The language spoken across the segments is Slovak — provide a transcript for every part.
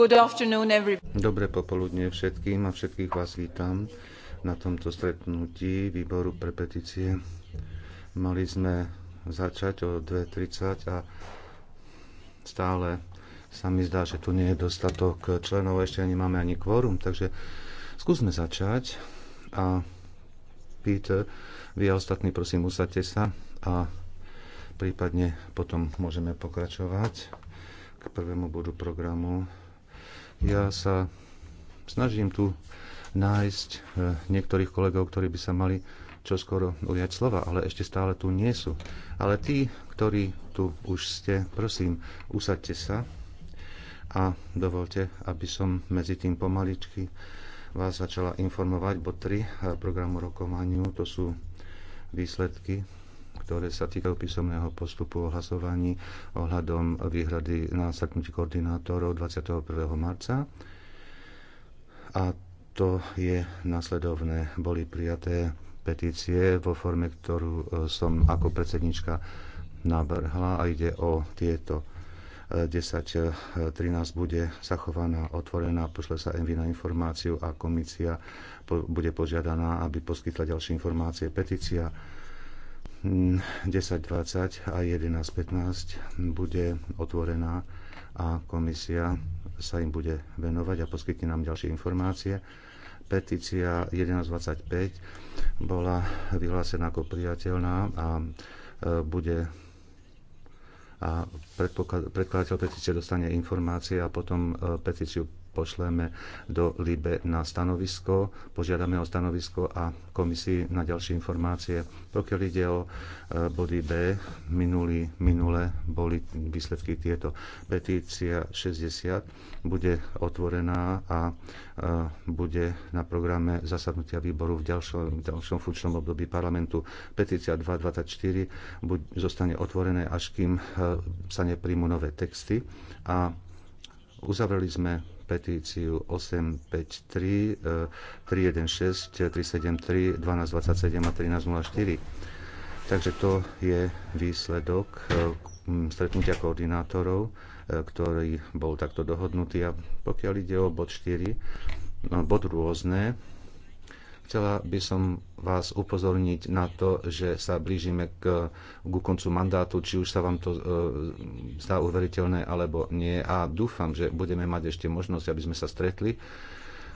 Dobré popoludne všetkým a všetkých vás vítam na tomto stretnutí výboru pre petície. Mali sme začať o 2.30 a stále sa mi zdá, že tu nie je dostatok členov, ešte ani máme ani kvórum, takže skúsme začať a Peter, vy a ostatní prosím usadte sa a prípadne potom môžeme pokračovať k prvému bodu programu ja sa snažím tu nájsť eh, niektorých kolegov, ktorí by sa mali čo skoro ujať slova, ale ešte stále tu nie sú. Ale tí, ktorí tu už ste, prosím, usaďte sa a dovolte, aby som medzi tým pomaličky vás začala informovať bod 3 eh, programu rokovaniu. To sú výsledky ktoré sa týkajú písomného postupu o hlasovaní ohľadom výhrady na stretnutí koordinátorov 21. marca. A to je nasledovné. Boli prijaté petície vo forme, ktorú e, som ako predsednička nabrhla a ide o tieto 10.13 e, e, bude zachovaná, otvorená, pošle sa envy na informáciu a komisia bude požiadaná, aby poskytla ďalšie informácie. Petícia 10.20 a 11.15 bude otvorená a komisia sa im bude venovať a poskytne nám ďalšie informácie. Petícia 11.25 bola vyhlásená ako priateľná a e, bude a predkladateľ petície dostane informácie a potom e, petíciu pošleme do LIBE na stanovisko, požiadame o stanovisko a komisii na ďalšie informácie. Pokiaľ ide o e, body B, minulý, minule boli výsledky tieto. Petícia 60 bude otvorená a e, bude na programe zasadnutia výboru v ďalšom, v ďalšom funkčnom období parlamentu. Petícia 224 buď, zostane otvorené, až kým e, sa nepríjmu nové texty a uzavreli sme petíciu 853, 316, 373, 1227 a 1304. Takže to je výsledok e, stretnutia koordinátorov, e, ktorý bol takto dohodnutý. A pokiaľ ide o bod 4, no, bod rôzne, Chcela by som vás upozorniť na to, že sa blížime k, k koncu mandátu, či už sa vám to e, zdá uveriteľné alebo nie. A dúfam, že budeme mať ešte možnosť, aby sme sa stretli.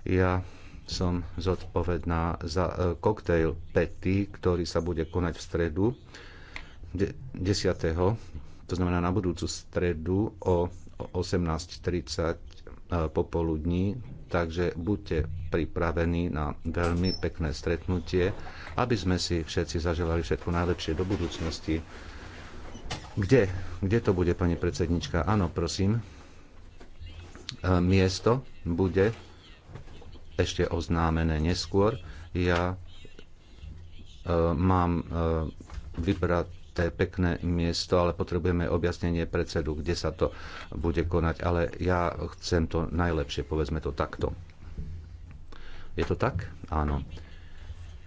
Ja som zodpovedná za e, koktejl Petty, ktorý sa bude konať v stredu 10. To znamená na budúcu stredu o 18.30 e, popoludní takže buďte pripravení na veľmi pekné stretnutie, aby sme si všetci zaželali všetko najlepšie do budúcnosti. Kde? Kde to bude, pani predsednička? Áno, prosím. E, miesto bude ešte oznámené neskôr. Ja e, mám e, vybrať to je pekné miesto, ale potrebujeme objasnenie predsedu, kde sa to bude konať. Ale ja chcem to najlepšie, povedzme to takto. Je to tak? Áno.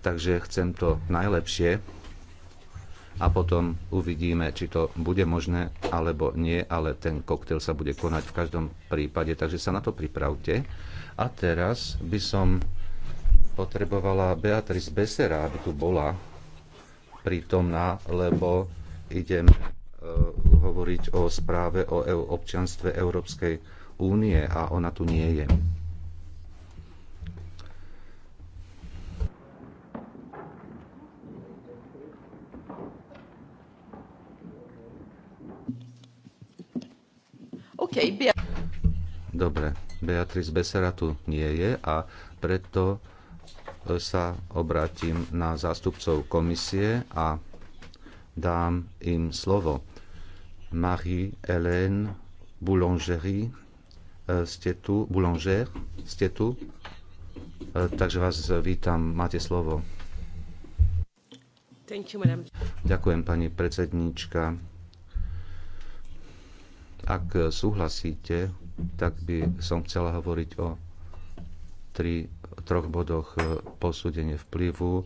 Takže chcem to najlepšie a potom uvidíme, či to bude možné alebo nie, ale ten koktail sa bude konať v každom prípade, takže sa na to pripravte. A teraz by som potrebovala Beatrice Besera, aby tu bola, prítomná, lebo idem e, hovoriť o správe o e, občianstve Európskej únie a ona tu nie je. Dobre, Beatrice Besera tu nie je a preto sa obrátim na zástupcov komisie a dám im slovo. Marie-Hélène Boulangerie, ste tu, Boulanger, ste tu. E, takže vás vítam, máte slovo. You, Ďakujem, pani predsedníčka. Ak súhlasíte, tak by som chcela hovoriť o tri troch bodoch e, posúdenie vplyvu, e,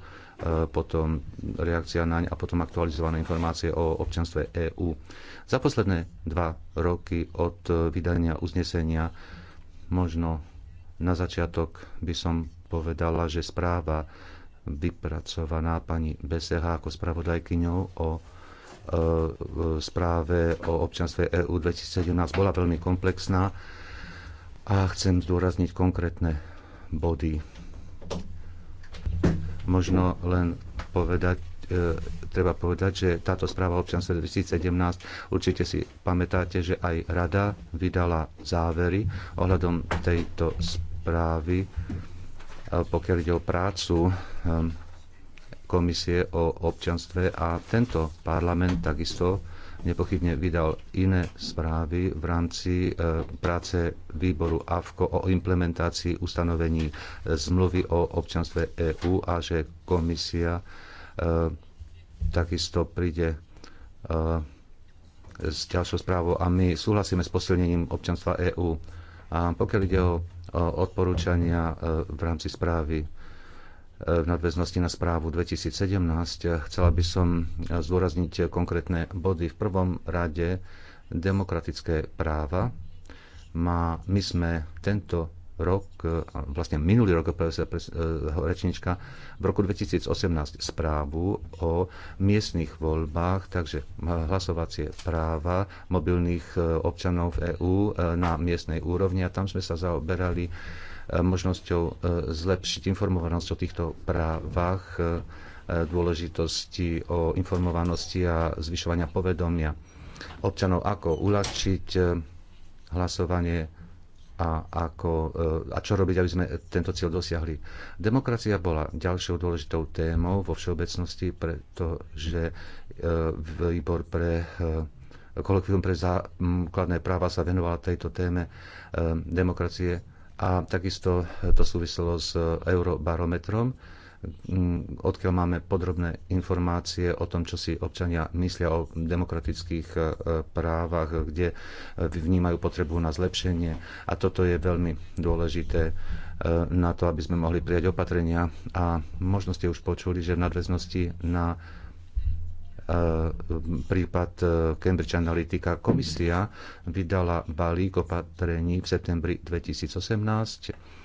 potom reakcia naň a potom aktualizované informácie o občanstve EÚ. Za posledné dva roky od e, vydania uznesenia možno na začiatok by som povedala, že správa vypracovaná pani Beseha ako spravodajkyňou o správe o občanstve EÚ 2017 bola veľmi komplexná a chcem zdôrazniť konkrétne body možno len povedať, e, treba povedať, že táto správa občanstva 2017, určite si pamätáte, že aj rada vydala závery ohľadom tejto správy, e, pokiaľ ide o prácu e, komisie o občanstve a tento parlament takisto nepochybne vydal iné správy v rámci e, práce výboru AFKO o implementácii ustanovení e, zmluvy o občanstve EÚ a že komisia e, takisto príde s ďalšou správou a my súhlasíme s posilnením občanstva EÚ. A pokiaľ ide o odporúčania v rámci správy, v nadväznosti na správu 2017 chcela by som zdôrazniť konkrétne body. V prvom rade demokratické práva. Má, my sme tento rok, vlastne minulý rok, eh, rečnička, v roku 2018 správu o miestnych voľbách, takže eh, hlasovacie práva mobilných eh, občanov v EÚ na miestnej úrovni a tam sme sa zaoberali možnosťou e, zlepšiť informovanosť o týchto právach, e, e, dôležitosti o informovanosti a zvyšovania povedomia občanov, ako uľahčiť hlasovanie a, ako, a čo robiť, aby sme tento cieľ dosiahli. Demokracia bola ďalšou dôležitou témou vo všeobecnosti, pretože výbor pre kolokvium pre základné práva sa venovala tejto téme demokracie a takisto to súviselo s e, eurobarometrom, mm, odkiaľ máme podrobné informácie o tom, čo si občania myslia o demokratických e, právach, kde e, vnímajú potrebu na zlepšenie. A toto je veľmi dôležité na to, aby sme mohli prijať opatrenia. A možno ste už počuli, že v nadväznosti na E, prípad e, Cambridge Analytica. Komisia vydala balík opatrení v septembri 2018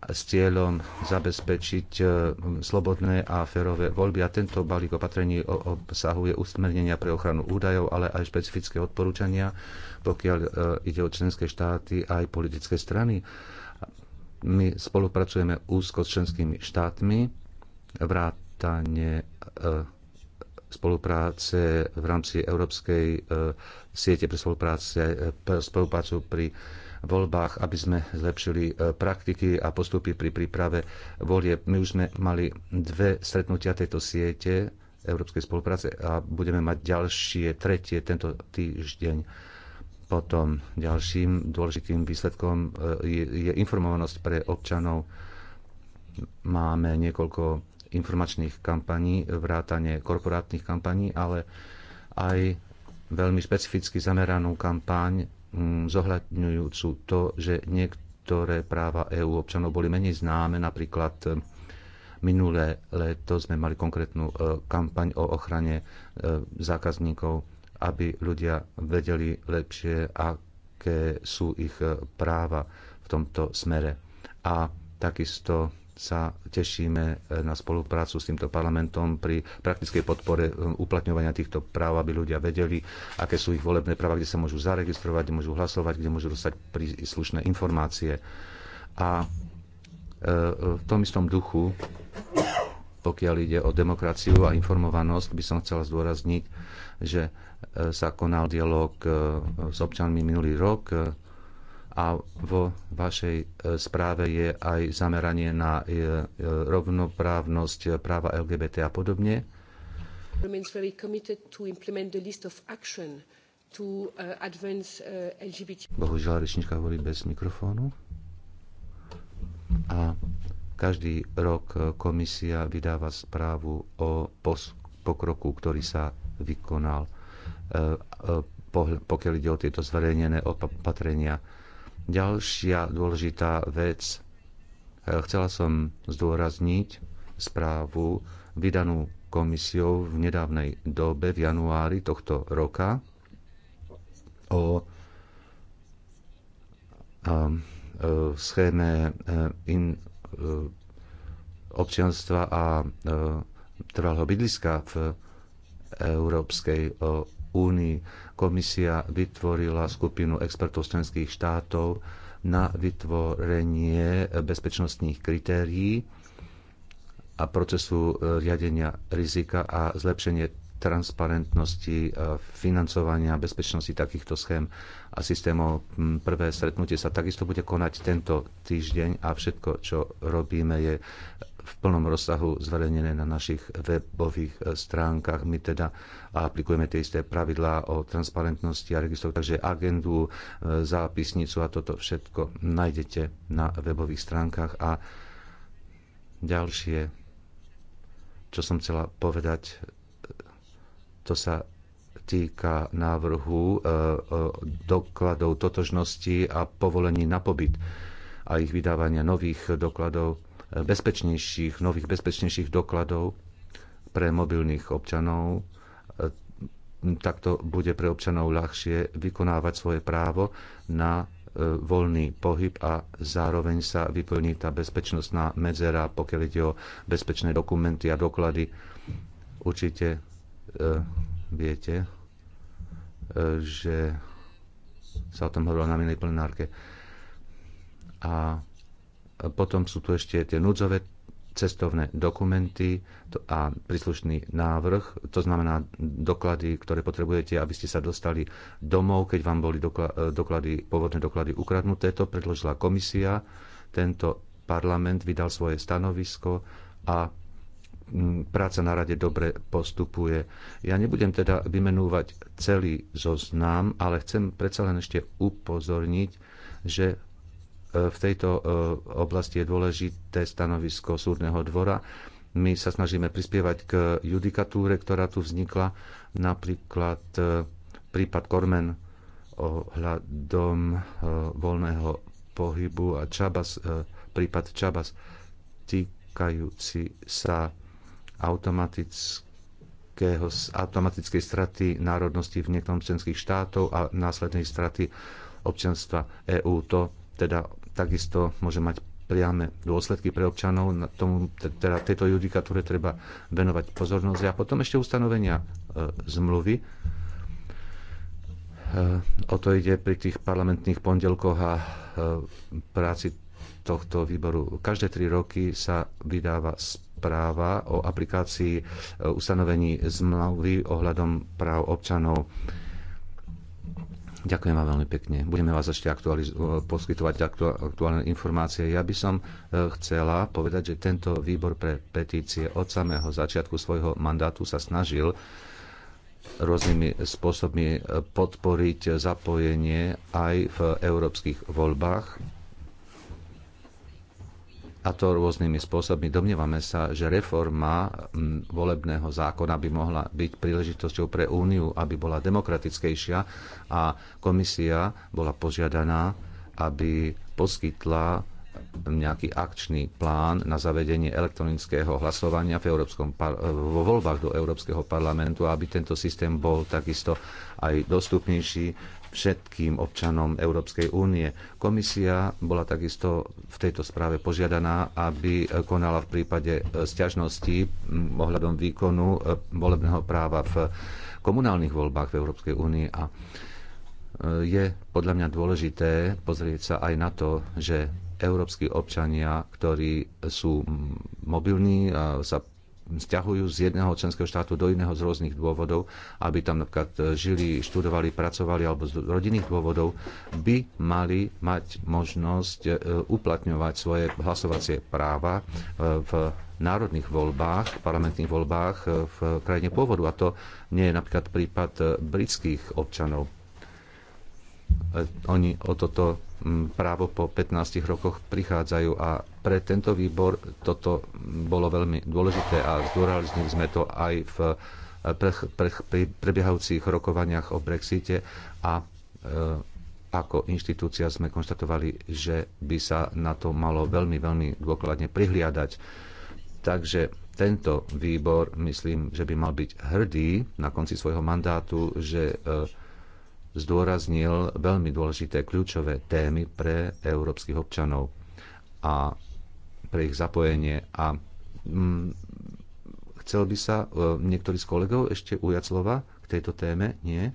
s cieľom zabezpečiť e, slobodné a férové voľby. A tento balík opatrení obsahuje usmernenia pre ochranu údajov, ale aj špecifické odporúčania, pokiaľ ide o členské štáty a aj politické strany. My spolupracujeme úzko s členskými štátmi, vrátane spolupráce v rámci Európskej eh, siete pre spolupráce, eh, spoluprácu pri voľbách, aby sme zlepšili eh, praktiky a postupy pri príprave volie. My už sme mali dve stretnutia tejto siete európskej spolupráce a budeme mať ďalšie, tretie tento týždeň. Potom ďalším dôležitým výsledkom je, je informovanosť pre občanov. Máme niekoľko informačných kampaní, vrátane korporátnych kampaní, ale aj veľmi špecificky zameranú kampaň mm, zohľadňujúcu to, že niektoré práva EÚ občanov boli menej známe. Napríklad e, minulé leto sme mali konkrétnu e, kampaň o ochrane e, zákazníkov, aby ľudia vedeli lepšie, aké sú ich práva v tomto smere. A takisto sa tešíme e, na spoluprácu s týmto parlamentom pri praktickej podpore e, uplatňovania týchto práv, aby ľudia vedeli, aké sú ich volebné práva, kde sa môžu zaregistrovať, kde môžu hlasovať, kde môžu dostať príslušné informácie. A e, v tom istom duchu, pokiaľ ide o demokraciu a informovanosť, by som chcela zdôrazniť, že sa konal dialog s občanmi minulý rok a vo vašej e, správe je aj zameranie na e, e, rovnoprávnosť práva LGBT a podobne. Bohužiaľ, rečnička hovorí bez mikrofónu. A každý rok komisia vydáva správu o pokroku, ktorý sa vykonal, pokiaľ ide o tieto zverejnené opatrenia Ďalšia dôležitá vec. E, chcela som zdôrazniť správu vydanú komisiou v nedávnej dobe, v januári tohto roka, o e, e, schéme in, občianstva a trvalého bydliska v Európskej únii. Komisia vytvorila skupinu expertov členských štátov na vytvorenie bezpečnostných kritérií a procesu e, riadenia rizika a zlepšenie transparentnosti e, financovania bezpečnosti takýchto schém a systémov. Prvé stretnutie sa takisto bude konať tento týždeň a všetko, čo robíme, je v plnom rozsahu zverejnené na našich webových eh, stránkach. My teda aplikujeme tie isté pravidlá o transparentnosti a registrov, takže agendu, eh, zápisnicu a toto všetko nájdete na webových stránkach. A ďalšie, čo som chcela povedať, eh, to sa týka návrhu dokladov totožnosti a povolení na pobyt a ich vydávania nových dokladov bezpečnejších, nových bezpečnejších dokladov pre mobilných občanov. E, takto bude pre občanov ľahšie vykonávať svoje právo na e, voľný pohyb a zároveň sa vyplní tá bezpečnostná medzera, pokiaľ ide o bezpečné dokumenty a doklady. Určite e, viete, e, že sa o tom hovorilo na minulej plenárke. A potom sú tu ešte tie núdzové cestovné dokumenty a príslušný návrh, to znamená doklady, ktoré potrebujete, aby ste sa dostali domov, keď vám boli e, doklady, pôvodné doklady ukradnuté. To predložila komisia, tento parlament vydal svoje stanovisko a mm, práca na rade dobre postupuje. Ja nebudem teda vymenúvať celý zoznam, ale chcem predsa len ešte upozorniť, že v tejto e, oblasti je dôležité stanovisko súdneho dvora. My sa snažíme prispievať k judikatúre, ktorá tu vznikla, napríklad e, prípad Kormen ohľadom e, voľného pohybu a Čabas, prípad Čabas týkajúci sa automatického, automatickej straty národnosti v niektorom členských štátov a následnej straty občianstva EÚ. To teda takisto môže mať priame dôsledky pre občanov. Na tomu, teda tejto judikatúre treba venovať pozornosť. A potom ešte ustanovenia e, zmluvy. E, o to ide pri tých parlamentných pondelkoch a e, práci tohto výboru. Každé tri roky sa vydáva správa o aplikácii e, ustanovení zmluvy ohľadom práv občanov. Ďakujem vám veľmi pekne. Budeme vás ešte aktualiz- poskytovať aktu- aktuálne informácie. Ja by som e, chcela povedať, že tento výbor pre petície od samého začiatku svojho mandátu sa snažil rôznymi spôsobmi e, podporiť zapojenie aj v európskych voľbách a to rôznymi spôsobmi. Domnievame sa, že reforma volebného zákona by mohla byť príležitosťou pre Úniu, aby bola demokratickejšia a komisia bola požiadaná, aby poskytla nejaký akčný plán na zavedenie elektronického hlasovania v Európskom par- vo voľbách do Európskeho parlamentu, aby tento systém bol takisto aj dostupnejší všetkým občanom Európskej únie. Komisia bola takisto v tejto správe požiadaná, aby konala v prípade sťažnosti mm, ohľadom výkonu eh, volebného práva v komunálnych voľbách v Európskej únii a eh, je podľa mňa dôležité pozrieť sa aj na to, že európsky občania, ktorí sú mobilní a sa vzťahujú z jedného členského štátu do iného z rôznych dôvodov, aby tam napríklad žili, študovali, pracovali alebo z rodinných dôvodov, by mali mať možnosť e, uplatňovať svoje hlasovacie práva e, v národných voľbách, parlamentných voľbách e, v krajine pôvodu. A to nie je napríklad prípad britských občanov. Oni o toto právo po 15 rokoch prichádzajú a pre tento výbor toto bolo veľmi dôležité a zdôraznili sme to aj v eh, pri prebiehajúcich rokovaniach o Brexite a e, ako inštitúcia sme konštatovali, že by sa na to malo veľmi, veľmi dôkladne prihliadať. Takže tento výbor, myslím, že by mal byť hrdý na konci svojho mandátu, že e, zdôraznil veľmi dôležité kľúčové témy pre európskych občanov. A pre ich zapojenie. A mm, chcel by sa e, niektorý z kolegov ešte ujať slova k tejto téme? Nie?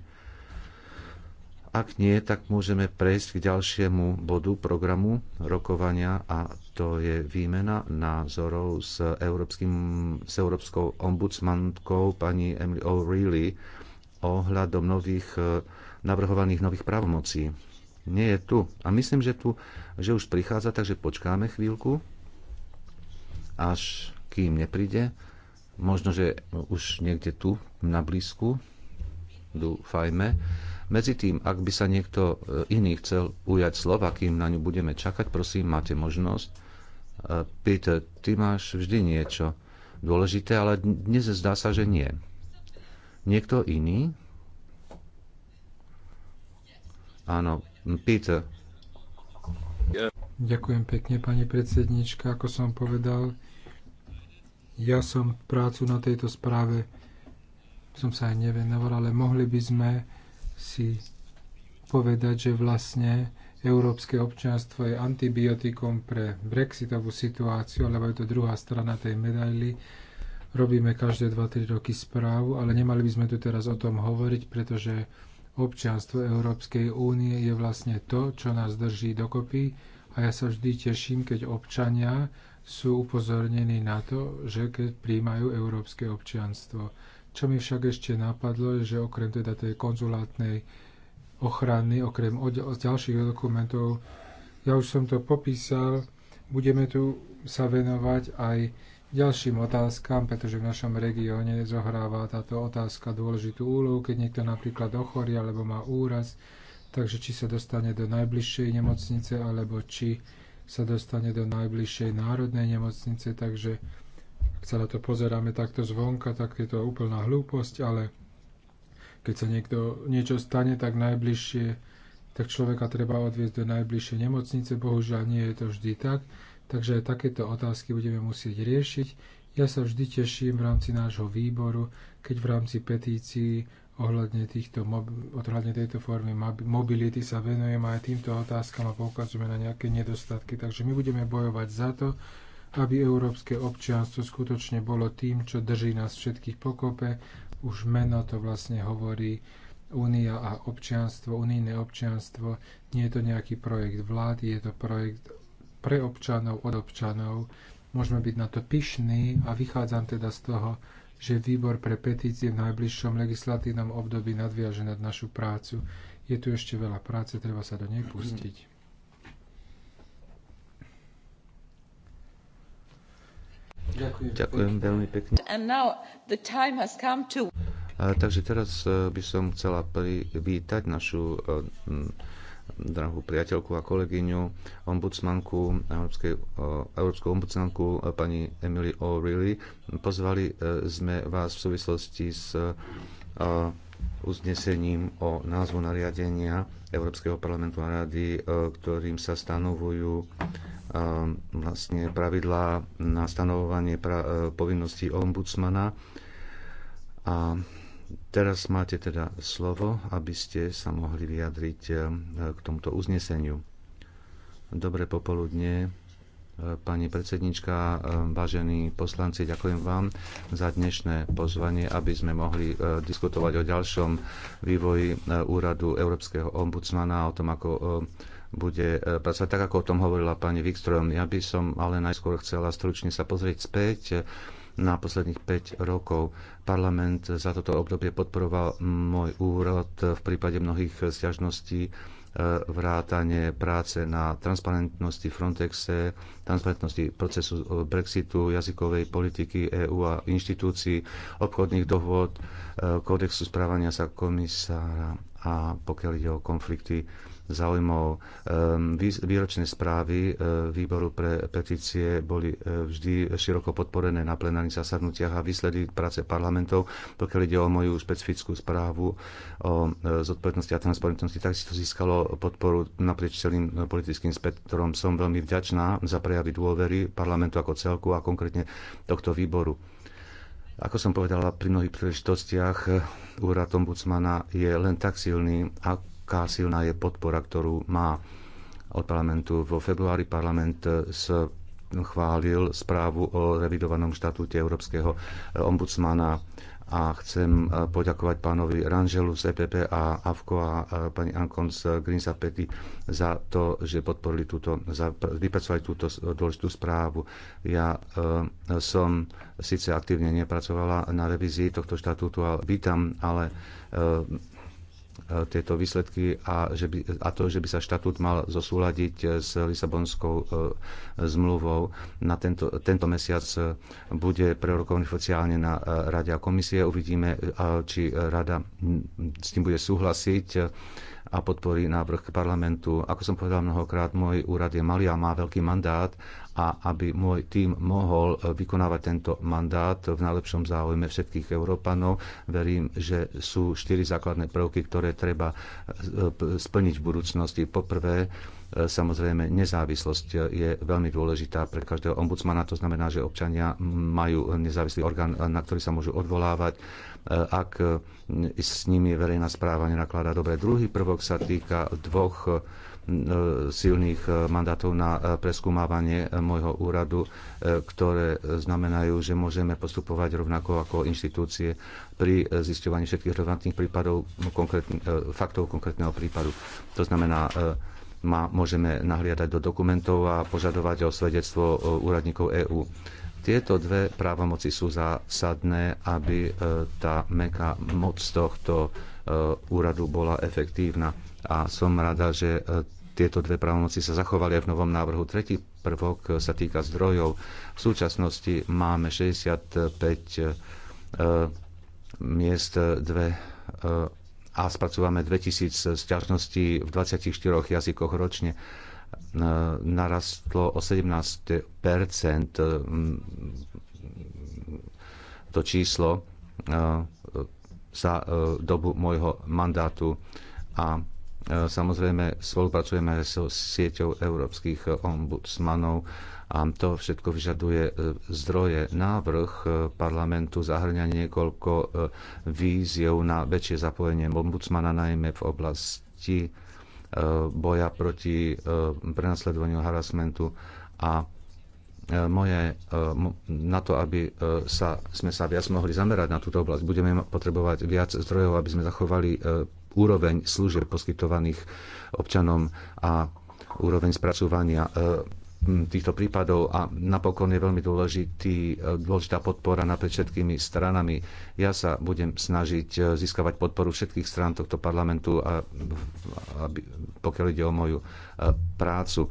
Ak nie, tak môžeme prejsť k ďalšiemu bodu programu rokovania a to je výmena názorov s, európskym, s európskou ombudsmankou pani Emily O'Reilly ohľadom nových e, navrhovaných nových právomocí. Nie je tu. A myslím, že tu, že už prichádza, takže počkáme chvíľku až kým nepríde. Možno, že už niekde tu, na blízku, dúfajme. Medzi tým, ak by sa niekto e, iný chcel ujať slova, kým na ňu budeme čakať, prosím, máte možnosť. E, Peter, ty máš vždy niečo dôležité, ale dnes zdá sa, že nie. Niekto iný? Áno, Peter, Ďakujem pekne, pani predsednička. Ako som povedal, ja som prácu na tejto správe som sa aj nevenoval, ale mohli by sme si povedať, že vlastne európske občianstvo je antibiotikom pre brexitovú situáciu, lebo je to druhá strana tej medaily. Robíme každé 2-3 roky správu, ale nemali by sme tu teraz o tom hovoriť, pretože občianstvo Európskej únie je vlastne to, čo nás drží dokopy a ja sa vždy teším, keď občania sú upozornení na to, že keď príjmajú európske občianstvo. Čo mi však ešte napadlo, je, že okrem teda tej konzulátnej ochrany, okrem ďalších dokumentov, ja už som to popísal, budeme tu sa venovať aj ďalším otázkam, pretože v našom regióne zohráva táto otázka dôležitú úlohu, keď niekto napríklad ochorie alebo má úraz, takže či sa dostane do najbližšej nemocnice alebo či sa dostane do najbližšej národnej nemocnice, takže ak sa na to pozeráme takto zvonka, tak je to úplná hlúposť, ale keď sa niekto niečo stane, tak najbližšie, tak človeka treba odviezť do najbližšej nemocnice, bohužiaľ nie je to vždy tak, takže aj takéto otázky budeme musieť riešiť. Ja sa vždy teším v rámci nášho výboru, keď v rámci petícií ohľadne, týchto, ohľadne tejto formy mobility sa venujeme aj týmto otázkam a poukazujeme na nejaké nedostatky. Takže my budeme bojovať za to, aby európske občianstvo skutočne bolo tým, čo drží nás všetkých pokope. Už meno to vlastne hovorí Únia a občianstvo, unijné občianstvo. Nie je to nejaký projekt vlády, je to projekt pre občanov, od občanov. Môžeme byť na to pyšní a vychádzam teda z toho, že výbor pre petície v najbližšom legislatívnom období nadviaže nad našu prácu. Je tu ešte veľa práce, treba sa do nej pustiť. Ďakujem, veľmi pekne. To... A, takže teraz e, by som chcela privítať našu e, drahú priateľku a kolegyňu, ombudsmanku, Európskej, eh, Európsku ombudsmanku eh, pani Emily O'Reilly. Pozvali eh, sme vás v súvislosti s uznesením o názvu nariadenia Európskeho parlamentu a rady, ktorým sa stanovujú vlastne pravidlá na stanovovanie povinností ombudsmana. A Teraz máte teda slovo, aby ste sa mohli vyjadriť e, k tomuto uzneseniu. Dobré popoludne, e, pani predsednička, e, vážení poslanci, ďakujem vám za dnešné pozvanie, aby sme mohli diskutovať o ďalšom vývoji úradu Európskeho ombudsmana, o tom, ako bude pracovať. Tak, ako o tom hovorila pani Wikström, ja by som ale najskôr chcela stručne sa pozrieť späť na posledných 5 rokov. Parlament za toto obdobie podporoval môj úrod v prípade mnohých stiažností e, vrátanie práce na transparentnosti Frontexe, transparentnosti procesu e, Brexitu, jazykovej politiky EÚ a inštitúcií, obchodných dohôd, e, kódexu správania sa komisára a pokiaľ ide o konflikty záujmov. Výročné správy e, výboru pre petície boli e, vždy široko podporené na plenárnych zasadnutiach a výsledky práce parlamentov, pokiaľ ide o moju špecifickú správu o e, zodpovednosti a transparentnosti, tak si to získalo podporu naprieč celým politickým spektrom. Som veľmi vďačná za prejavy dôvery parlamentu ako celku a konkrétne tohto výboru. Ako som povedala pri mnohých príležitostiach, úrad ombudsmana je len tak silný, aká silná je podpora, ktorú má od parlamentu. Vo februári parlament schválil chválil správu o revidovanom štatúte Európskeho e, ombudsmana a chcem e, poďakovať pánovi Rangelu z EPP a Avko a e, pani Ankon z Grinsa Petty za to, že podporili túto, za, vypracovali túto dôležitú správu. Ja e, som síce aktívne nepracovala na revízii tohto štatútu a vítam, ale E, tieto výsledky a, že by, a to, že by sa štatút mal zosúľadiť s Lisabonskou e, zmluvou. Na tento, tento mesiac e, bude prerokovaný oficiálne na Rade a komisie. Uvidíme, či Rada s tým bude súhlasiť a podporí návrh k parlamentu. Ako som povedal mnohokrát, môj úrad je malý a má veľký mandát a aby môj tým mohol eh, vykonávať tento mandát v najlepšom záujme všetkých Európanov, verím, že sú štyri základné prvky, ktoré treba eh, splniť v budúcnosti. Poprvé, eh, Samozrejme, nezávislosť je veľmi dôležitá pre každého ombudsmana, to znamená, že občania majú nezávislý orgán, na ktorý sa môžu odvolávať Eh, ak eh, s nimi verejná správa nenakladá dobre. Druhý prvok sa týka dvoch eh, silných mandátov na preskúmávanie môjho úradu, ktoré znamenajú, že môžeme postupovať rovnako ako inštitúcie pri zisťovaní všetkých relevantných prípadov, konkrétne, faktov konkrétneho prípadu. To znamená, ma môžeme nahliadať do dokumentov a požadovať o svedectvo úradníkov EÚ. Tieto dve právomoci sú zásadné, aby e, tá meka moc tohto e, úradu bola efektívna. A som rada, že e, tieto dve právomoci sa zachovali aj v novom návrhu. Tretí prvok sa týka zdrojov. V súčasnosti máme 65 miest, dve a spracúvame 2000 sťažností v 24 jazykoch ročne E, narastlo o 17 e, to číslo e, za dobu môjho mandátu a samozrejme spolupracujeme so sieťou európskych ombudsmanov a to všetko vyžaduje zdroje. Návrh parlamentu zahrňa niekoľko víziev na väčšie zapojenie ombudsmana, najmä v oblasti Eh, boja proti eh, prenasledovaniu harasmentu a eh, moje, na to, aby sa, sme sa viac mohli zamerať na túto oblasť, budeme potrebovať viac zdrojov, aby sme zachovali úroveň služieb poskytovaných občanom a úroveň spracovania týchto prípadov a napokon je veľmi dôležitý, e, dôležitá podpora napred všetkými stranami. Ja sa budem snažiť e, získavať podporu všetkých strán tohto parlamentu, a, aby, pokiaľ ide o moju e, prácu.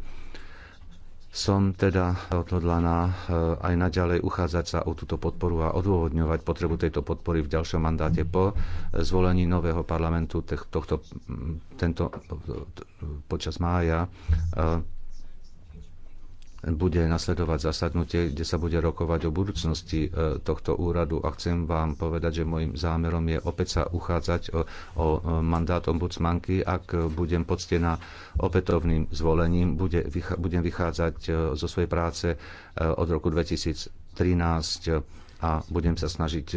Som teda odhodlaná aj naďalej uchádzať sa o túto podporu a odôvodňovať potrebu tejto podpory v ďalšom mandáte po zvolení nového parlamentu tohto, tento, počas mája bude nasledovať zasadnutie, kde sa bude rokovať o budúcnosti e, tohto úradu a chcem vám povedať, že môjim zámerom je opäť sa uchádzať o, o e, mandát ombudsmanky, ak budem poctená opätovným zvolením, bude, budem vychádzať e, zo svojej práce od roku 2013 a budem sa snažiť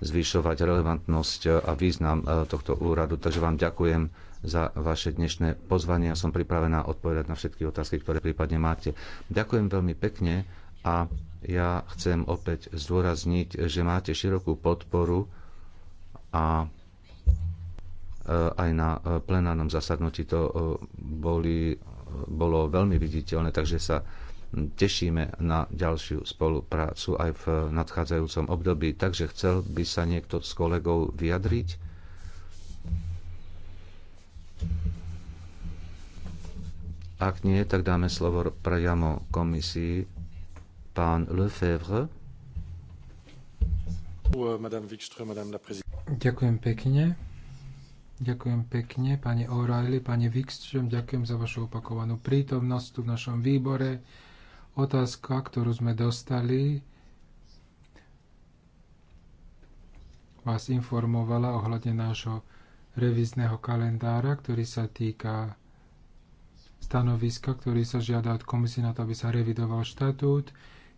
zvyšovať relevantnosť a význam tohto úradu. Takže vám ďakujem za vaše dnešné pozvanie. a som pripravená odpovedať na všetky otázky, ktoré prípadne máte. Ďakujem veľmi pekne a ja chcem opäť zdôrazniť, že máte širokú podporu a e, aj na e, plenárnom zasadnutí to e, boli, bolo veľmi viditeľné, takže sa tešíme na ďalšiu spoluprácu aj v nadchádzajúcom období. Takže chcel by sa niekto z kolegov vyjadriť? Ak nie, tak dáme slovo priamo komisii. Pán Lefebvre. Ďakujem pekne. Ďakujem pekne, pani O'Reilly, pani Wikström, ďakujem za vašu opakovanú prítomnosť tu v našom výbore. Otázka, ktorú sme dostali, vás informovala ohľadne nášho revízneho kalendára, ktorý sa týka stanoviska, ktorý sa žiada od komisie na to, aby sa revidoval štatút.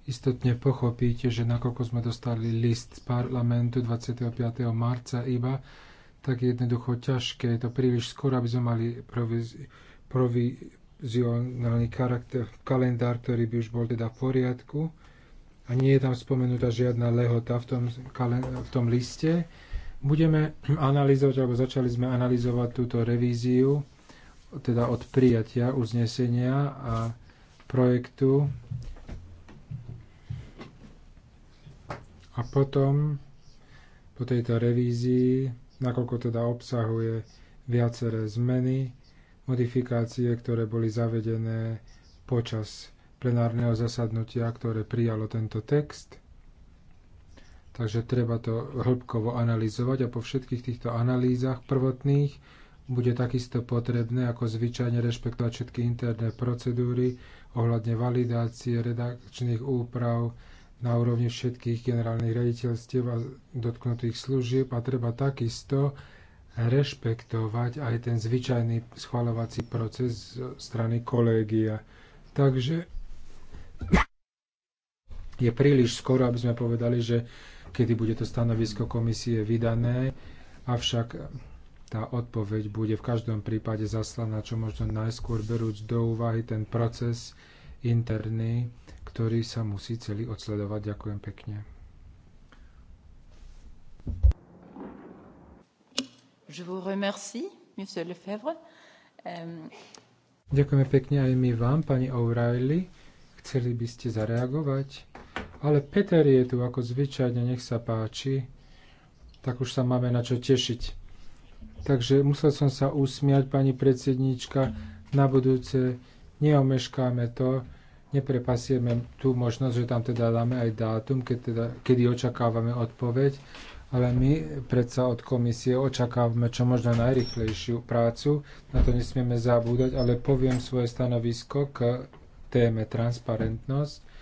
Istotne pochopíte, že nakoľko sme dostali list z parlamentu 25. marca iba, tak je jednoducho ťažké, je to príliš skoro, aby sme mali provizionálny charakter, kalendár, ktorý by už bol teda v poriadku. A nie je tam spomenutá žiadna lehota v tom, v tom liste Budeme analyzovať, alebo začali sme analyzovať túto revíziu, teda od prijatia uznesenia a projektu. A potom, po tejto revízii, nakoľko teda obsahuje viaceré zmeny, modifikácie, ktoré boli zavedené počas plenárneho zasadnutia, ktoré prijalo tento text. Takže treba to hĺbkovo analyzovať a po všetkých týchto analýzach prvotných bude takisto potrebné ako zvyčajne rešpektovať všetky interné procedúry ohľadne validácie redakčných úprav na úrovni všetkých generálnych raditeľstiev a dotknutých služieb a treba takisto rešpektovať aj ten zvyčajný schvalovací proces zo strany kolégia. Takže je príliš skoro, aby sme povedali, že kedy bude to stanovisko komisie vydané, avšak tá odpoveď bude v každom prípade zaslaná čo možno najskôr berúc do úvahy ten proces interný, ktorý sa musí celý odsledovať. Ďakujem pekne. Je vous remercie, monsieur Lefebvre. Um... Ďakujeme pekne aj my vám, pani O'Reilly. Chceli by ste zareagovať? Ale Peter je tu ako zvyčajne, nech sa páči. Tak už sa máme na čo tešiť. Takže musel som sa usmiať, pani predsednička, na budúce neomeškáme to, neprepasieme tú možnosť, že tam teda dáme aj dátum, keď teda, kedy očakávame odpoveď, ale my predsa od komisie očakávame čo možno najrychlejšiu prácu, na to nesmieme zabúdať, ale poviem svoje stanovisko k téme transparentnosť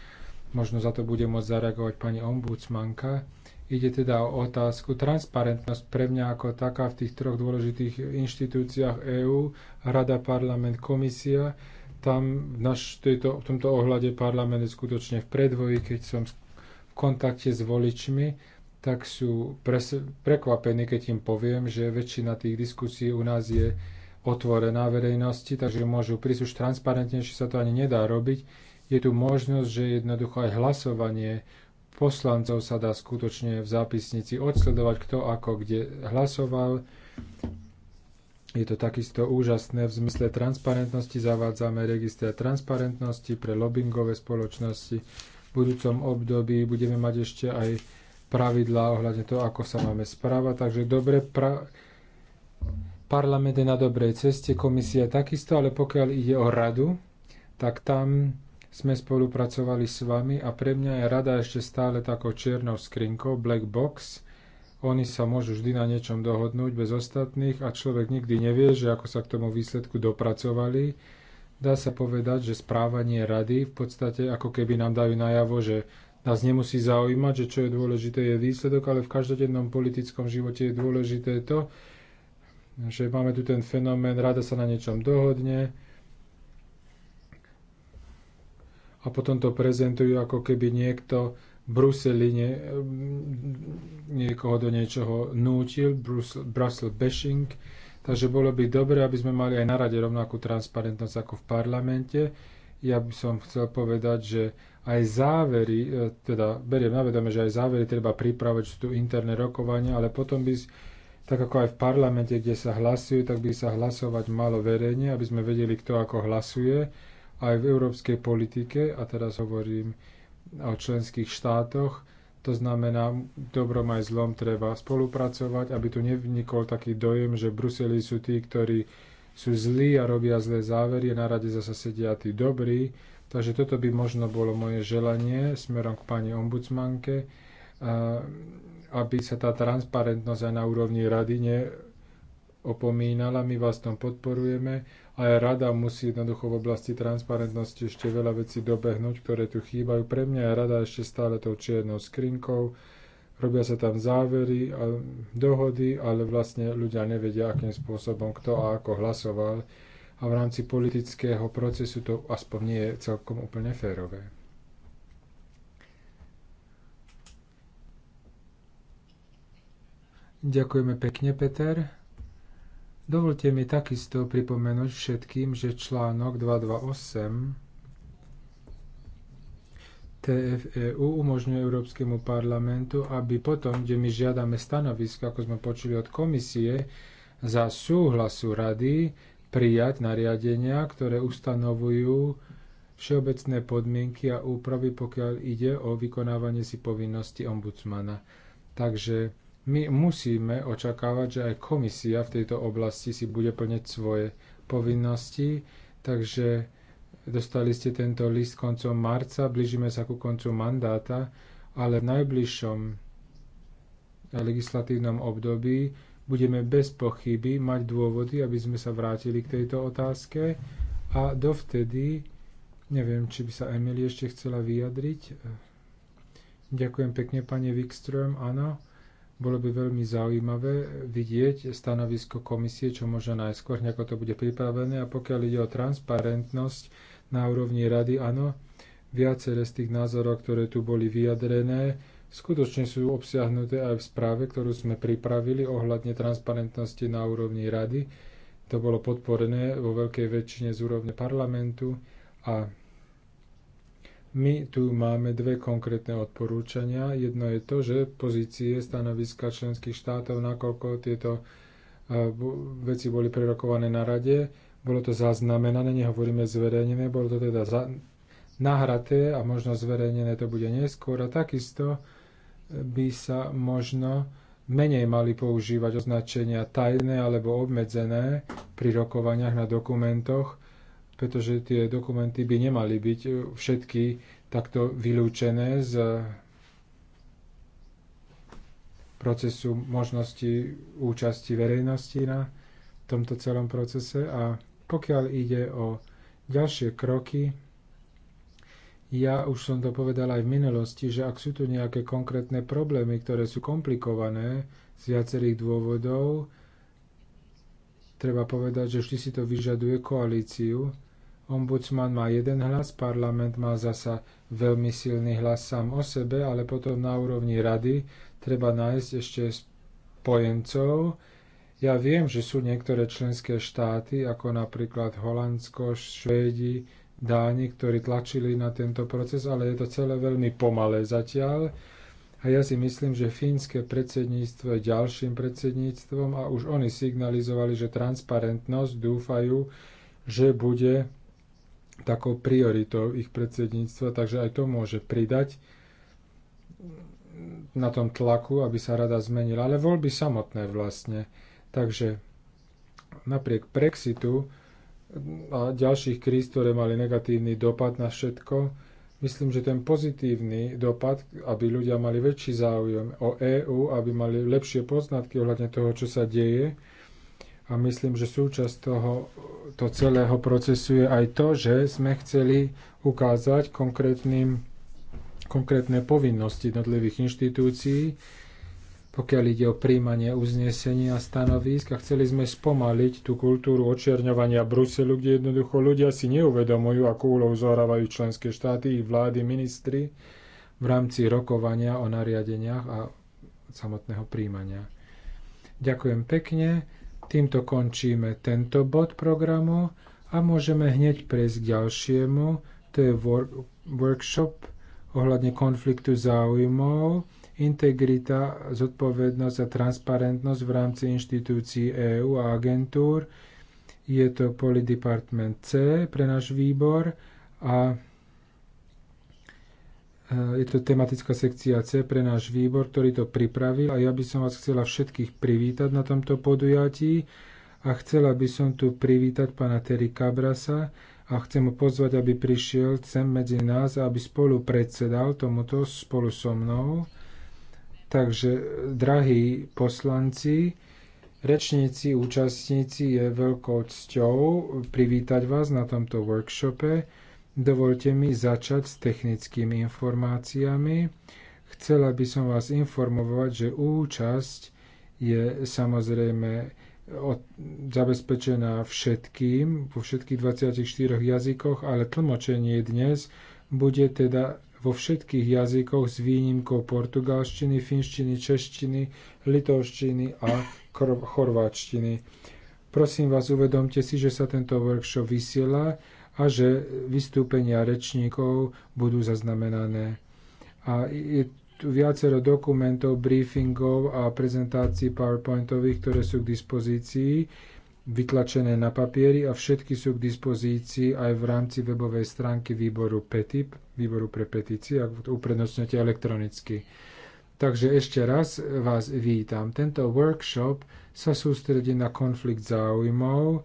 možno za to bude môcť zareagovať pani ombudsmanka. Ide teda o otázku. Transparentnosť pre mňa ako taká v tých troch dôležitých inštitúciách EÚ, Rada, Parlament, Komisia, tam v, naš, tejto, v tomto ohľade parlament je skutočne v predvoji, keď som v kontakte s voličmi, tak sú pres, prekvapení, keď im poviem, že väčšina tých diskusí u nás je otvorená verejnosti, takže môžu prísť už transparentnejšie, sa to ani nedá robiť je tu možnosť, že jednoducho aj hlasovanie poslancov sa dá skutočne v zápisnici odsledovať, kto ako kde hlasoval. Je to takisto úžasné v zmysle transparentnosti. Zavádzame registra transparentnosti pre lobbyingové spoločnosti. V budúcom období budeme mať ešte aj pravidlá ohľadne toho, ako sa máme správať. Takže dobre, pra... parlament je na dobrej ceste, komisia takisto, ale pokiaľ ide o radu, tak tam sme spolupracovali s vami a pre mňa je rada ešte stále takou čiernou skrinkou, black box. Oni sa môžu vždy na niečom dohodnúť bez ostatných a človek nikdy nevie, že ako sa k tomu výsledku dopracovali. Dá sa povedať, že správanie rady v podstate ako keby nám dajú najavo, že nás nemusí zaujímať, že čo je dôležité je výsledok, ale v každodennom politickom živote je dôležité to, že máme tu ten fenomén, rada sa na niečom dohodne, a potom to prezentujú, ako keby niekto v Bruseli nie, niekoho do niečoho nútil, Brussel bashing. Takže bolo by dobre, aby sme mali aj na rade rovnakú transparentnosť ako v parlamente. Ja by som chcel povedať, že aj závery, e, teda beriem na vedome, že aj závery treba pripravať, sú tu interné rokovania, ale potom by, tak ako aj v parlamente, kde sa hlasujú, tak by sa hlasovať malo verejne, aby sme vedeli, kto ako hlasuje aj v európskej politike, a teraz hovorím o členských štátoch, to znamená, dobrom aj zlom treba spolupracovať, aby tu nevnikol taký dojem, že Bruseli sú tí, ktorí sú zlí a robia zlé závery, a na rade zase sedia tí dobrí. Takže toto by možno bolo moje želanie smerom k pani ombudsmanke, aby sa tá transparentnosť aj na úrovni rady neopomínala. My vás tom podporujeme aj rada musí jednoducho v oblasti transparentnosti ešte veľa vecí dobehnúť, ktoré tu chýbajú. Pre mňa je rada ešte stále tou čiernou skrinkou, robia sa tam závery a dohody, ale vlastne ľudia nevedia, akým spôsobom kto a ako hlasoval a v rámci politického procesu to aspoň nie je celkom úplne férové. Ďakujeme pekne, Peter. Dovolte mi takisto pripomenúť všetkým, že článok 228 TFEU umožňuje Európskemu parlamentu, aby potom, kde my žiadame stanoviska, ako sme počuli od komisie, za súhlasu rady prijať nariadenia, ktoré ustanovujú všeobecné podmienky a úpravy, pokiaľ ide o vykonávanie si povinnosti ombudsmana. Takže my musíme očakávať, že aj komisia v tejto oblasti si bude plniť svoje povinnosti, takže dostali ste tento list koncom marca, blížime sa ku koncu mandáta, ale v najbližšom legislatívnom období budeme bez pochyby mať dôvody, aby sme sa vrátili k tejto otázke a dovtedy, neviem, či by sa Emily ešte chcela vyjadriť. Ďakujem pekne, pani Wikström, áno bolo by veľmi zaujímavé vidieť stanovisko komisie, čo možno najskôr, ako to bude pripravené. A pokiaľ ide o transparentnosť na úrovni rady, áno, viaceré z tých názorov, ktoré tu boli vyjadrené, skutočne sú obsiahnuté aj v správe, ktorú sme pripravili ohľadne transparentnosti na úrovni rady. To bolo podporené vo veľkej väčšine z úrovne parlamentu a my tu máme dve konkrétne odporúčania. Jedno je to, že pozície stanoviska členských štátov, nakoľko tieto e, veci boli prerokované na rade, bolo to zaznamenané, nehovoríme zverejnené, bolo to teda za, nahraté a možno zverejnené to bude neskôr a takisto by sa možno menej mali používať označenia tajné alebo obmedzené pri rokovaniach na dokumentoch, pretože tie dokumenty by nemali byť e, všetky takto vylúčené z procesu možnosti účasti verejnosti na tomto celom procese. A pokiaľ ide o ďalšie kroky, ja už som to povedal aj v minulosti, že ak sú tu nejaké konkrétne problémy, ktoré sú komplikované z viacerých dôvodov, treba povedať, že vždy si to vyžaduje koalíciu Ombudsman má jeden hlas, parlament má zasa veľmi silný hlas sám o sebe, ale potom na úrovni rady treba nájsť ešte spojencov. Ja viem, že sú niektoré členské štáty, ako napríklad Holandsko, Švédi, Dáni, ktorí tlačili na tento proces, ale je to celé veľmi pomalé zatiaľ. A ja si myslím, že fínske predsedníctvo je ďalším predsedníctvom a už oni signalizovali, že transparentnosť dúfajú, že bude takou prioritou ich predsedníctva, takže aj to môže pridať na tom tlaku, aby sa rada zmenila, ale voľby samotné vlastne. Takže napriek Brexitu a ďalších kríz, ktoré mali negatívny dopad na všetko, myslím, že ten pozitívny dopad, aby ľudia mali väčší záujem o EÚ, aby mali lepšie poznatky ohľadne toho, čo sa deje, a myslím, že súčasť toho to celého procesu je aj to, že sme chceli ukázať konkrétnym, konkrétne povinnosti jednotlivých inštitúcií, pokiaľ ide o príjmanie uznesenia a stanovísk a chceli sme spomaliť tú kultúru očierňovania Bruselu, kde jednoducho ľudia si neuvedomujú, akú úlohu zohrávajú členské štáty, ich vlády, ministri v rámci rokovania o nariadeniach a samotného príjmania. Ďakujem pekne. Týmto končíme tento bod programu a môžeme hneď prejsť k ďalšiemu. To je work, workshop ohľadne konfliktu záujmov, integrita, zodpovednosť a transparentnosť v rámci inštitúcií EÚ a agentúr. Je to Polidepartment C pre náš výbor a Eh, je to tematická sekcia C pre náš výbor, ktorý to pripravil a ja by som vás chcela všetkých privítať na tomto podujatí a chcela by som tu privítať pána Terry Cabrasa a chcem ho pozvať, aby prišiel sem medzi nás a aby spolu predsedal tomuto spolu so mnou. Takže, eh, drahí poslanci, rečníci, účastníci, je veľkou cťou privítať vás na tomto workshope Dovolte mi začať s technickými informáciami. Chcela by som vás informovať, že účasť je samozrejme od, zabezpečená všetkým, vo všetkých 24 jazykoch, ale tlmočenie dnes bude teda vo všetkých jazykoch s výnimkou portugalštiny, finštiny, češtiny, litovštiny a chorváčtiny. Prosím vás, uvedomte si, že sa tento workshop vysiela a že vystúpenia rečníkov budú zaznamenané. A je tu viacero dokumentov, briefingov a prezentácií PowerPointových, ktoré sú k dispozícii, vytlačené na papieri a všetky sú k dispozícii aj v rámci webovej stránky výboru PETIP, výboru pre petície, ak uprednostňujete elektronicky. Takže ešte raz vás vítam. Tento workshop sa sústredí na konflikt záujmov,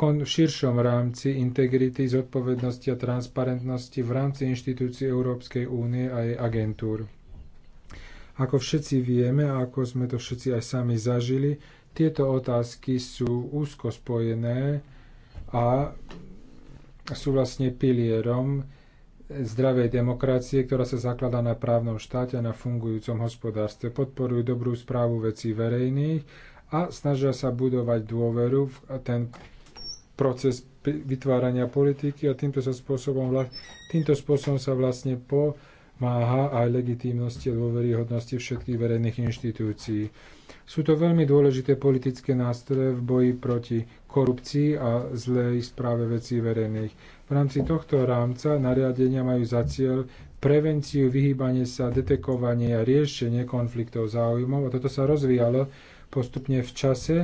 kon- širšom rámci integrity, zodpovednosti a transparentnosti v rámci inštitúcií Európskej únie a jej agentúr. Ako všetci vieme a ako sme to všetci aj sami zažili, tieto otázky sú úzko spojené a sú vlastne pilierom zdravej demokracie, ktorá sa zakladá na právnom štáte a na fungujúcom hospodárstve. Podporujú dobrú správu vecí verejných a snažia sa budovať dôveru v ten proces vytvárania politiky a týmto, sa spôsobom, týmto spôsobom sa vlastne pomáha aj legitímnosti a dôveryhodnosti všetkých verejných inštitúcií. Sú to veľmi dôležité politické nástroje v boji proti korupcii a zlej správe vecí verejných. V rámci tohto rámca nariadenia majú za cieľ prevenciu, vyhýbanie sa, detekovanie a riešenie konfliktov záujmov. A toto sa rozvíjalo postupne v čase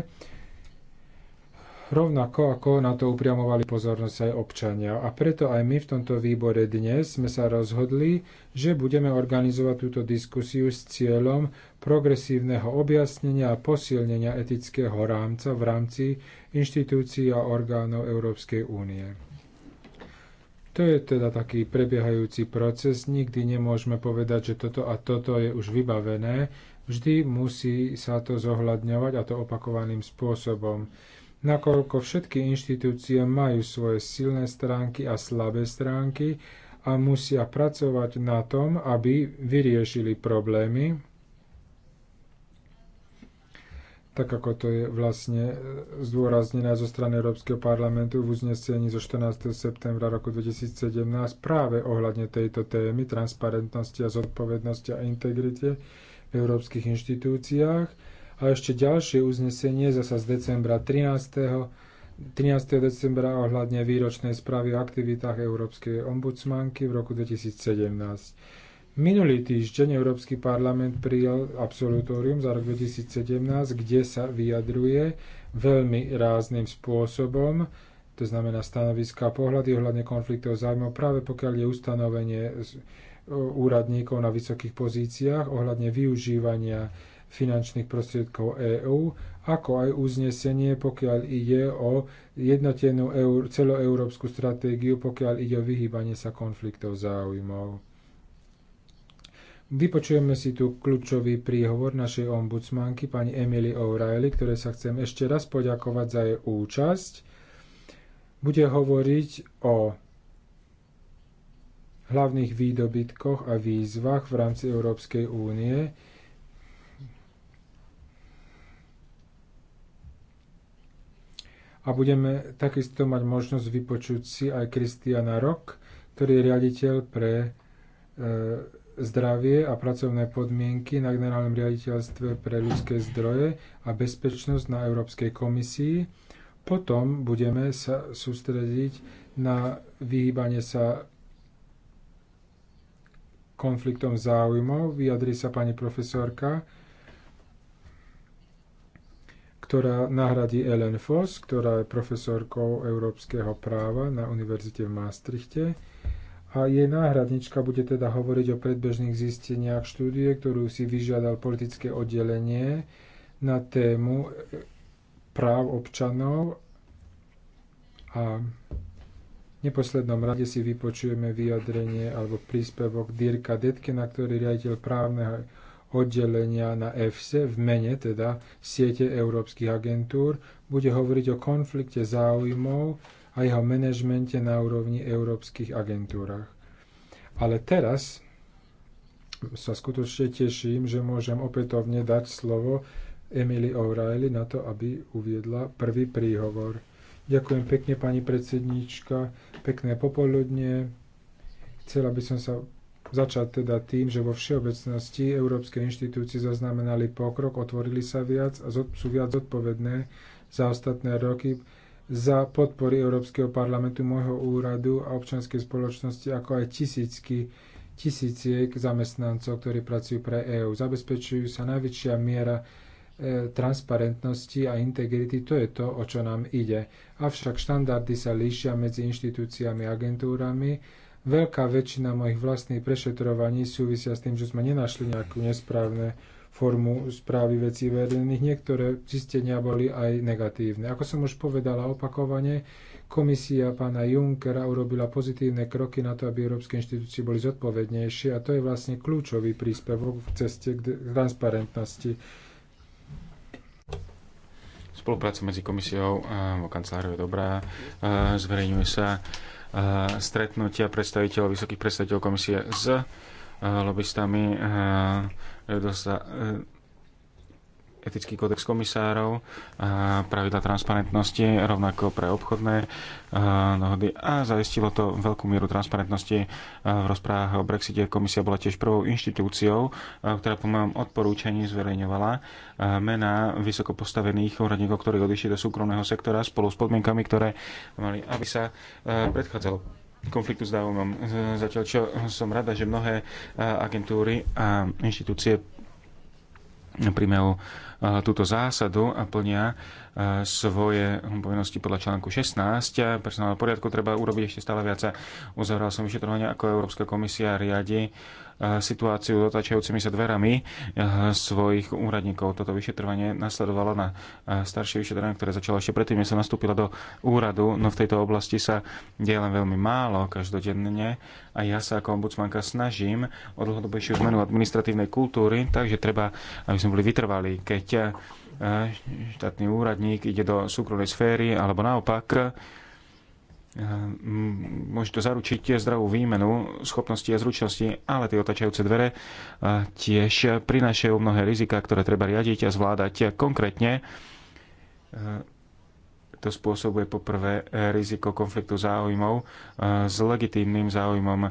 rovnako ako na to upriamovali pozornosť aj občania. A preto aj my v tomto výbore dnes sme sa rozhodli, že budeme organizovať túto diskusiu s cieľom progresívneho objasnenia a posilnenia etického rámca v rámci inštitúcií a orgánov Európskej únie. To je teda taký prebiehajúci proces. Nikdy nemôžeme povedať, že toto a toto je už vybavené. Vždy musí sa to zohľadňovať a to opakovaným spôsobom nakoľko všetky inštitúcie majú svoje silné stránky a slabé stránky a musia pracovať na tom, aby vyriešili problémy, tak ako to je vlastne e, zdôraznené zo strany Európskeho parlamentu v uznesení zo 14. septembra roku 2017 práve ohľadne tejto témy transparentnosti a zodpovednosti a integrite v európskych inštitúciách a ešte ďalšie uznesenie zasa z decembra 13. 13. decembra ohľadne výročnej správy o aktivitách Európskej ombudsmanky v roku 2017. Minulý týždeň Európsky parlament prijal absolutórium za rok 2017, kde sa vyjadruje veľmi rázným spôsobom, to znamená stanoviska a pohľady ohľadne konfliktov zájmov, práve pokiaľ je ustanovenie úradníkov na vysokých pozíciách ohľadne využívania finančných prostriedkov EÚ, ako aj uznesenie, pokiaľ ide o jednotenú eur, celoeurópsku stratégiu, pokiaľ ide o vyhýbanie sa konfliktov záujmov. Vypočujeme si tu kľúčový príhovor našej ombudsmanky pani Emily O'Reilly, ktoré sa chcem ešte raz poďakovať za jej účasť. Bude hovoriť o hlavných výdobytkoch a výzvach v rámci Európskej únie a budeme takisto mať možnosť vypočuť si aj Kristiana Rok, ktorý je riaditeľ pre e, zdravie a pracovné podmienky na generálnom riaditeľstve pre ľudské zdroje a bezpečnosť na Európskej komisii. Potom budeme sa sústrediť na vyhýbanie sa konfliktom záujmov. Vyjadri sa pani profesorka ktorá nahradí Ellen Foss, ktorá je profesorkou európskeho práva na Univerzite v Maastrichte. A jej náhradnička bude teda hovoriť o predbežných zisteniach štúdie, ktorú si vyžiadal politické oddelenie na tému e, práv občanov a v neposlednom rade si vypočujeme vyjadrenie alebo príspevok Dirka Detkena, ktorý riaditeľ právneho oddelenia na EFSE v mene teda siete európskych agentúr bude hovoriť o konflikte záujmov a jeho manažmente na úrovni európskych agentúrach. Ale teraz sa skutočne teším, že môžem opätovne dať slovo Emily O'Reilly na to, aby uviedla prvý príhovor. Ďakujem pekne, pani predsedníčka, pekné popoludne. Chcela by som sa začať teda tým, že vo všeobecnosti európske inštitúcie zaznamenali pokrok, otvorili sa viac a sú viac zodpovedné za ostatné roky za podpory Európskeho parlamentu, môjho úradu a občianskej spoločnosti, ako aj tisícky, tisíciek zamestnancov, ktorí pracujú pre EÚ. Zabezpečujú sa najväčšia miera e, transparentnosti a integrity, to je to, o čo nám ide. Avšak štandardy sa líšia medzi inštitúciami a agentúrami Veľká väčšina mojich vlastných prešetrovaní súvisia s tým, že sme nenašli nejakú nesprávne formu správy vecí verejných. Niektoré zistenia boli aj negatívne. Ako som už povedala opakovane, komisia pána Junckera urobila pozitívne kroky na to, aby európske inštitúcie boli zodpovednejšie a to je vlastne kľúčový príspevok v ceste k transparentnosti. Spolupráca medzi komisiou a kanceláriou je dobrá. E, zverejňuje sa Eh, stretnutia predstaviteľov, vysokých predstaviteľov komisie s eh, lobbystami eh, etický kódex komisárov, pravidla transparentnosti, rovnako pre obchodné e, dohody a zaistilo to veľkú mieru transparentnosti e, v rozprávach o Brexite. Komisia bola tiež prvou inštitúciou, e, ktorá po mojom odporúčaní zverejňovala mená vysoko postavených úradníkov, ktorí odišli do súkromného sektora spolu s podmienkami, ktoré mali, aby sa predchádzalo konfliktu s Davonom. Zatiaľ čo som rada, že mnohé agentúry a inštitúcie príjmajú túto zásadu a plnia svoje povinnosti podľa článku 16. Personálne poriadku treba urobiť ešte stále viac. Uzavral som vyšetrovanie, ako Európska komisia riadi Eh, situáciu dotačajúcimi sa dverami eh, svojich úradníkov. Toto vyšetrovanie nasledovalo na eh, staršie vyšetrovanie, ktoré začalo ešte predtým, než sa nastúpila do úradu, no v tejto oblasti sa deje len veľmi málo každodenne a ja sa ako ombudsmanka snažím o dlhodobejšiu zmenu administratívnej kultúry, takže treba, aby sme boli vytrvali, keď štátny úradník ide do súkromnej sféry alebo naopak, Ehm, môže to zaručiť zdravú výmenu schopností a zručnosti, ale tie otačajúce dvere eh, tiež prinášajú mnohé rizika, ktoré treba riadiť a zvládať konkrétne ehm, to spôsobuje poprvé eh, riziko konfliktu záujmov eh, s legitímnym záujmom eh,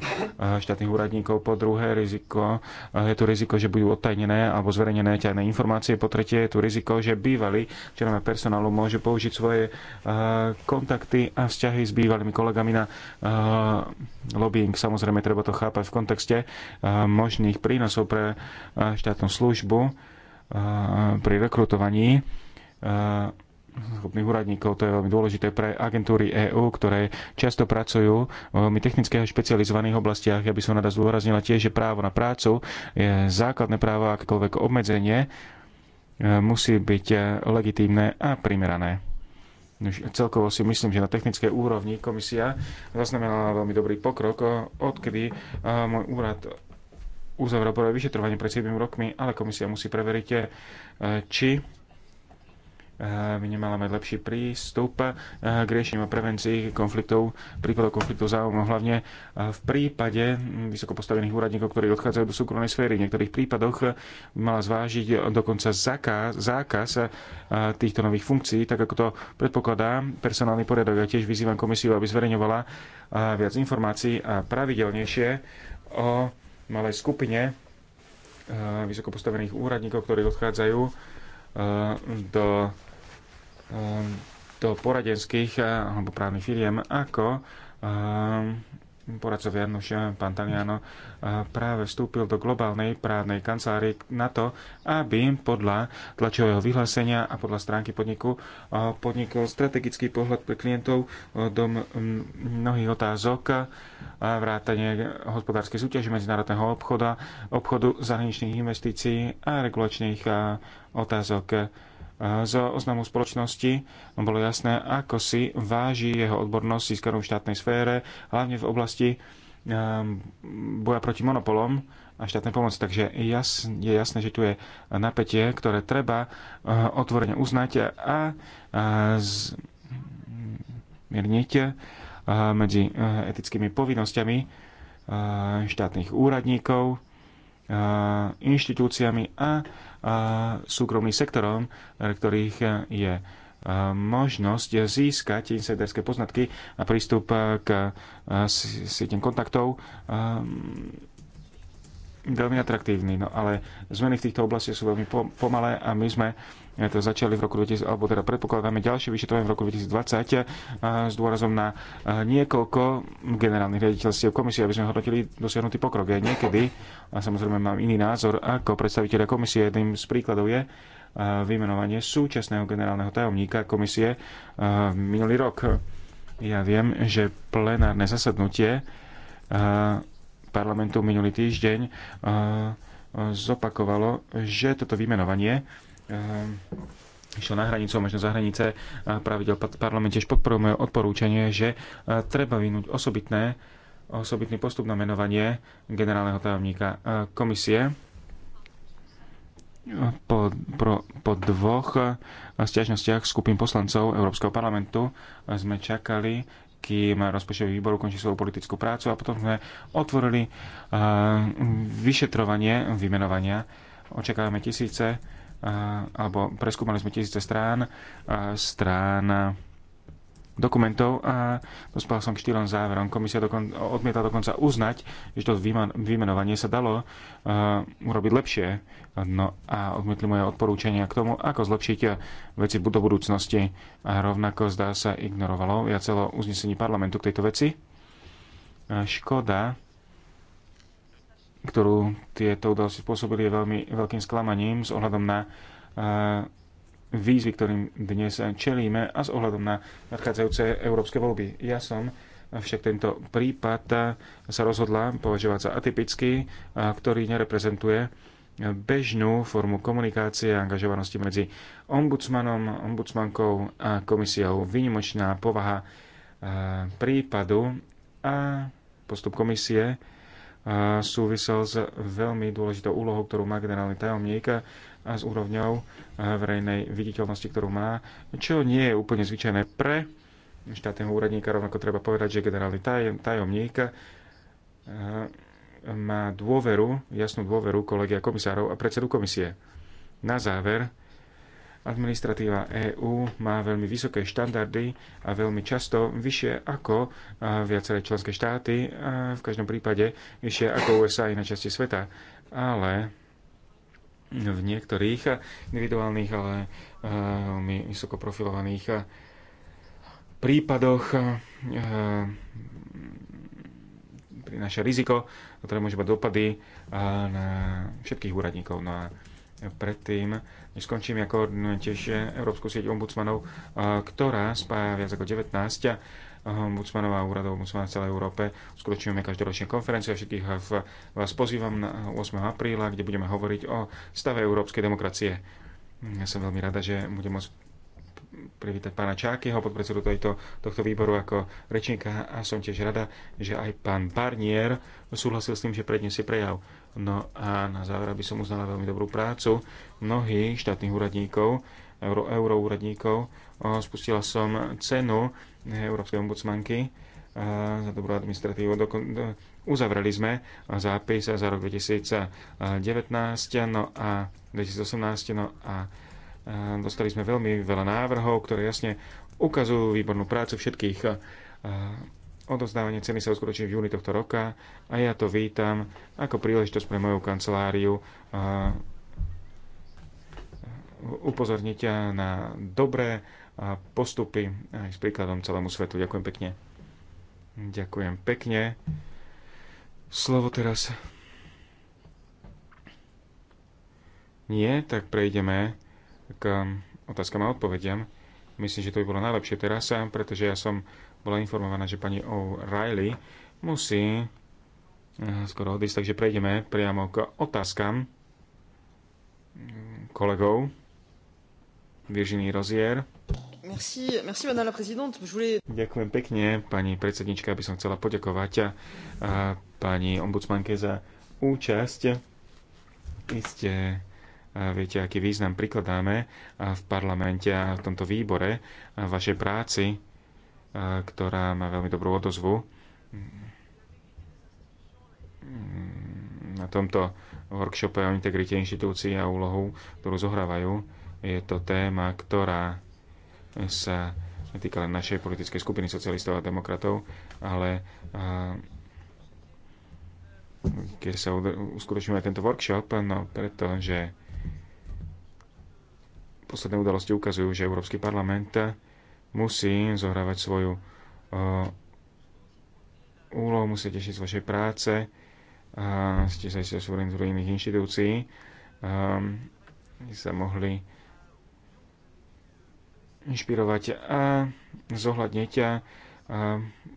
štátnych úradníkov. Po druhé, riziko, je tu riziko, že budú odtajnené alebo zverejnené tajné informácie. Po tretie, je tu riziko, že bývalí členovia personálu môžu použiť svoje kontakty a vzťahy s bývalými kolegami na lobbying. Samozrejme, treba to chápať v kontexte možných prínosov pre štátnu službu pri rekrutovaní schopných úradníkov. To je veľmi dôležité pre agentúry EÚ, ktoré často pracujú v veľmi technických a špecializovaných oblastiach. Ja by som rada zdôraznila tiež, že právo na prácu je základné právo, akékoľvek obmedzenie e, musí byť e, legitímne a primerané. Celkovo si myslím, že na technickej úrovni komisia zaznamenala veľmi dobrý pokrok, e, odkedy môj úrad uzavrel prvé vyšetrovanie pred 7 rokmi, ale komisia musí preveriť, či by eh, nemala mať lepší prístup eh, k riešeniu a prevencii konfliktov, prípadov konfliktov záujmov, hlavne eh, v prípade vysoko postavených úradníkov, ktorí odchádzajú do súkromnej sféry. V niektorých prípadoch by mala zvážiť dokonca zákaz, zákaz týchto nových funkcií, tak ako to predpokladá personálny poriadok. Ja tiež vyzývam komisiu, aby zverejňovala viac informácií a pravidelnejšie o malej skupine vysoko postavených úradníkov, ktorí odchádzajú do Um, do poradenských eh, alebo právnych firiem, ako eh, poradcovia pán Taliano, eh, práve vstúpil do globálnej právnej kancelárie na to, aby podľa tlačového vyhlásenia a podľa stránky podniku podnikol strategický pohľad pre klientov do mnohých otázok vrátanie hospodárskej súťaže medzinárodného obchodu, obchodu zahraničných investícií a regulačných otázok z oznamu spoločnosti bolo jasné, ako si váži jeho odbornosť získanú v štátnej sfére, hlavne v oblasti ehm, boja proti monopolom a štátnej pomoci. Takže je jasné, že tu je napätie, ktoré treba eh, otvorene uznať a zmierniť eh, medzi eh, etickými povinnosťami štátnych úradníkov, inštitúciami a súkromným sektorom, eh, ktorých eh, je eh, možnosť získať insiderské poznatky a prístup k sieťam kontaktov veľmi atraktívny, no ale zmeny v týchto oblastiach sú veľmi pomalé a my sme eh, to začali v roku 2000, alebo teda predpokladáme ďalšie vyšetrovanie v roku 2020 a eh, s dôrazom na eh, niekoľko generálnych riaditeľstiev komisie, aby sme hodnotili dosiahnutý pokrok. Ja niekedy, a samozrejme mám iný názor ako predstaviteľa komisie, jedným z príkladov je vymenovanie súčasného generálneho tajomníka komisie minulý rok. Ja viem, že plenárne zasadnutie parlamentu minulý týždeň eh, zopakovalo, že toto vymenovanie eh, išlo na hranicu, možno za hranice pravidel parlament tiež podporuje moje odporúčanie, že eh, treba vynúť osobitné, osobitný postup na menovanie generálneho tajomníka komisie po, pro, po dvoch stiažnostiach skupín poslancov Európskeho parlamentu sme čakali kým rozpočtový výbor ukončí svoju politickú prácu a potom sme otvorili eh, vyšetrovanie vymenovania. Očakávame tisíce, eh, alebo preskúmali sme tisíce strán, eh, strán dokumentov a dospel som k štýlom záverom. Komisia dokon, odmieta dokonca uznať, že to vymenovanie sa dalo uh, urobiť lepšie no, a odmietli moje odporúčania k tomu, ako zlepšiť uh, veci do budúcnosti. A rovnako zdá sa ignorovalo ja celo uznesení parlamentu k tejto veci. A uh, škoda, ktorú tieto udalosti spôsobili, je veľmi veľkým sklamaním s ohľadom na uh, výzvy, ktorým dnes čelíme a s ohľadom na nadchádzajúce európske voľby. Ja som však tento prípad sa rozhodla považovať za atypický, ktorý nereprezentuje bežnú formu komunikácie a angažovanosti medzi ombudsmanom, ombudsmankou a komisiou. Výnimočná povaha prípadu a postup komisie súvisel s veľmi dôležitou úlohou, ktorú má generálny tajomník a s úrovňou eh, verejnej viditeľnosti, ktorú má, čo nie je úplne zvyčajné pre štátneho úradníka. Rovnako treba povedať, že generálny tajomník eh, má dôveru, jasnú dôveru kolegia komisárov a predsedu komisie. Na záver, administratíva EÚ má veľmi vysoké štandardy a veľmi často vyššie ako eh, viaceré členské štáty, a v každom prípade vyššie ako USA i na časti sveta. Ale v niektorých individuálnych, ale eh, veľmi vysokoprofilovaných eh, prípadoch eh, prináša riziko, ktoré môže mať dopady na všetkých úradníkov. No a predtým, než skončím, ja koordinujem tiež Európsku sieť ombudsmanov, ktorá spája viac ako 19 ombudsmanov a úradov ombudsmana v celej Európe. Skutočujeme každoročne konferenciu a všetkých vás pozývam na 8. apríla, kde budeme hovoriť o stave európskej demokracie. Ja som veľmi rada, že budem môcť privítať pána Čákyho, podpredsedu tohto, tohto výboru ako rečníka a som tiež rada, že aj pán Barnier súhlasil s tým, že predniesie prejav. No a na záver by som uznala veľmi dobrú prácu mnohých štátnych úradníkov, euro, euro úradníkov. Spustila som cenu Európskej ombudsmanky za dobrú administratívu. Uzavreli sme zápis za rok 2019 no a 2018 no a dostali sme veľmi veľa návrhov, ktoré jasne ukazujú výbornú prácu všetkých. Odozdávanie ceny sa uskutoční v júni tohto roka a ja to vítam ako príležitosť pre moju kanceláriu upozorniť na dobré postupy aj s príkladom celému svetu. Ďakujem pekne. Ďakujem pekne. Slovo teraz nie, tak prejdeme k otázkam a odpovediam. Myslím, že to by bolo najlepšie teraz, pretože ja som bola informovaná, že pani O'Reilly musí skoro odísť, takže prejdeme priamo k otázkam kolegov. Virginie Rozier. Merci, merci, madame la présidente. Je voulais... Ďakujem pekne, pani predsednička, aby som chcela poďakovať a pani ombudsmanke za účasť. Iste viete, aký význam prikladáme v parlamente a v tomto výbore a vašej práci, ktorá má veľmi dobrú odozvu na tomto workshope o integrite inštitúcií a úlohu, ktorú zohrávajú je to téma, ktorá sa týka len našej politickej skupiny socialistov a demokratov, ale keď sa uskutočňuje tento workshop, no že posledné udalosti ukazujú, že Európsky parlament musí zohrávať svoju úlohu, musí tešiť z vašej práce, a ste sa aj z iných inštitúcií, sa mohli inšpirovať a zohľadniť a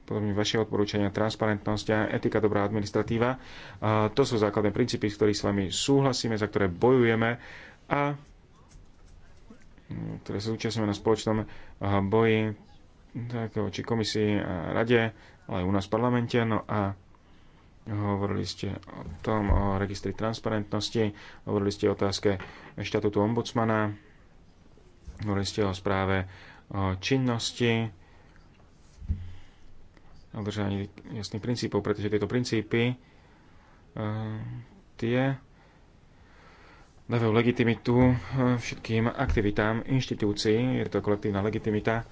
podobne vaše odporúčania, transparentnosť a etika, dobrá administratíva. A to sú základné princípy, s ktorých s vami súhlasíme, za ktoré bojujeme a ktoré sa zúčastňujeme na spoločnom boji tak, či komisii a rade, ale aj u nás v parlamente. No a hovorili ste o tom, o registri transparentnosti, hovorili ste o otázke štatútu ombudsmana, Hovorili ste o správe o činnosti, o držaní jasných princípov, pretože tieto princípy e, tie dávajú legitimitu e, všetkým aktivitám inštitúcií. Je to kolektívna legitimita.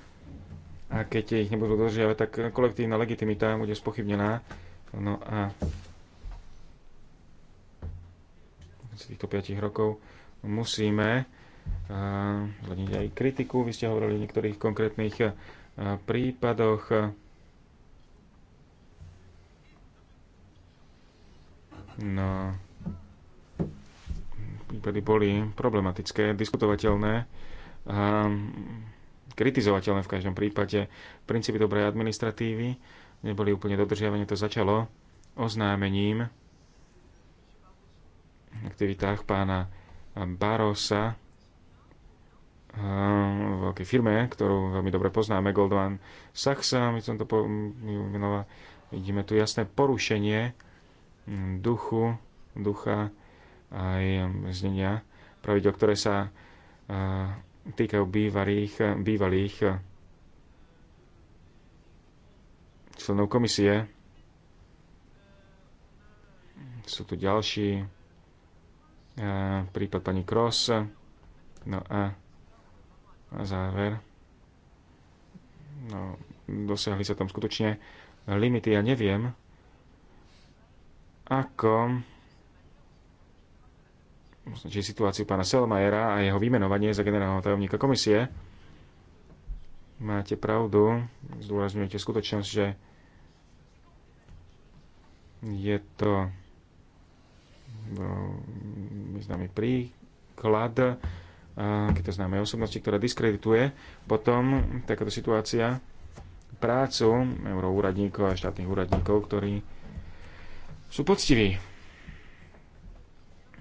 A keď ich nebudú dodržiavať, tak kolektívna legitimita bude spochybnená. No a z týchto 5 rokov musíme zhodniť aj kritiku. Vy ste hovorili o niektorých konkrétnych e, prípadoch. No, prípady boli problematické, diskutovateľné, a kritizovateľné v každom prípade. Princípy dobrej administratívy neboli úplne dodržiavané, to začalo oznámením aktivitách pána Barosa, veľkej firme, ktorú veľmi dobre poznáme, Goldman Sachs, my som to pomenoval, vidíme tu jasné porušenie duchu, ducha aj um, znenia pravidel, ktoré sa uh, týkajú bývalých, bývalých uh, členov komisie. Sú tu ďalší uh, prípad pani Cross. No a záver. No, dosiahli sa tam skutočne limity. Ja neviem, ako či situáciu pána Selmajera a jeho vymenovanie za generálneho tajomníka komisie. Máte pravdu, zdôrazňujete skutočnosť, že je to no, významný príklad takéto známe osobnosti, ktorá diskredituje potom takáto situácia prácu euroúradníkov a štátnych úradníkov, ktorí sú poctiví.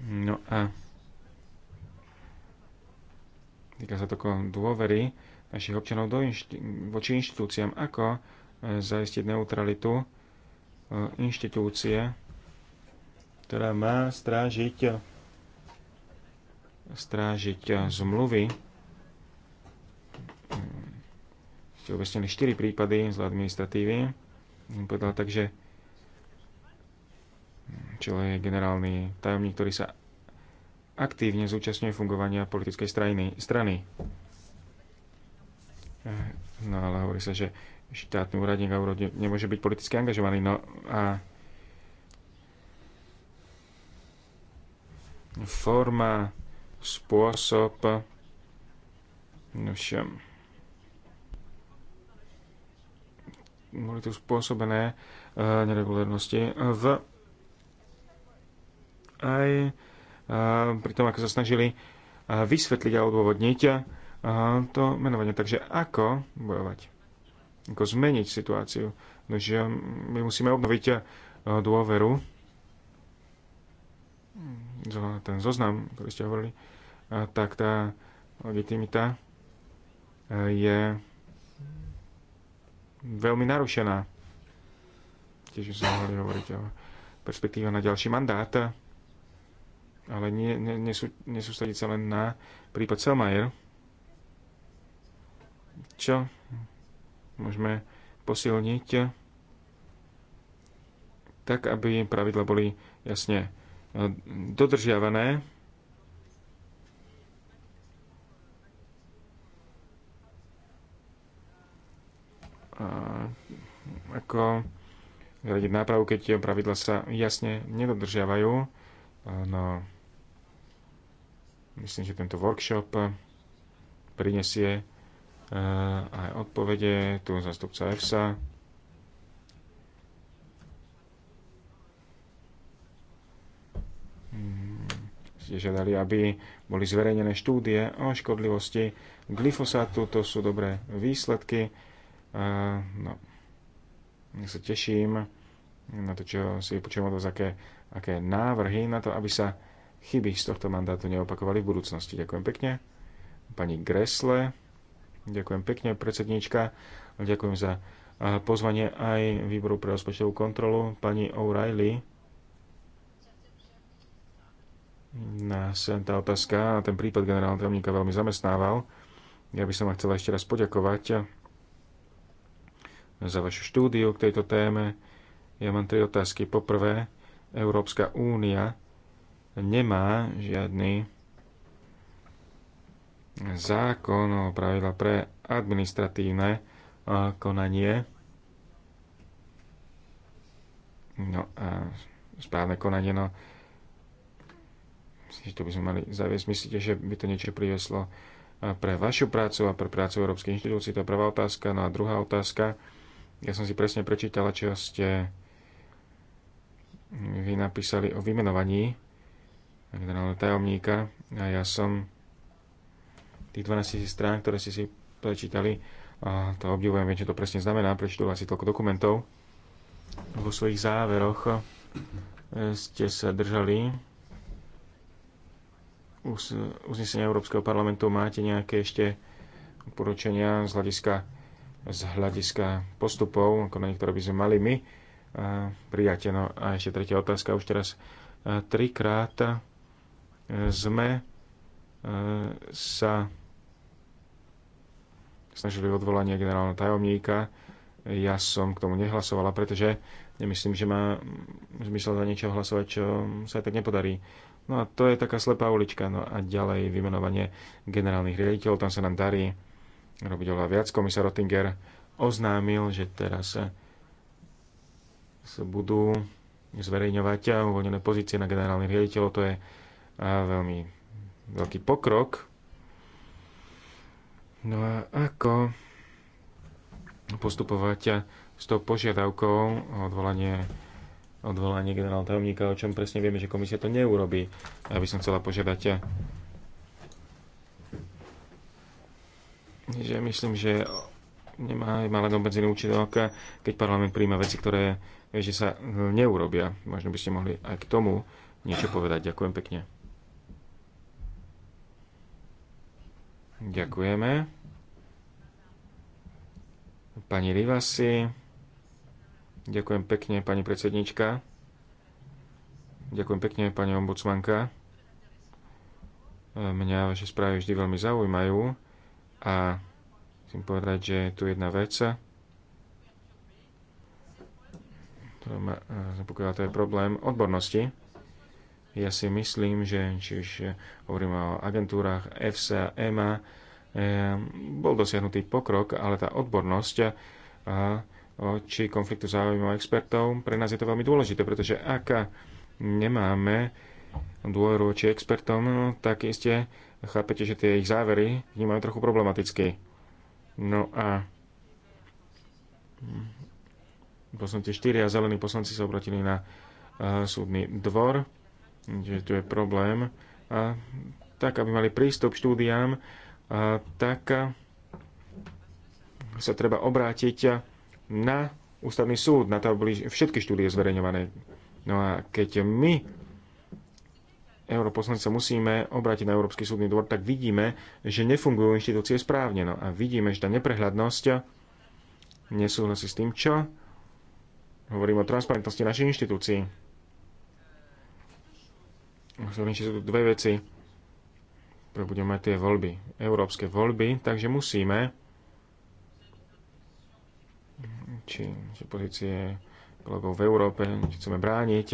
No a týka sa to dôvery našich občanov do inšti- voči inštitúciám, ako e, zaistiť neutralitu e, inštitúcie, ktorá má strážiť strážiť eh, zmluvy. Hm. Ste uvesnili 4 prípady z administratívy. Hm, povedal tak, že hm, čo je generálny tajomník, ktorý sa aktívne zúčastňuje fungovania politickej strany. strany. Eh, no ale hovorí sa, že štátny úradník a úrodník nemôže byť politicky angažovaný. No a forma spôsob. Všem. Boli tu spôsobené eh, neregulárnosti v aj eh, pri tom, ako sa snažili eh, vysvetliť a odôvodniť to menovanie. Takže ako bojovať? Ako zmeniť situáciu? No, že mm, my musíme obnoviť dôveru ten zoznam, ktorý ste hovorili, tak tá legitimita e, je veľmi narušená. Tiež sme mohli hovoriť o perspektíve na ďalší mandát, ale nie, nie, sú, nesústrediť sa len na prípad Selmajer. Čo môžeme posilniť tak, aby pravidla boli jasne dodržiavané. A ako radiť nápravu, keď tie pravidla sa jasne nedodržiavajú. No, myslím, že tento workshop prinesie eh, aj odpovede tu zastupca EFSA. ste žiadali, aby boli zverejnené štúdie o škodlivosti glyfosátu. To sú dobré výsledky. No, ja sa teším na to, čo si vypočujem od vás, aké, aké návrhy na to, aby sa chyby z tohto mandátu neopakovali v budúcnosti. Ďakujem pekne. Pani Gresle, ďakujem pekne, predsedníčka. Ďakujem za pozvanie aj výboru pre rozpočtovú kontrolu. Pani O'Reilly, nás tá otázka a ten prípad generálneho tajomníka veľmi zamestnával. Ja by som vám chcela ešte raz poďakovať za vašu štúdiu k tejto téme. Ja mám tri otázky. Poprvé, Európska únia nemá žiadny zákon o pravidla pre administratívne konanie. No a správne konanie, no Myslíte, že to by sme mali zaviesť? Myslíte, že by to niečo prieslo eh, pre vašu prácu a pre prácu Európskej inštitúcii? To je prvá otázka. No a druhá otázka. Ja som si presne prečítala, čo ste vy napísali o vymenovaní generálneho tajomníka a ja som tých 12 000 strán, ktoré ste si prečítali, a to obdivujem, viem, čo to presne znamená, prečítala si toľko dokumentov. Vo svojich záveroch eh, ste sa držali uznesenia Európskeho parlamentu máte nejaké ešte odporúčania z hľadiska, z hľadiska postupov, ako na niektoré by sme mali my prijate. No a ešte tretia otázka, už teraz trikrát e, sme e, sa snažili odvolanie generálneho tajomníka. Ja som k tomu nehlasovala, pretože nemyslím, že má zmysel za niečo hlasovať, čo sa aj tak nepodarí. No a to je taká slepá ulička. No a ďalej vymenovanie generálnych riaditeľov, tam sa nám darí robiť oveľa viac. Komisár Rottinger oznámil, že teraz sa budú zverejňovať uvoľnené pozície na generálnych riaditeľov. To je veľmi veľký pokrok. No a ako postupovať s tou požiadavkou o odvolanie odvolanie generálneho tajomníka, o čom presne vieme, že komisia to neurobí. Ja by som chcela požiadať eh, že myslím, že nemá, má len obmedzený účinok, eh, keď parlament príjma veci, ktoré eh, že sa neurobia. Možno by ste mohli aj k tomu niečo povedať. Ďakujem pekne. Ďakujeme. Pani Rivasi. Ďakujem pekne, pani predsednička. Ďakujem pekne, pani ombudsmanka. E, mňa vaše správy vždy veľmi zaujímajú a chcem povedať, že je tu jedna vec, ktorá ma e, to je problém odbornosti. Ja si myslím, že či už hovoríme o agentúrach EFSA, EMA, e, bol dosiahnutý pokrok, ale tá odbornosť či konfliktu záujmov expertov. Pre nás je to veľmi dôležité, pretože ak nemáme dôveru či expertom, tak iste chápete, že tie ich závery vnímajú trochu problematicky. No a poslanci 4 a zelení poslanci sa obratili na eh, súdny dvor, že tu je problém. A tak, aby mali prístup k štúdiám, a eh, tak sa treba obrátiť na ústavný súd. Na to boli všetky štúdie zverejňované. No a keď my europoslanci sa musíme obrátiť na Európsky súdny dvor, tak vidíme, že nefungujú inštitúcie správne. No a vidíme, že tá neprehľadnosť nesúhlasí s tým, čo hovorím o transparentnosti našej inštitúcii. Hovorím, že sú tu dve veci. Budeme mať tie voľby, európske voľby, takže musíme či že pozície kolegov v Európe chceme brániť.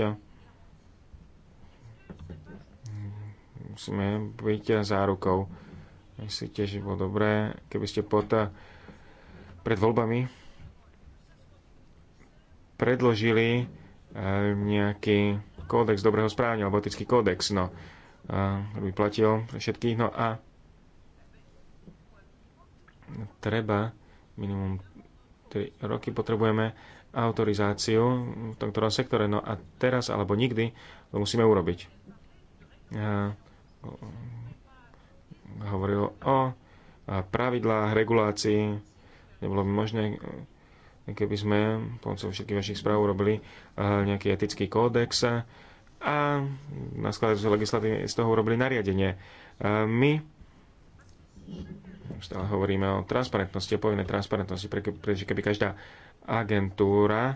Musíme byť zárukou. Myslíte, že bolo dobré, keby ste pota pred voľbami predložili eh, nejaký kódex dobrého správania, alebo etický kódex, no, eh, ktorý by platil pre všetkých, no a treba minimum 4 roky potrebujeme autorizáciu v tomto sektore. No a teraz alebo nikdy to musíme urobiť. Ja, eh, hovoril o pravidlách, regulácii. Nebolo by možné, keby sme pomocou všetkých vašich správ urobili eh, nejaký etický kódex a na sklade z legislatívy z toho urobili nariadenie. Eh, my Stále hovoríme o transparentnosti, o povinnej transparentnosti, pretože keby každá agentúra,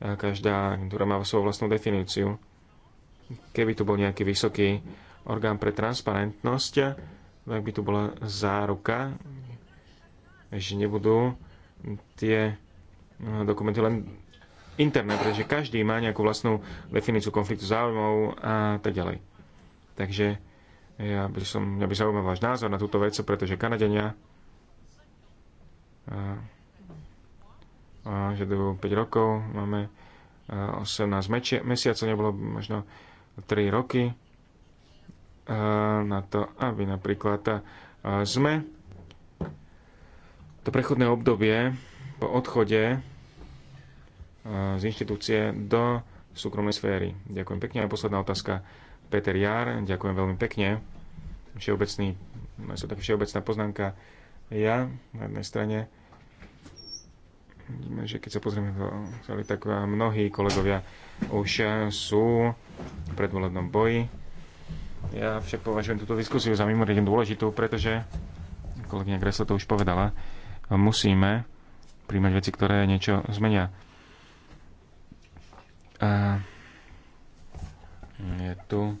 každá agentúra má svoju vlastnú definíciu, keby tu bol nejaký vysoký orgán pre transparentnosť, tak by tu bola záruka, že nebudú tie no, dokumenty len internet, pretože každý má nejakú vlastnú definíciu konfliktu záujmov a tak ďalej. Takže ja by som, ja by zaujímal váš názor na túto vec, pretože Kanadenia že 5 rokov, máme 18 mesiacov, nebolo možno 3 roky na to, aby napríklad sme to prechodné obdobie po odchode z inštitúcie do súkromnej sféry. Ďakujem pekne. A posledná otázka. Peter Jár, ďakujem veľmi pekne. Všeobecný, sú taká všeobecná poznámka. Ja na jednej strane vidíme, že keď sa pozrieme tak eh, mnohí kolegovia už eh, sú v predvolebnom boji. Ja však považujem túto diskusiu za mimoriadne dôležitú, pretože kolegyňa Gresla to už povedala, musíme príjmať veci, ktoré niečo zmenia. A je tu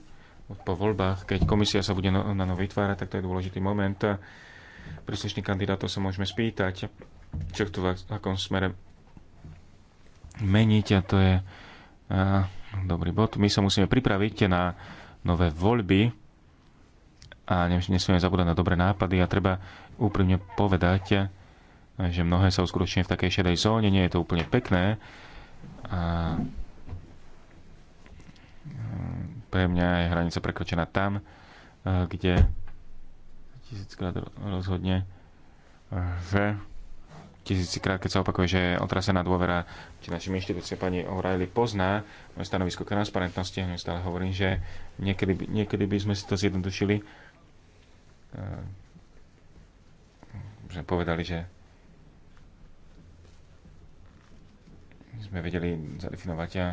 po voľbách, keď komisia sa bude na novo vytvárať, tak to je dôležitý moment. Príslušných kandidátov sa môžeme spýtať, čo tu v akom smere meniť a to je a, dobrý bod. My sa musíme pripraviť na nové voľby a nesmieme zabúdať na dobré nápady a treba úprimne povedať, že mnohé sa uskutočne v takej šedej zóne, nie je to úplne pekné. A, pre mňa je hranica prekročená tam, eh, kde tisíckrát rozhodne, že eh, tisíckrát, keď sa opakuje, že je otrasená dôvera či našim inštitúciám pani O'Reilly pozná moje stanovisko k transparentnosti, ja stále hovorím, že niekedy, niekedy by sme si to zjednodušili, eh, že povedali, že sme vedeli zadefinovať a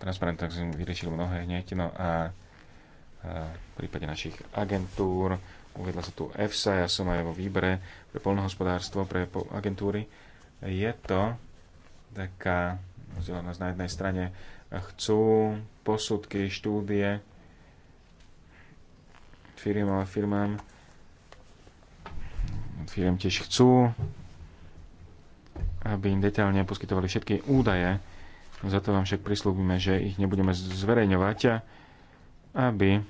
transparent, tak sme vyriešili mnohé hneď. No a, a v prípade našich agentúr, uvedla sa tu EFSA, ja som aj vo výbere pre polnohospodárstvo, pre agentúry. Je to taká vzdelanosť na jednej strane. Chcú posudky, štúdie firiem a firmám firiem tiež chcú, aby im detailne poskytovali všetky údaje, za to vám však prislúbime, že ich nebudeme zverejňovať, aby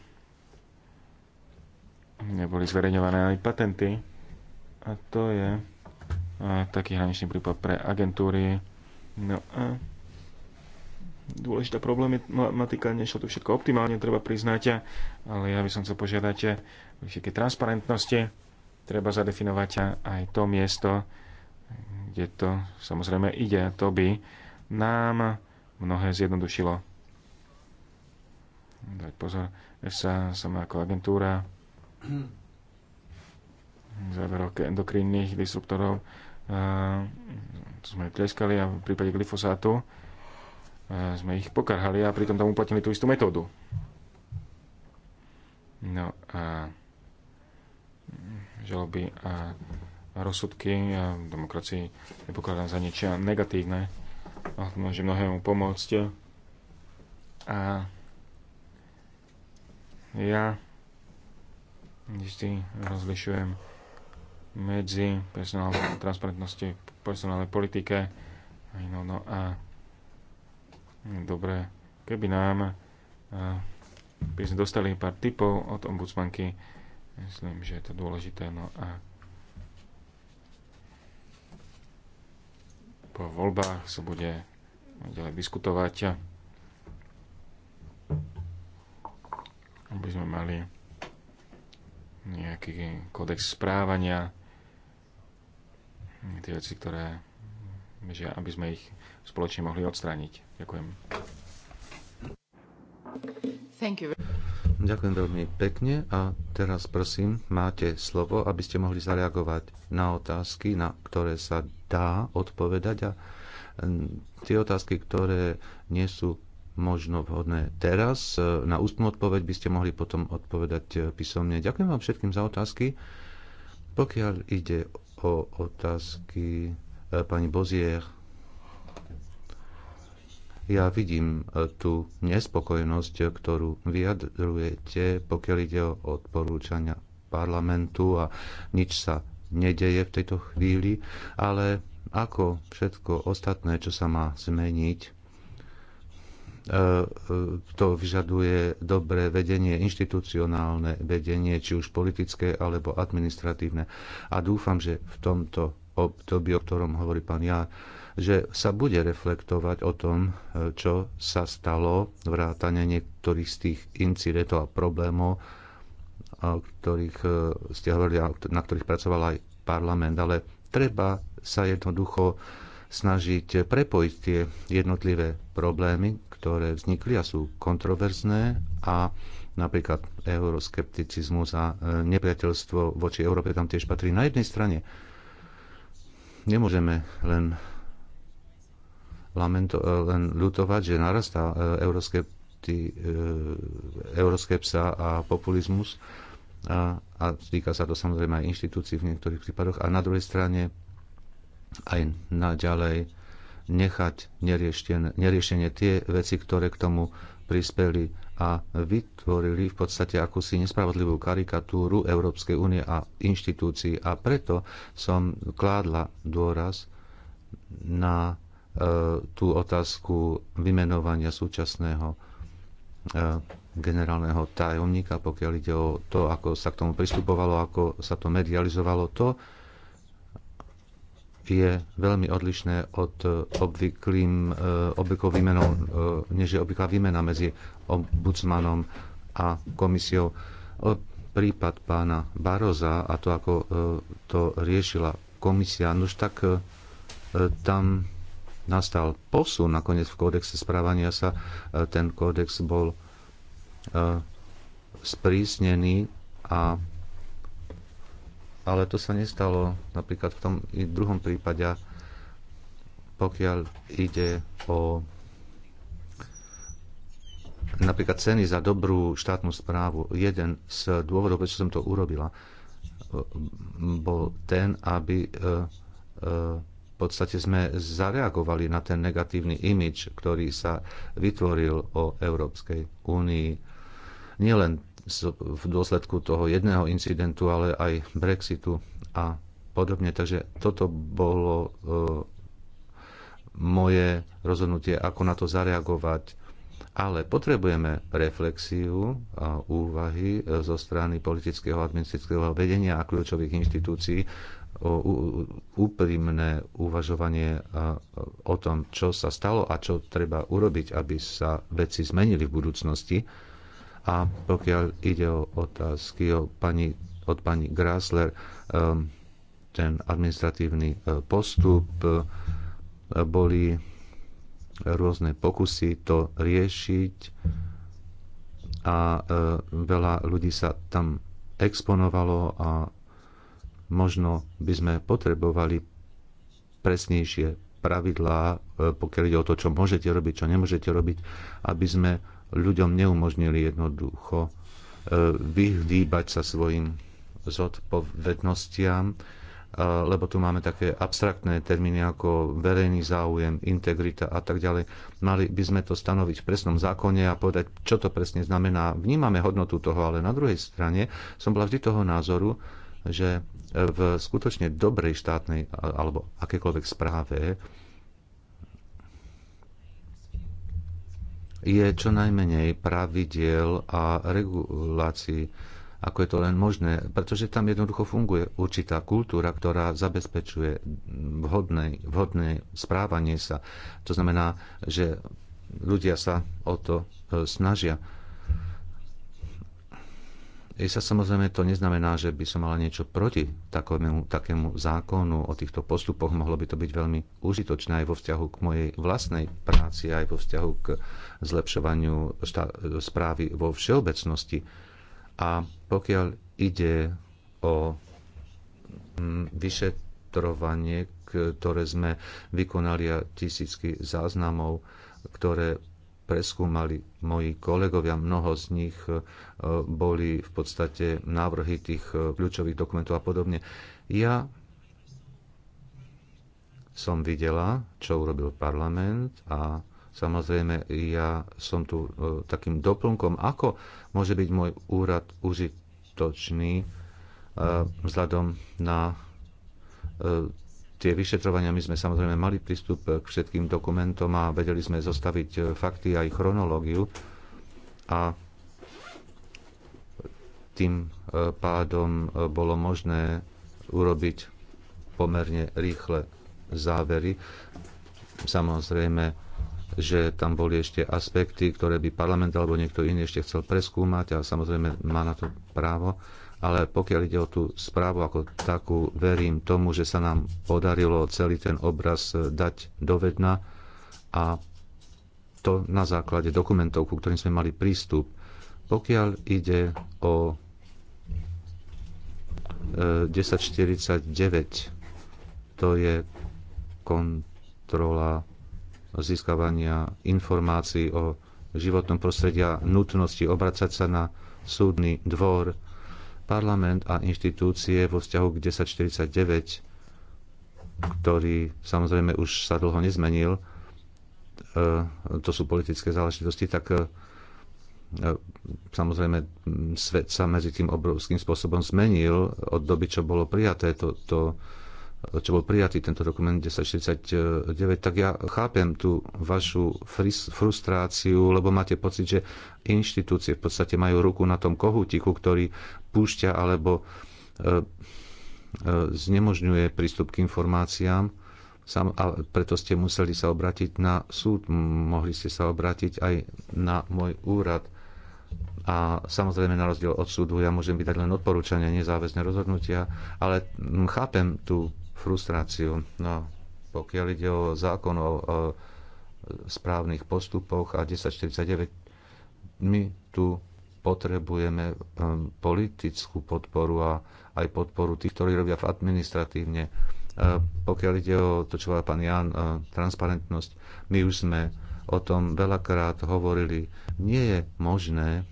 neboli zverejňované aj patenty. A to je taký hraničný prípad pre agentúry. No a dôležitá problematika, nešlo to všetko optimálne, treba priznať, ale ja by som chcel požiadať o transparentnosti. Treba zadefinovať aj to miesto, kde to samozrejme ide. To by nám mnohé zjednodušilo. Dať pozor, ESA sama ako agentúra záverok endokrinných disruptorov to sme tleskali a v prípade glyfosátu sme ich pokarhali a pritom tam uplatnili tú istú metódu. No a žaloby a rozsudky a v demokracii nepokladám za niečo negatívne a no, môže mnohému pomôcť. A ja vždy rozlišujem medzi personálnou transparentnosti, personálnej politike no, no a dobre, keby nám by sme dostali pár tipov od ombudsmanky, myslím, že je to dôležité, no a po voľbách sa bude ďalej diskutovať. Aby sme mali nejaký kódex správania, tie veci, ktoré že aby sme ich spoločne mohli odstrániť. Ďakujem. Thank you. Ďakujem veľmi pekne a teraz prosím, máte slovo, aby ste mohli zareagovať na otázky, na ktoré sa dá odpovedať a tie otázky, ktoré nie sú možno vhodné teraz, e, na ústnu odpoveď by ste mohli potom odpovedať e, písomne. Ďakujem vám všetkým za otázky. Pokiaľ ide o otázky e, pani Bozier, ja vidím tú nespokojnosť, ktorú vyjadrujete, pokiaľ ide o odporúčania parlamentu a nič sa nedeje v tejto chvíli, ale ako všetko ostatné, čo sa má zmeniť, e, e, to vyžaduje dobré vedenie, inštitucionálne vedenie, či už politické alebo administratívne. A dúfam, že v tomto období, o ktorom hovorí pán Jár, že sa bude reflektovať o tom, e, čo sa stalo, vrátane niektorých z tých incidentov a problémov, o ktorých e, ste hovorili, na ktorých pracoval aj parlament, ale treba sa jednoducho snažiť prepojiť tie jednotlivé problémy, ktoré vznikli a sú kontroverzné a napríklad euroskepticizmus a e, nepriateľstvo voči Európe tam tiež patrí. Na jednej strane nemôžeme len, lamento, e, len ľutovať, že narastá euroskepti, euroskepsa a populizmus, a, a týka sa to samozrejme aj inštitúcií v niektorých prípadoch a na druhej strane aj naďalej nechať neriešenie tie veci, ktoré k tomu prispeli a vytvorili v podstate akúsi nespravodlivú karikatúru Európskej únie a inštitúcií. A preto som kládla dôraz na e, tú otázku vymenovania súčasného e, generálneho tajomníka, pokiaľ ide o to, ako sa k tomu pristupovalo, ako sa to medializovalo, to je veľmi odlišné od obvyklým, eh, obvyklou výmenou, eh, než je obvyklá výmena medzi ombudsmanom a komisiou. Prípad pána Baroza a to, ako eh, to riešila komisia, no už tak tam nastal posun nakoniec v kódexe správania sa. Ten kódex bol sprísnený, a, ale to sa nestalo napríklad v tom druhom prípade, pokiaľ ide o napríklad ceny za dobrú štátnu správu. Jeden z dôvodov, prečo som to urobila, e, bol ten, aby e, e, v podstate sme zareagovali na ten negatívny imič, ktorý sa vytvoril o Európskej únii nielen v dôsledku toho jedného incidentu, ale aj Brexitu a podobne. Takže toto bolo e, moje rozhodnutie, ako na to zareagovať. Ale potrebujeme reflexiu a úvahy e, zo strany politického a administratívneho vedenia a kľúčových inštitúcií o úprimné uvažovanie e, o tom, čo sa stalo a čo treba urobiť, aby sa veci zmenili v budúcnosti a pokiaľ ide o otázky o pani, od pani Grasler, ehm, ten administratívny e, postup e, boli rôzne pokusy to riešiť a e, veľa ľudí sa tam exponovalo a možno by sme potrebovali presnejšie pravidlá, pokiaľ ide o to, čo môžete robiť, čo nemôžete robiť, aby sme ľuďom neumožnili jednoducho e, vyhýbať sa svojim zodpovednostiam, e, lebo tu máme také abstraktné termíny ako verejný záujem, integrita a tak ďalej. Mali by sme to stanoviť v presnom zákone a povedať, čo to presne znamená. Vnímame hodnotu toho, ale na druhej strane som bola vždy toho názoru, že v skutočne dobrej štátnej alebo akékoľvek správe je čo najmenej pravidiel a regulácií, ako je to len možné, pretože tam jednoducho funguje určitá kultúra, ktorá zabezpečuje vhodné, vhodné správanie sa. To znamená, že ľudia sa o to e, snažia sa samozrejme to neznamená, že by som mala niečo proti takému, takému zákonu o týchto postupoch. Mohlo by to byť veľmi užitočné aj vo vzťahu k mojej vlastnej práci, aj vo vzťahu k zlepšovaniu správy vo všeobecnosti. A pokiaľ ide o mm, vyšetrovanie, ktoré sme vykonali a tisícky záznamov, ktoré preskúmali moji kolegovia. Mnoho z nich e, boli v podstate návrhy tých e, kľúčových dokumentov a podobne. Ja som videla, čo urobil parlament a samozrejme ja som tu e, takým doplnkom, ako môže byť môj úrad užitočný vzhľadom na tie vyšetrovania, my sme samozrejme mali prístup k všetkým dokumentom a vedeli sme zostaviť e, fakty aj chronológiu a tým e, pádom e, bolo možné urobiť pomerne rýchle závery. Samozrejme, že tam boli ešte aspekty, ktoré by parlament alebo niekto iný ešte chcel preskúmať a samozrejme má na to právo ale pokiaľ ide o tú správu ako takú, verím tomu, že sa nám podarilo celý ten obraz e, dať dovedna a to na základe dokumentov, ku ktorým sme mali prístup. Pokiaľ ide o 1049, e, to je kontrola získavania informácií o životnom prostredí a nutnosti obracať sa na súdny dvor parlament a inštitúcie vo vzťahu k 1049, ktorý samozrejme už sa dlho nezmenil, e, to sú politické záležitosti, tak e, e, samozrejme svet sa medzi tým obrovským spôsobom zmenil od doby, čo bolo prijaté to, to čo bol prijatý tento dokument 1049, tak ja chápem tú vašu frustráciu, lebo máte pocit, že inštitúcie v podstate majú ruku na tom kohútiku, ktorý púšťa alebo e, e, znemožňuje prístup k informáciám. Sam, a preto ste museli sa obrátiť na súd, mohli ste sa obrátiť aj na môj úrad. A samozrejme, na rozdiel od súdu, ja môžem vydať len odporúčania, nezáväzne rozhodnutia, ale chápem tú frustráciu. No, pokiaľ ide o zákon o, o správnych postupoch a 1049, my tu potrebujeme um, politickú podporu a aj podporu tých, ktorí robia v administratívne. Uh, pokiaľ ide o to, čo hovorí pán Jan, uh, transparentnosť, my už sme o tom veľakrát hovorili. Nie je možné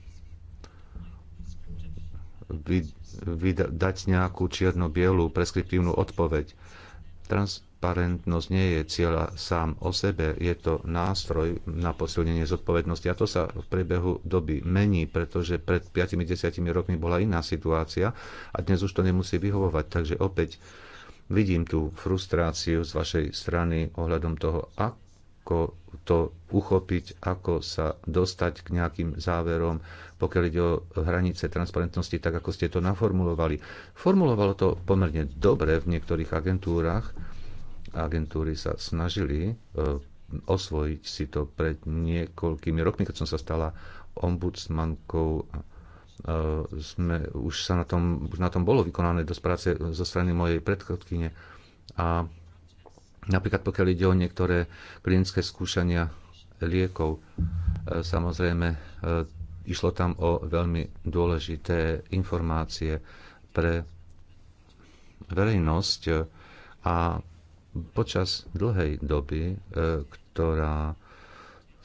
dať nejakú čierno-bielú preskriptívnu odpoveď. Transparentnosť nie je cieľa sám o sebe, je to nástroj na posilnenie zodpovednosti a to sa v priebehu doby mení, pretože pred 5-10 rokmi bola iná situácia a dnes už to nemusí vyhovovať. Takže opäť vidím tú frustráciu z vašej strany ohľadom toho, ako to uchopiť, ako sa dostať k nejakým záverom, pokiaľ ide o hranice transparentnosti, tak ako ste to naformulovali. Formulovalo to pomerne dobre v niektorých agentúrach. Agentúry sa snažili e, osvojiť si to pred niekoľkými rokmi, keď som sa stala ombudsmankou e, sme, už sa na tom, už na tom bolo vykonané dosť práce zo strany mojej predchodkyne. A napríklad pokiaľ ide o niektoré klinické skúšania liekov, e, samozrejme Išlo tam o veľmi dôležité informácie pre verejnosť a počas dlhej doby, e, ktorá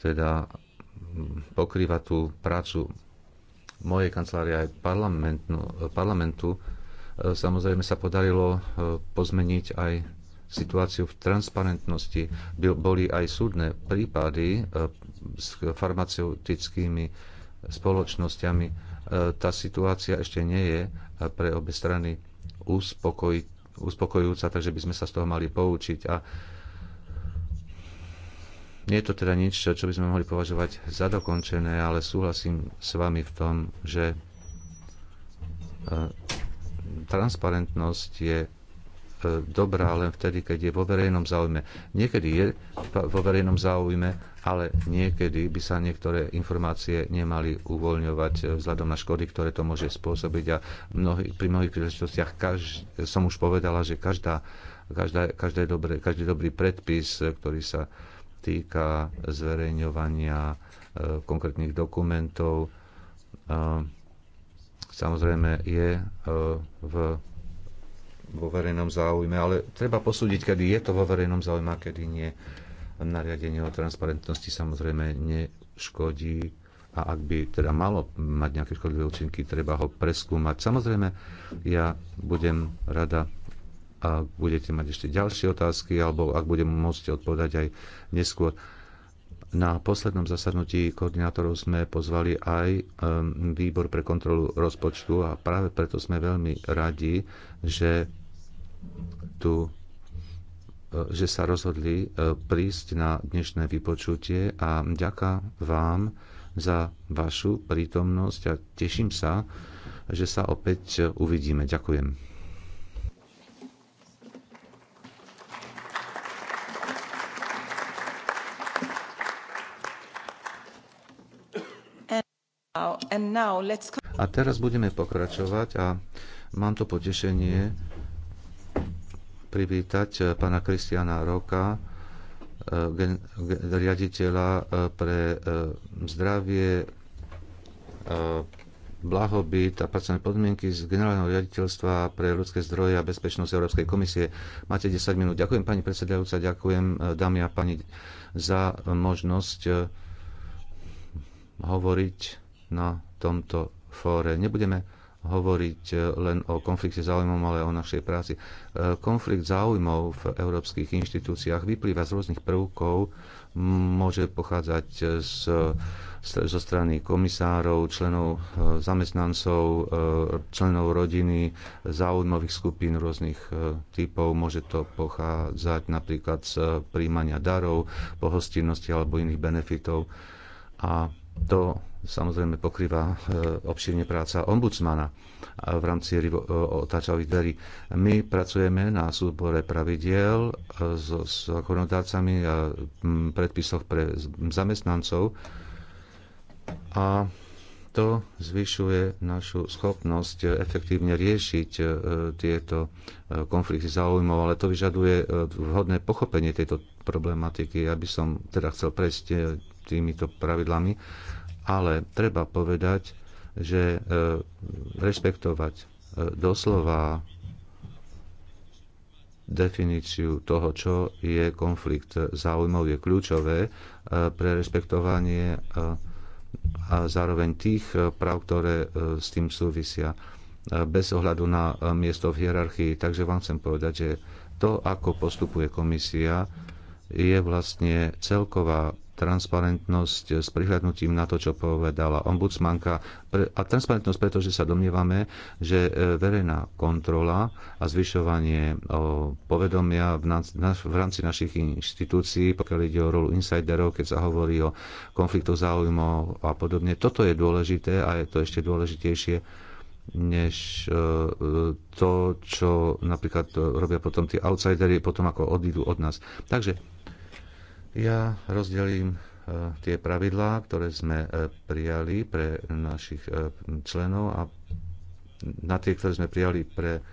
teda pokrýva tú prácu mojej kancelárie aj parlamentu, e, samozrejme sa podarilo e, pozmeniť aj situáciu v transparentnosti. Boli aj súdne prípady s farmaceutickými spoločnosťami. E, tá situácia ešte nie je e, pre obe strany uspokoj, uspokojujúca, takže by sme sa z toho mali poučiť. A nie je to teda nič, čo by sme mohli považovať za dokončené, ale súhlasím s vami v tom, že e, transparentnosť je E, dobrá len vtedy, keď je vo verejnom záujme. Niekedy je vo verejnom záujme, ale niekedy by sa niektoré informácie nemali uvoľňovať e, vzhľadom na škody, ktoré to môže spôsobiť. A mnohý, pri mnohých príležitostiach kaž, som už povedala, že každá, každá, každé dobré, každý dobrý predpis, e, ktorý sa týka zverejňovania konkrétnych dokumentov, samozrejme je v vo verejnom záujme, ale treba posúdiť, kedy je to vo verejnom záujme a kedy nie. Nariadenie o transparentnosti samozrejme neškodí a ak by teda malo mať nejaké škodlivé účinky, treba ho preskúmať. Samozrejme, ja budem rada, ak budete mať ešte ďalšie otázky, alebo ak budem môcť odpovedať aj neskôr. Na poslednom zasadnutí koordinátorov sme pozvali aj ehm, výbor pre kontrolu rozpočtu a práve preto sme veľmi radi, že tu e, že sa rozhodli e, prísť na dnešné vypočutie a ďaká vám za vašu prítomnosť a teším sa, že sa opäť uvidíme. Ďakujem. A teraz budeme pokračovať a mám to potešenie privítať eh, pána Kristiana Roka, eh, riaditeľa eh, pre zdravie, blahobyt a pracovné podmienky z Generálneho riaditeľstva pre ľudské zdroje a bezpečnosť Európskej komisie. Máte 10 minút. Ďakujem pani predsedajúca, ďakujem dámy a pani za možnosť hovoriť na tomto fóre. Nebudeme hovoriť e, len o konflikte záujmov, ale o našej práci. E, konflikt záujmov v európskych inštitúciách vyplýva z rôznych prvkov, môže pochádzať z, zo strany komisárov, členov e, zamestnancov, členov rodiny, záujmových skupín rôznych typov. Môže to pochádzať napríklad z príjmania darov, pohostinnosti alebo iných benefitov. A to samozrejme pokrýva e, obširne práca ombudsmana e, v rámci e, otáčavých dverí. My pracujeme na súbore pravidiel so zákonodácami a predpisoch pre zamestnancov a to zvyšuje našu schopnosť efektívne riešiť tieto konflikty záujmov, ale to vyžaduje vhodné pochopenie tejto problematiky. Ja by som teda chcel prejsť týmito pravidlami, ale treba povedať, že e, rešpektovať e, doslova definíciu toho, čo je konflikt záujmov, je kľúčové e, pre rešpektovanie a zároveň tých práv, ktoré s tým súvisia bez ohľadu na miesto v hierarchii. Takže vám chcem povedať, že to, ako postupuje komisia, je vlastne celková transparentnosť s prihľadnutím na to, čo povedala ombudsmanka a transparentnosť, pretože sa domnievame, že e, verejná kontrola a zvyšovanie povedomia v rámci našich inštitúcií, pokiaľ ide o rolu insiderov, keď sa hovorí o konfliktu záujmov a podobne, toto je dôležité a je to ešte dôležitejšie než e, e, to, čo napríklad robia potom tí outsidery, potom ako odídu od nás. Takže ja rozdelím e, tie pravidlá, ktoré sme e, prijali pre našich e, členov a na tie, ktoré sme prijali pre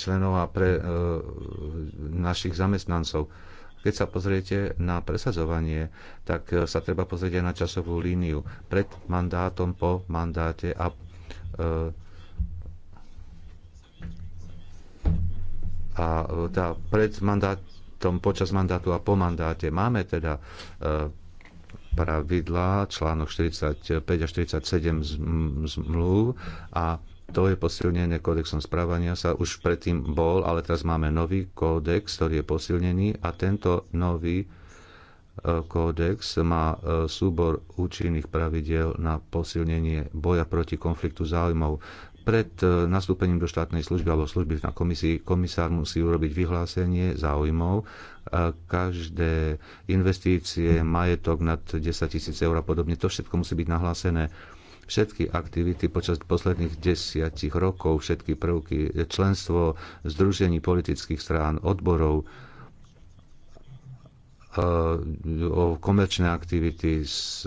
členov a pre našich zamestnancov. Keď sa pozriete na presazovanie, tak sa treba pozrieť aj na časovú líniu pred mandátom, po mandáte a a tá predmandát, tom počas mandátu a po mandáte. Máme teda e, pravidlá, článok 45 a 47 zmluv a to je posilnené kódexom správania sa, už predtým bol, ale teraz máme nový kódex, ktorý je posilnený a tento nový e, kódex má e, súbor účinných pravidel na posilnenie boja proti konfliktu záujmov. Pred e, nastúpením do štátnej služby alebo služby na komisii komisár musí urobiť vyhlásenie záujmov. E, každé investície, majetok nad 10 tisíc eur a podobne, to všetko musí byť nahlásené všetky aktivity počas posledných desiatich rokov, všetky prvky, e, členstvo združení politických strán, odborov, o komerčné aktivity s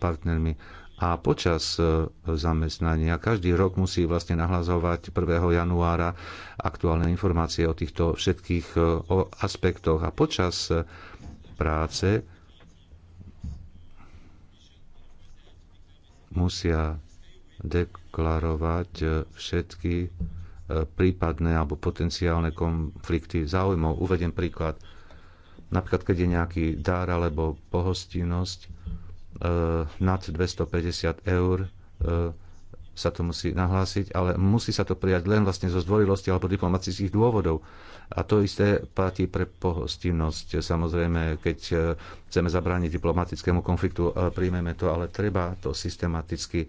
partnermi a počas e, zamestnania každý rok musí vlastne nahlasovať 1. januára aktuálne informácie o týchto všetkých e, aspektoch a počas e, práce musia deklarovať všetky prípadné alebo potenciálne konflikty záujmov. Uvedem príklad. Napríklad, keď je nejaký dar alebo pohostinnosť, Eh, nad 250 eur eh, sa to musí nahlásiť, ale musí sa to prijať len vlastne zo zdvorilosti alebo diplomatických dôvodov. A to isté platí pre pohostinnosť. Samozrejme, keď eh, chceme zabrániť diplomatickému konfliktu, príjmeme to, ale treba to systematicky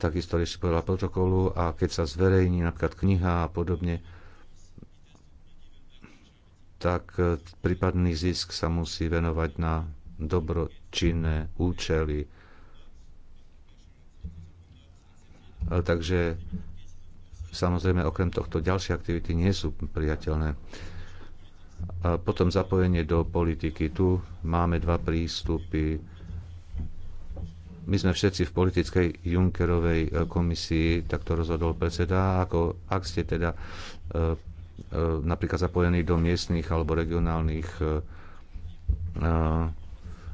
takisto rešiť podľa protokolu a keď sa zverejní napríklad kniha a podobne, tak prípadný zisk sa musí venovať na dobročinné účely. Takže samozrejme okrem tohto ďalšie aktivity nie sú priateľné. A potom zapojenie do politiky. Tu máme dva prístupy. My sme všetci v politickej Junckerovej e, komisii, tak to rozhodol predseda. Ako, ak ste teda e, e, napríklad zapojení do miestnych alebo regionálnych e, e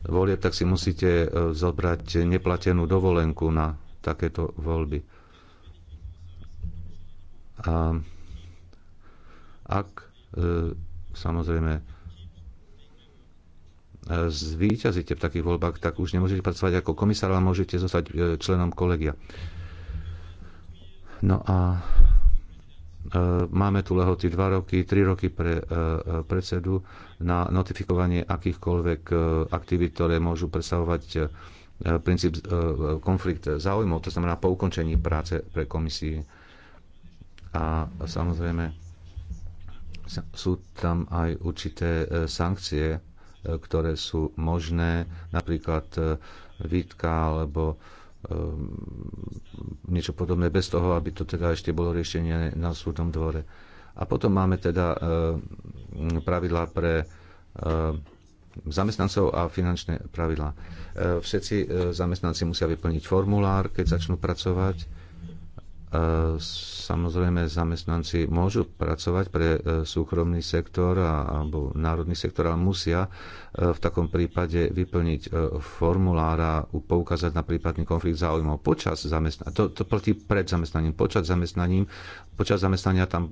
volieb, tak si musíte e, zobrať neplatenú dovolenku na takéto voľby. A ak e, samozrejme e, zvíťazíte v takých voľbách, tak už nemôžete pracovať ako komisár, ale môžete zostať členom kolegia. No a E, máme tu lehoty 2 roky, 3 roky pre e, e, predsedu na notifikovanie akýchkoľvek aktivít, ktoré môžu presahovať princíp konflikt záujmov, to znamená po ukončení práce pre komisii. A samozrejme sú tam aj určité sankcie, ktoré sú možné, napríklad výtka alebo Ehm, niečo podobné bez toho, aby to teda ešte bolo riešenie na súdnom dvore. A potom máme teda ehm, pravidlá pre ehm, zamestnancov a finančné pravidlá. Všetci zamestnanci musia vyplniť formulár, keď začnú pracovať samozrejme zamestnanci môžu pracovať pre e, súkromný sektor alebo národný sektor, ale musia e, v takom prípade vyplniť e, formulára, poukázať na prípadný konflikt záujmov počas zamestnania. To, to platí pred zamestnaním. Počas, zamestnaním. počas zamestnania tam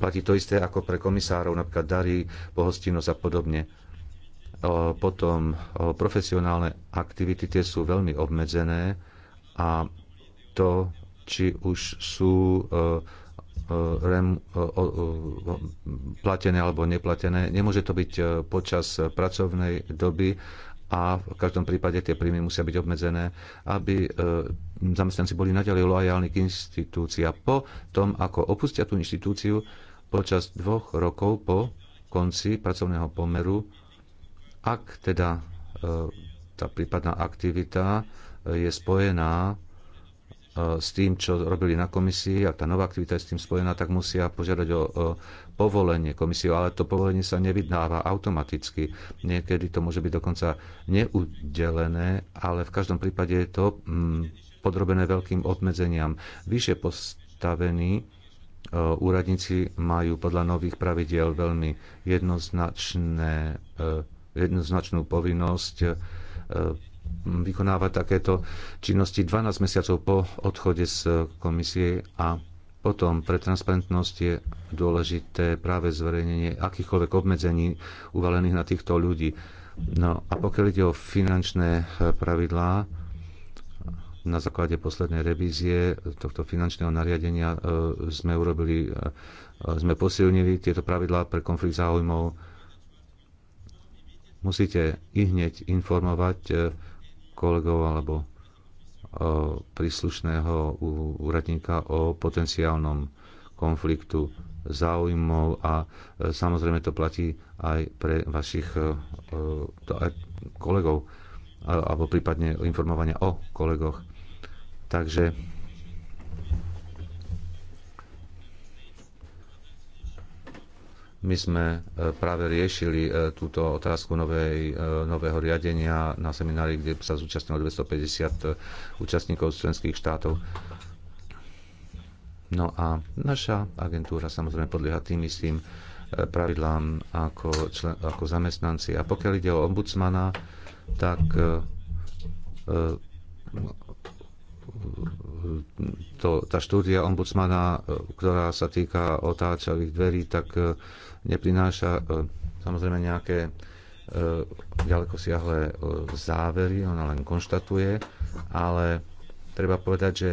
platí to isté ako pre komisárov, napríklad dary, pohostinnosť a podobne. Potom profesionálne aktivity tie sú veľmi obmedzené a to či už sú e, e, rem, e, platené alebo neplatené. Nemôže to byť počas pracovnej doby a v každom prípade tie príjmy musia byť obmedzené, aby zamestnanci boli naďalej lojálni k inštitúcii. A po tom, ako opustia tú inštitúciu, počas dvoch rokov po konci pracovného pomeru, ak teda tá prípadná aktivita je spojená E, s tým, čo robili na komisii a tá nová aktivita je s tým spojená, tak musia požiadať o, povolenie komisiu, ale to povolenie sa nevydáva automaticky. Niekedy to môže byť dokonca neudelené, ale v každom prípade je to mm, podrobené veľkým obmedzeniam. Vyššie postavení e, úradníci majú podľa nových pravidiel veľmi jednoznačné, e, jednoznačnú povinnosť vykonávať takéto činnosti 12 mesiacov po odchode z komisie a potom pre transparentnosť je dôležité práve zverejnenie akýchkoľvek obmedzení uvalených na týchto ľudí. No a pokiaľ ide o finančné e, pravidlá, na základe poslednej revízie tohto finančného nariadenia e, sme urobili, e, sme posilnili tieto pravidlá pre konflikt záujmov. Musíte ihneď hneď informovať kolegov alebo e, príslušného úradníka o potenciálnom konfliktu záujmov a e, samozrejme to platí aj pre vašich e, kolegov alebo prípadne informovania o kolegoch. Takže My sme e, práve riešili e, túto otázku novej, e, nového riadenia na seminári, kde sa zúčastnilo 250 účastníkov z členských štátov. No a naša agentúra samozrejme podlieha tým istým pravidlám ako, člen, ako zamestnanci. A pokiaľ ide o ombudsmana, tak to, tá štúdia ombudsmana, ktorá sa týka otáčavých dverí, tak neprináša e, samozrejme nejaké e, ďaleko siahle e, závery, ona len konštatuje, ale treba povedať, že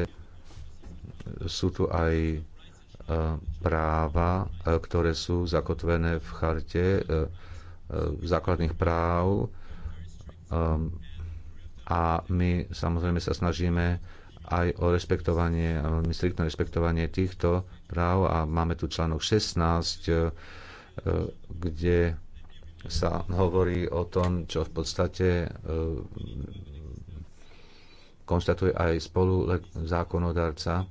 sú tu aj práva, ktoré sú zakotvené v charte základných práv a my samozrejme sa snažíme aj o rešpektovanie, striktné rešpektovanie týchto práv a máme tu článok 16 E, kde sa hovorí o tom, čo v podstate e, konštatuje aj spolu zákonodárca.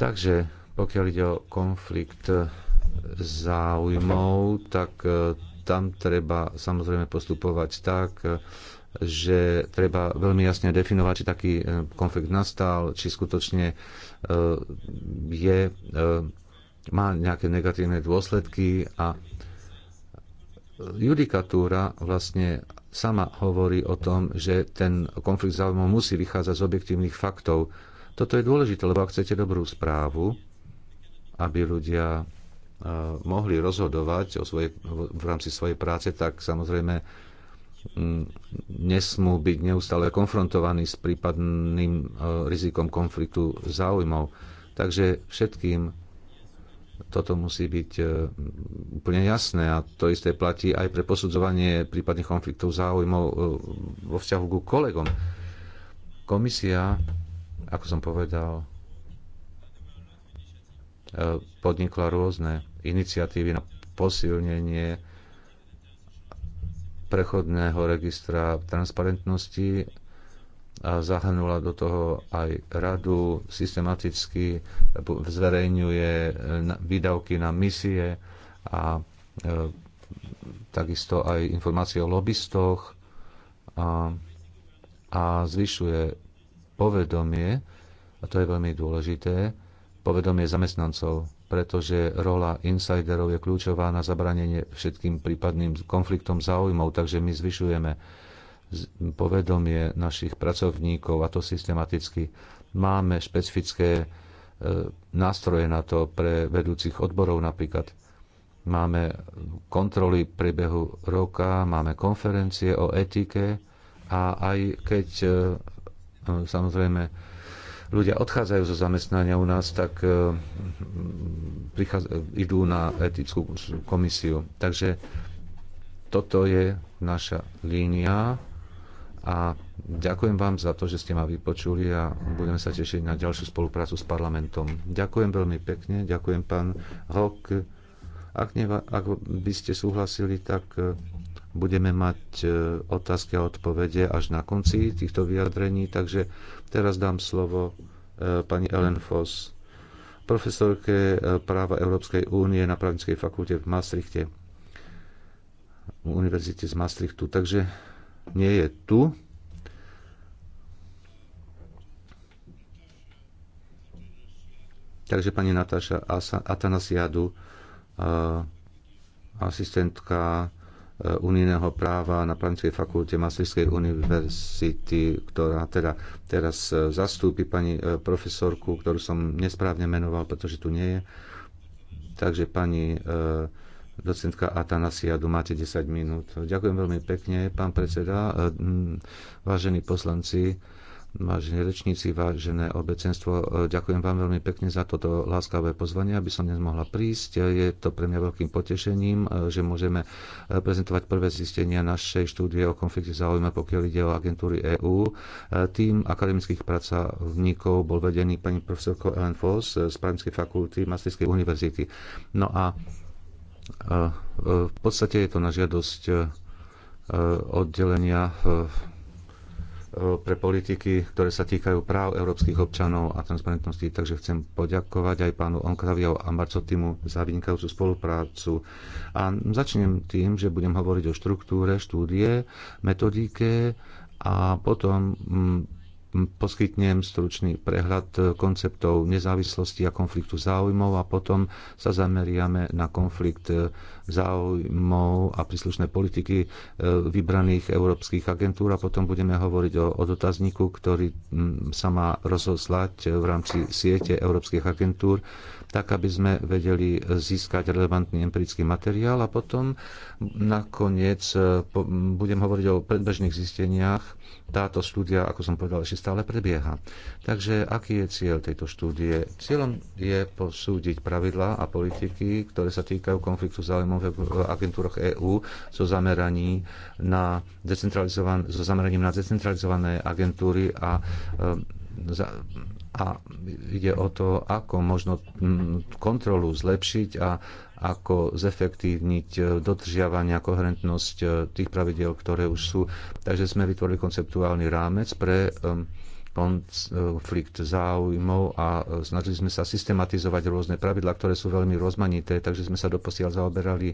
Takže pokiaľ ide o konflikt záujmov, tak e, tam treba samozrejme postupovať tak, že treba veľmi jasne definovať, či taký konflikt nastal, či skutočne je má nejaké negatívne dôsledky a judikatúra vlastne sama hovorí o tom, že ten konflikt záujmov musí vychádzať z objektívnych faktov. Toto je dôležité, lebo ak chcete dobrú správu, aby ľudia e, mohli rozhodovať o svoje, v rámci svojej práce, tak samozrejme nesmú byť neustále konfrontovaní s prípadným e, rizikom konfliktu záujmov. Takže všetkým toto musí byť e, úplne jasné a to isté platí aj pre posudzovanie prípadných konfliktov záujmov e, vo vzťahu ku kolegom. Komisia, ako som povedal, e, podnikla rôzne iniciatívy na posilnenie prechodného registra transparentnosti a zahrnula do toho aj radu, systematicky zverejňuje e, výdavky na misie a e, takisto aj informácie o lobbystoch a, a zvyšuje povedomie, a to je veľmi dôležité, povedomie zamestnancov, pretože rola insiderov je kľúčová na zabranenie všetkým prípadným konfliktom záujmov, takže my zvyšujeme povedomie našich pracovníkov a to systematicky. Máme špecifické e, nástroje na to pre vedúcich odborov napríklad. Máme kontroly priebehu roka, máme konferencie o etike a aj keď e, e, samozrejme ľudia odchádzajú zo zamestnania u nás, tak idú na etickú komisiu. Takže toto je naša línia a ďakujem vám za to, že ste ma vypočuli a budeme sa tešiť na ďalšiu spoluprácu s parlamentom. Ďakujem veľmi pekne, ďakujem pán Hok. Ak, neva, ak by ste súhlasili, tak e, budeme mať e, otázky a odpovede až na konci týchto vyjadrení, takže teraz dám slovo e, pani Ellen Foss, profesorke práva Európskej únie na právnickej fakulte v Maastrichte, univerzite z Maastrichtu. Takže nie je tu. Takže pani Natáša Atanasiadu, eh, asistentka eh, unijného práva na právnickej fakulte Maastrichtskej univerzity, ktorá teda teraz eh, zastúpi pani profesorku, ktorú som nesprávne menoval, pretože tu nie je. Takže pani docentka Atanasia, máte 10 minút. Ďakujem veľmi pekne, pán predseda, mm, vážení poslanci, vážení rečníci, vážené obecenstvo, ďakujem vám veľmi pekne za toto láskavé pozvanie, aby som dnes mohla prísť. Je to pre mňa veľkým potešením, eh, že môžeme eh, prezentovať prvé zistenia našej štúdie o konflikte záujme, pokiaľ ide o agentúry EÚ. Eh, tým akademických pracovníkov bol vedený pani profesorko Ellen Foss z Pranskej fakulty Maastrichtskej univerzity. No a E, v podstate je to na žiadosť e, e, oddelenia pre politiky, ktoré sa týkajú práv európskych občanov a transparentnosti. Takže chcem poďakovať aj pánu Onkraviov a Marcotimu za vynikajúcu spoluprácu. A začnem tým, že budem hovoriť o štruktúre štúdie, metodike a potom mm, poskytnem stručný prehľad e, konceptov nezávislosti a konfliktu záujmov a potom sa zameriame na konflikt e, záujmov a príslušné politiky e, vybraných európskych agentúr a potom budeme hovoriť o, o dotazníku, ktorý sa má rozoslať v rámci siete európskych agentúr tak aby sme vedeli získať relevantný empirický materiál a potom nakoniec eh, budem hovoriť o predbežných zisteniach. Táto štúdia, ako som povedal, ešte stále prebieha. Takže aký je cieľ tejto štúdie? Cieľom je posúdiť pravidlá a politiky, ktoré sa týkajú konfliktu záujmov v agentúroch EÚ so, zameraní na decentralizovan- so zameraním na decentralizované agentúry a eh, za, a ide o to, ako možno mm, kontrolu zlepšiť a ako zefektívniť e, dodržiavanie a koherentnosť e, tých pravidel, ktoré už sú. Takže sme vytvorili konceptuálny rámec pre konflikt záujmov a e, snažili sme sa systematizovať rôzne pravidlá, ktoré sú veľmi rozmanité, takže sme sa doposiaľ zaoberali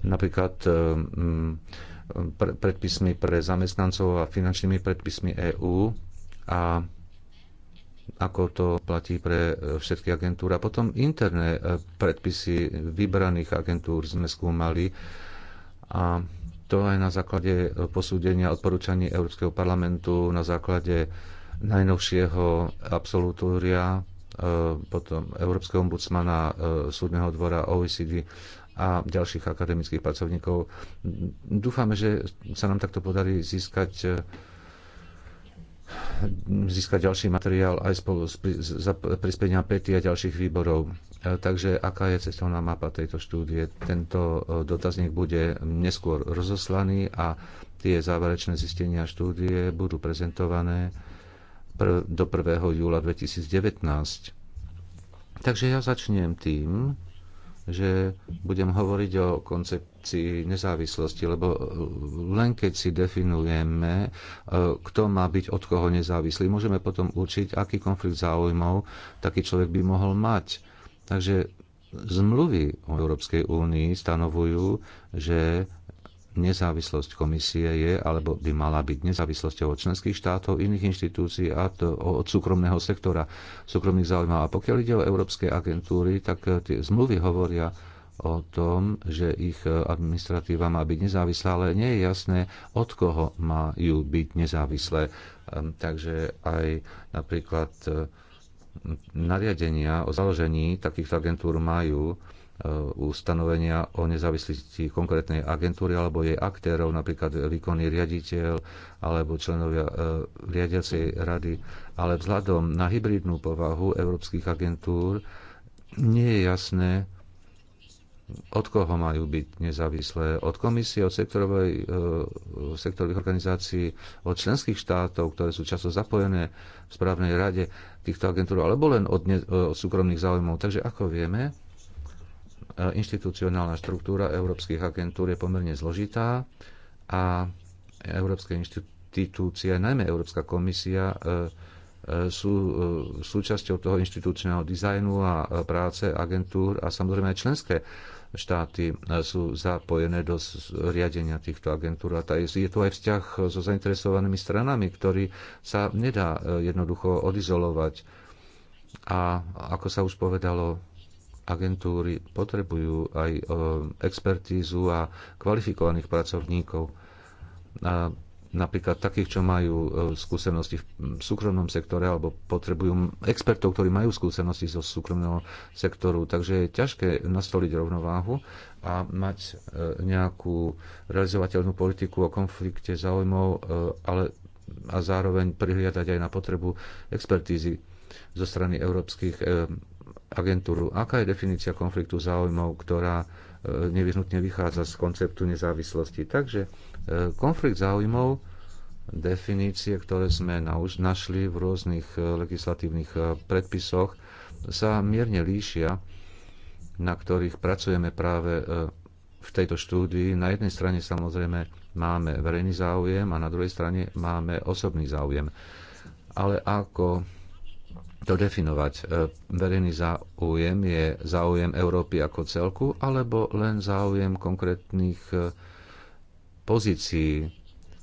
napríklad predpismi pre zamestnancov a finančnými predpismi EÚ a ako to platí pre všetky agentúry. A potom interné e, predpisy vybraných agentúr sme skúmali a to aj na základe posúdenia odporúčaní Európskeho parlamentu, na základe najnovšieho absolutúria e, potom Európskeho ombudsmana, e, súdneho dvora OECD a ďalších akademických pracovníkov. Dúfame, že sa nám takto podarí získať získať ďalší materiál aj spolu s prispenia PETI a ďalších výborov. E, takže aká je cestovná mapa tejto štúdie? Tento e, dotazník bude neskôr rozoslaný a tie záverečné zistenia štúdie budú prezentované do 1. júla 2019. Takže ja začnem tým, že budem hovoriť o koncepcii nezávislosti, lebo e, len keď si definujeme, e, kto má byť od koho nezávislý, môžeme potom určiť, aký konflikt záujmov taký človek by mohol mať. Takže zmluvy o Európskej únii stanovujú, že nezávislosť komisie je, alebo by mala byť nezávislosťou od členských štátov, iných inštitúcií a to, od súkromného sektora, súkromných záujmov. A pokiaľ ide o európske agentúry, tak eh, tie zmluvy hovoria o tom, že ich eh, administratíva má byť nezávislá, ale nie je jasné, od koho majú byť nezávislé. Ehm, takže aj napríklad eh, nariadenia o založení takýchto agentúr majú Eh, ustanovenia o nezávislosti konkrétnej agentúry alebo jej aktérov, napríklad výkonný riaditeľ alebo členovia eh, riadiacej rady. Ale vzhľadom na hybridnú povahu európskych agentúr nie je jasné, od koho majú byť nezávislé. Od komisie, od sektorovej, eh, sektorových organizácií, od členských štátov, ktoré sú často zapojené v správnej rade týchto agentúr, alebo len od, ne, od súkromných záujmov. Takže ako vieme, Inštitucionálna štruktúra európskych agentúr je pomerne zložitá a európske inštitúcie, najmä Európska komisia, e, e, sú e, súčasťou toho inštitúčného dizajnu a práce agentúr a samozrejme aj členské štáty sú zapojené do riadenia týchto agentúr. A je tu aj vzťah so zainteresovanými stranami, ktorý sa nedá jednoducho odizolovať. A ako sa už povedalo, agentúry potrebujú aj e, expertízu a kvalifikovaných pracovníkov. A napríklad takých, čo majú e, skúsenosti v súkromnom sektore alebo potrebujú expertov, ktorí majú skúsenosti zo súkromného sektoru. Takže je ťažké nastoliť rovnováhu a mať e, nejakú realizovateľnú politiku o konflikte záujmov, ale a zároveň prihliadať aj na potrebu expertízy zo strany európskych agentúru. Aká je definícia konfliktu záujmov, ktorá e, nevyhnutne vychádza z konceptu nezávislosti? Takže e, konflikt záujmov definície, ktoré sme našli v rôznych e, legislatívnych predpisoch, sa mierne líšia, na ktorých pracujeme práve v tejto štúdii. Na jednej strane samozrejme máme verejný záujem a na druhej strane máme osobný záujem. Ale ako to definovať. E, verejný záujem je záujem Európy ako celku alebo len záujem konkrétnych e, pozícií,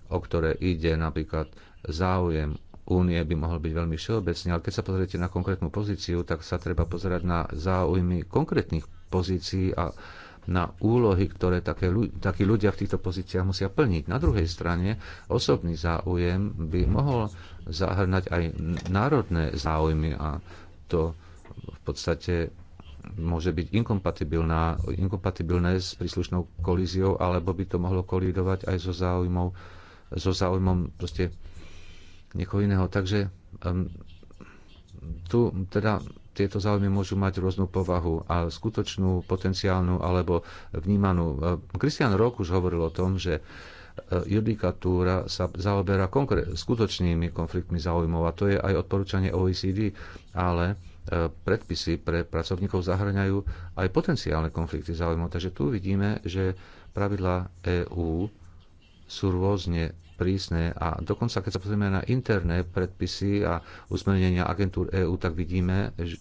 o ktoré ide napríklad záujem únie by mohol byť veľmi všeobecný, ale keď sa pozriete na konkrétnu pozíciu, tak sa treba pozerať na záujmy konkrétnych pozícií a na úlohy, ktoré také, takí ľudia v týchto pozíciách musia plniť. Na druhej strane osobný záujem by mohol zahrnať aj národné záujmy a to v podstate môže byť inkompatibilná, inkompatibilné s príslušnou kolíziou, alebo by to mohlo kolidovať aj so záujmom, so záujmom proste niekoho iného. Takže um, tu teda tieto záujmy môžu mať rôznu povahu a skutočnú, potenciálnu alebo vnímanú. Kristian e, Rok už hovoril o tom, že e, judikatúra sa zaoberá skutočnými konfliktmi záujmov a to je aj odporúčanie OECD, ale e, predpisy pre pracovníkov zahrňajú aj potenciálne konflikty záujmov. Takže tu vidíme, že pravidlá EÚ sú rôzne prísne a dokonca keď sa pozrieme na interné predpisy a usmernenia agentúr EÚ, tak vidíme že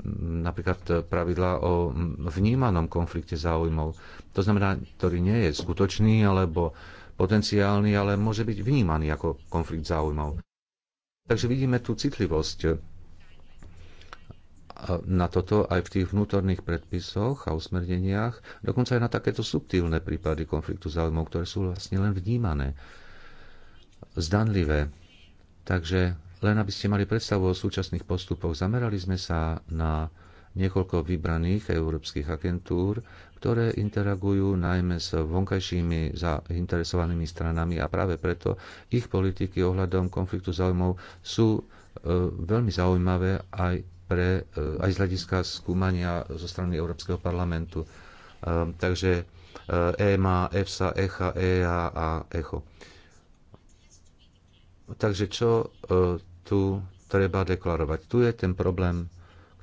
mm, napríklad pravidla o mm, vnímanom konflikte záujmov. To znamená, ktorý nie je skutočný alebo potenciálny, ale môže byť vnímaný ako konflikt záujmov. Takže vidíme tú citlivosť e, na toto aj v tých vnútorných predpisoch a usmerneniach, dokonca aj na takéto subtilné prípady konfliktu záujmov, ktoré sú vlastne len vnímané zdanlivé. Takže len aby ste mali predstavu o súčasných postupoch, zamerali sme sa na niekoľko vybraných európskych agentúr, ktoré interagujú najmä s vonkajšími zainteresovanými stranami a práve preto ich politiky ohľadom konfliktu záujmov sú e, veľmi zaujímavé aj, pre, e, aj z hľadiska skúmania zo strany Európskeho parlamentu. E, takže EMA, EFSA, ECHA, EA a ECHO. Takže čo e, tu treba deklarovať? Tu je ten problém,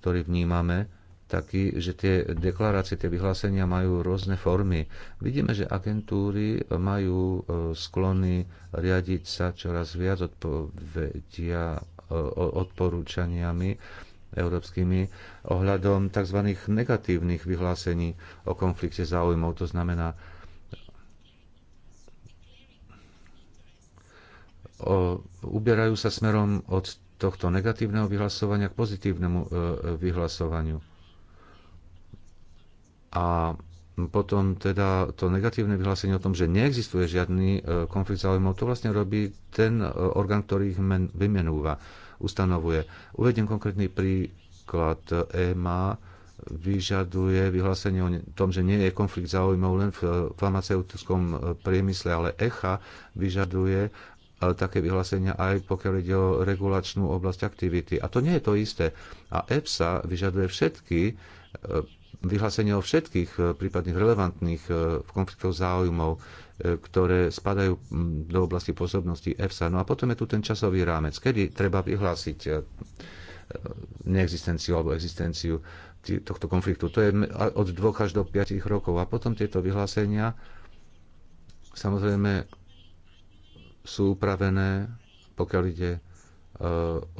ktorý vnímame, taký, že tie deklarácie, tie vyhlásenia majú rôzne formy. Vidíme, že agentúry majú e, sklony riadiť sa čoraz viac odpovedia, e, odporúčaniami európskymi ohľadom tzv. negatívnych vyhlásení o konflikte záujmov. To znamená, uberajú sa smerom od tohto negatívneho vyhlasovania k pozitívnemu e, e, vyhlasovaniu. A potom teda to negatívne vyhlásenie o tom, že neexistuje žiadny e, konflikt záujmov, to vlastne robí ten orgán, ktorý ich men, vymenúva, ustanovuje. Uvediem konkrétny príklad. EMA vyžaduje vyhlásenie o tom, že nie je konflikt záujmov len v farmaceutickom priemysle, ale ECHA vyžaduje také vyhlásenia aj pokiaľ ide o regulačnú oblasť aktivity. A to nie je to isté. A EPSA vyžaduje všetky e, vyhlásenia o všetkých e, prípadných relevantných e, konfliktov záujmov, ktoré spadajú do oblasti pôsobnosti EFSA. No a potom je tu ten časový rámec, kedy treba vyhlásiť neexistenciu alebo existenciu tohto konfliktu. To je od dvoch až do piatich rokov. A potom tieto vyhlásenia samozrejme sú upravené, pokiaľ ide e,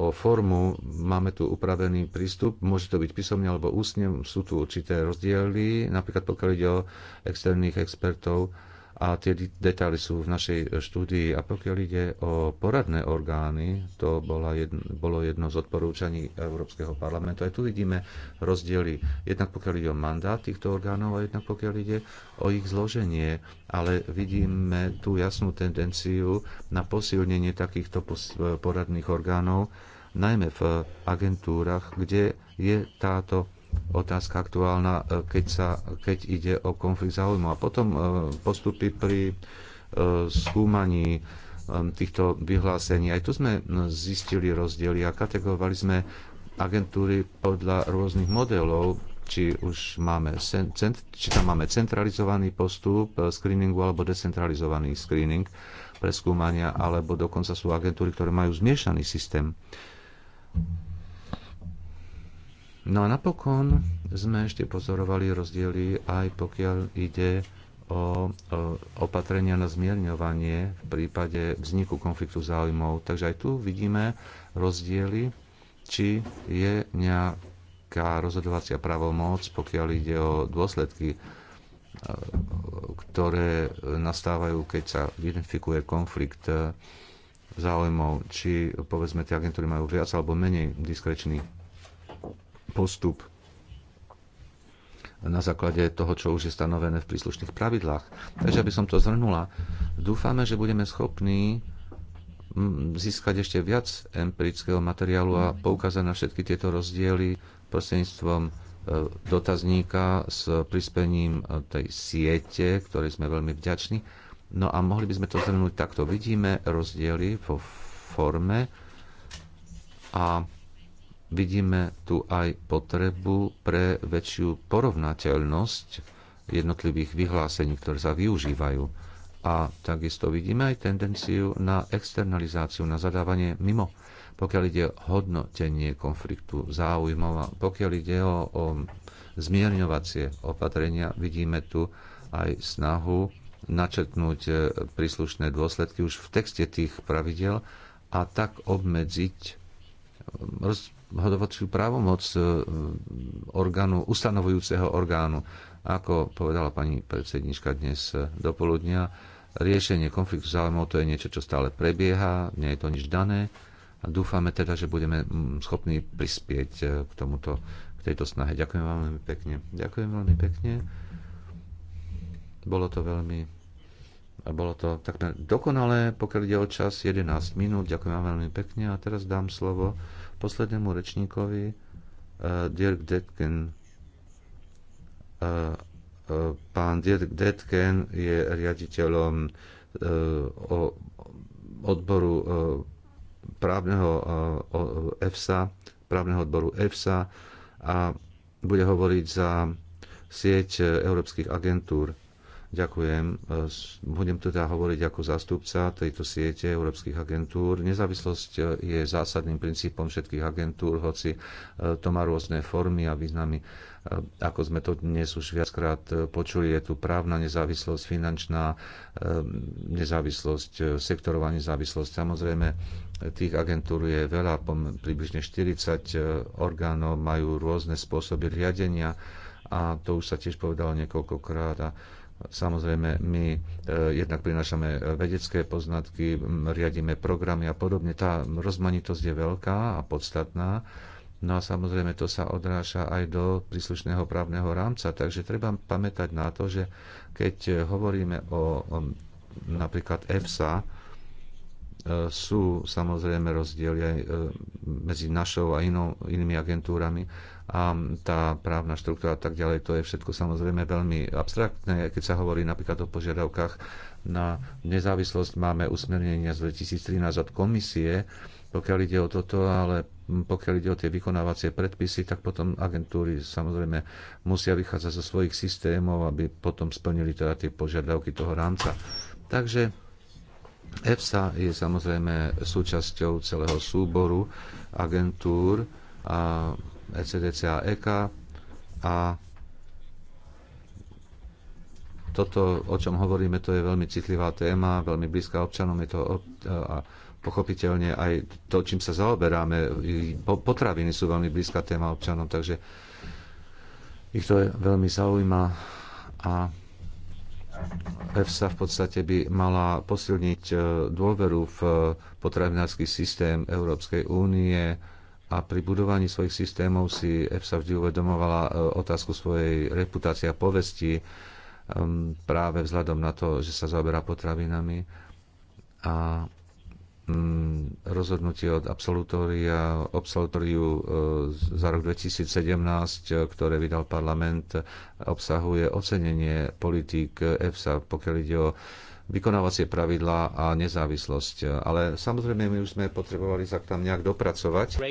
o formu, máme tu upravený prístup, môže to byť písomne alebo ústne, sú tu určité rozdiely, napríklad pokiaľ ide o externých expertov, a tie detaily sú v našej štúdii. A pokiaľ ide o poradné orgány, to bola jedno, bolo jedno z odporúčaní Európskeho parlamentu. Aj tu vidíme rozdiely. Jednak pokiaľ ide o mandát týchto orgánov a jednak pokiaľ ide o ich zloženie. Ale vidíme tú jasnú tendenciu na posilnenie takýchto poradných orgánov, najmä v agentúrach, kde je táto otázka aktuálna, e, keď, sa, keď ide o konflikt záujmu. A potom e, postupy pri e, skúmaní týchto vyhlásení. Aj tu sme zistili rozdiely a kategorovali sme agentúry podľa rôznych modelov, či už máme, či tam máme centralizovaný postup screeningu alebo decentralizovaný screening preskúmania, alebo dokonca sú agentúry, ktoré majú zmiešaný systém. No a napokon sme ešte pozorovali rozdiely aj pokiaľ ide o, opatrenia na zmierňovanie v prípade vzniku konfliktu záujmov. Takže aj tu vidíme rozdiely, či je nejaká rozhodovacia pravomoc, pokiaľ ide o dôsledky, e, ktoré nastávajú, keď sa identifikuje konflikt e, záujmov, či povedzme tie agentúry majú viac alebo menej diskrečný postup na základe toho, čo už je stanovené v príslušných pravidlách. Takže aby som to zhrnula, dúfame, že budeme schopní mm, získať ešte viac empirického materiálu a poukázať na všetky tieto rozdiely prostredníctvom e, dotazníka s prispením e, tej siete, ktorej sme veľmi vďační. No a mohli by sme to zhrnúť takto. Vidíme rozdiely vo forme a Vidíme tu aj potrebu pre väčšiu porovnateľnosť jednotlivých vyhlásení, ktoré sa využívajú. A takisto vidíme aj tendenciu na externalizáciu, na zadávanie mimo, pokiaľ ide o hodnotenie konfliktu záujmov a pokiaľ ide o, o zmierňovacie opatrenia, vidíme tu aj snahu načetnúť e, príslušné dôsledky už v texte tých pravidel a tak obmedziť rozhodovaciu právomoc e, e, orgánu, ustanovujúceho orgánu. Ako povedala pani predsednička dnes e, do poludnia, riešenie konfliktu záujmov to je niečo, čo stále prebieha, nie je to nič dané a dúfame teda, že budeme mm, schopní prispieť k tomuto, k tejto snahe. Ďakujem vám veľmi pekne. Ďakujem veľmi pekne. Bolo to veľmi a bolo to takmer dokonalé, pokiaľ ide o čas, 11 minút. Ďakujem vám veľmi pekne a teraz dám slovo poslednému rečníkovi uh, Dirk Detken. Uh, eh, eh, pán Dirk Detken je riaditeľom odboru právneho EFSA, právneho odboru EFSA a bude hovoriť za sieť európskych agentúr Ďakujem. E, budem teda hovoriť ako zástupca tejto siete európskych agentúr. Nezávislosť e, je zásadným princípom všetkých agentúr, hoci e, to má rôzne formy a významy. Ako sme to dnes už viackrát počuli, je tu právna nezávislosť, finančná nezávislosť, sektorová nezávislosť. Samozrejme, tých agentúr je veľa, približne 40 orgánov majú rôzne spôsoby riadenia a to už sa tiež povedalo niekoľkokrát. A Samozrejme, my e, jednak prinášame e, vedecké poznatky, riadíme programy a podobne. Tá rozmanitosť je veľká a podstatná. No a samozrejme, to sa odráža aj do príslušného právneho rámca. Takže treba pamätať na to, že keď hovoríme o, o napríklad EFSA, e, sú samozrejme rozdiely aj medzi našou a inou, inými agentúrami, a tá právna štruktúra a tak ďalej, to je všetko samozrejme veľmi abstraktné. Keď sa hovorí napríklad o požiadavkách na nezávislosť, máme usmernenia z 2013 od komisie, pokiaľ ide o toto, ale pokiaľ ide o tie vykonávacie predpisy, tak potom agentúry samozrejme musia vychádzať zo svojich systémov, aby potom splnili teda tie požiadavky toho rámca. Takže EFSA je samozrejme súčasťou celého súboru agentúr a ECDC a EKA a toto, o čom hovoríme, to je veľmi citlivá téma, veľmi blízka občanom je to a pochopiteľne aj to, čím sa zaoberáme. Potraviny sú veľmi blízka téma občanom, takže ich to je veľmi zaujíma a EFSA v podstate by mala posilniť e, dôveru v e, potravinársky systém Európskej únie, a pri budovaní svojich systémov si EFSA vždy uvedomovala e, otázku svojej reputácie a povesti e, práve vzhľadom na to, že sa zaoberá potravinami a mm, rozhodnutie od absolutória, absolutóriu e, za rok 2017, ktoré vydal parlament, obsahuje ocenenie politík EFSA, pokiaľ ide o vykonávacie pravidlá a nezávislosť. Ale samozrejme, my už sme potrebovali sa tam nejak dopracovať.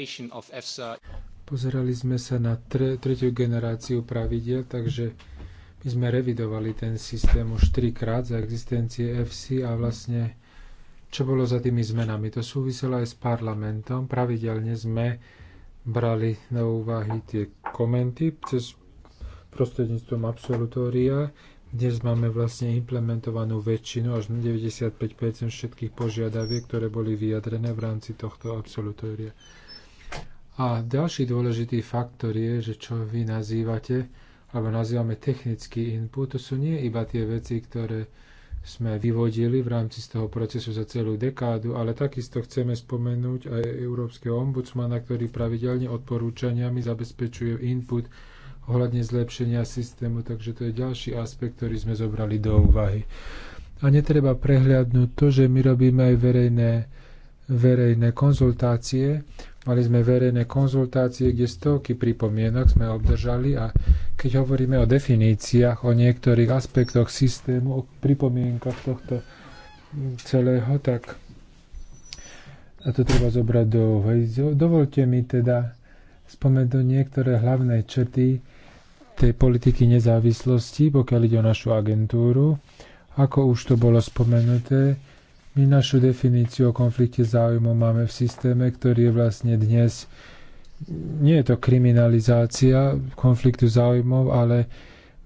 Pozerali sme sa na tre, tretiu generáciu pravidiel, takže my sme revidovali ten systém už trikrát za existencie FC a vlastne čo bolo za tými zmenami. To súviselo aj s parlamentom. Pravidelne sme brali na úvahy tie komenty cez prostredníctvom absolutória. Dnes máme vlastne implementovanú väčšinu až na 95% všetkých požiadaviek, ktoré boli vyjadrené v rámci tohto absolutória. A ďalší dôležitý faktor je, že čo vy nazývate, alebo nazývame technický input, to sú nie iba tie veci, ktoré sme vyvodili v rámci z toho procesu za celú dekádu, ale takisto chceme spomenúť aj Európskeho ombudsmana, ktorý pravidelne odporúčaniami zabezpečuje input ohľadne zlepšenia systému, takže to je ďalší aspekt, ktorý sme zobrali do úvahy. A netreba prehľadnúť to, že my robíme aj verejné, verejné konzultácie. Mali sme verejné konzultácie, kde stovky pripomienok sme obdržali a keď hovoríme o definíciách, o niektorých aspektoch systému, o pripomienkach tohto celého, tak a to treba zobrať do úvahy. Dovolte mi teda spomenúť niektoré hlavné črty tej politiky nezávislosti, pokiaľ ide o našu agentúru. Ako už to bolo spomenuté, my našu definíciu o konflikte záujmu máme v systéme, ktorý je vlastne dnes, nie je to kriminalizácia konfliktu záujmov, ale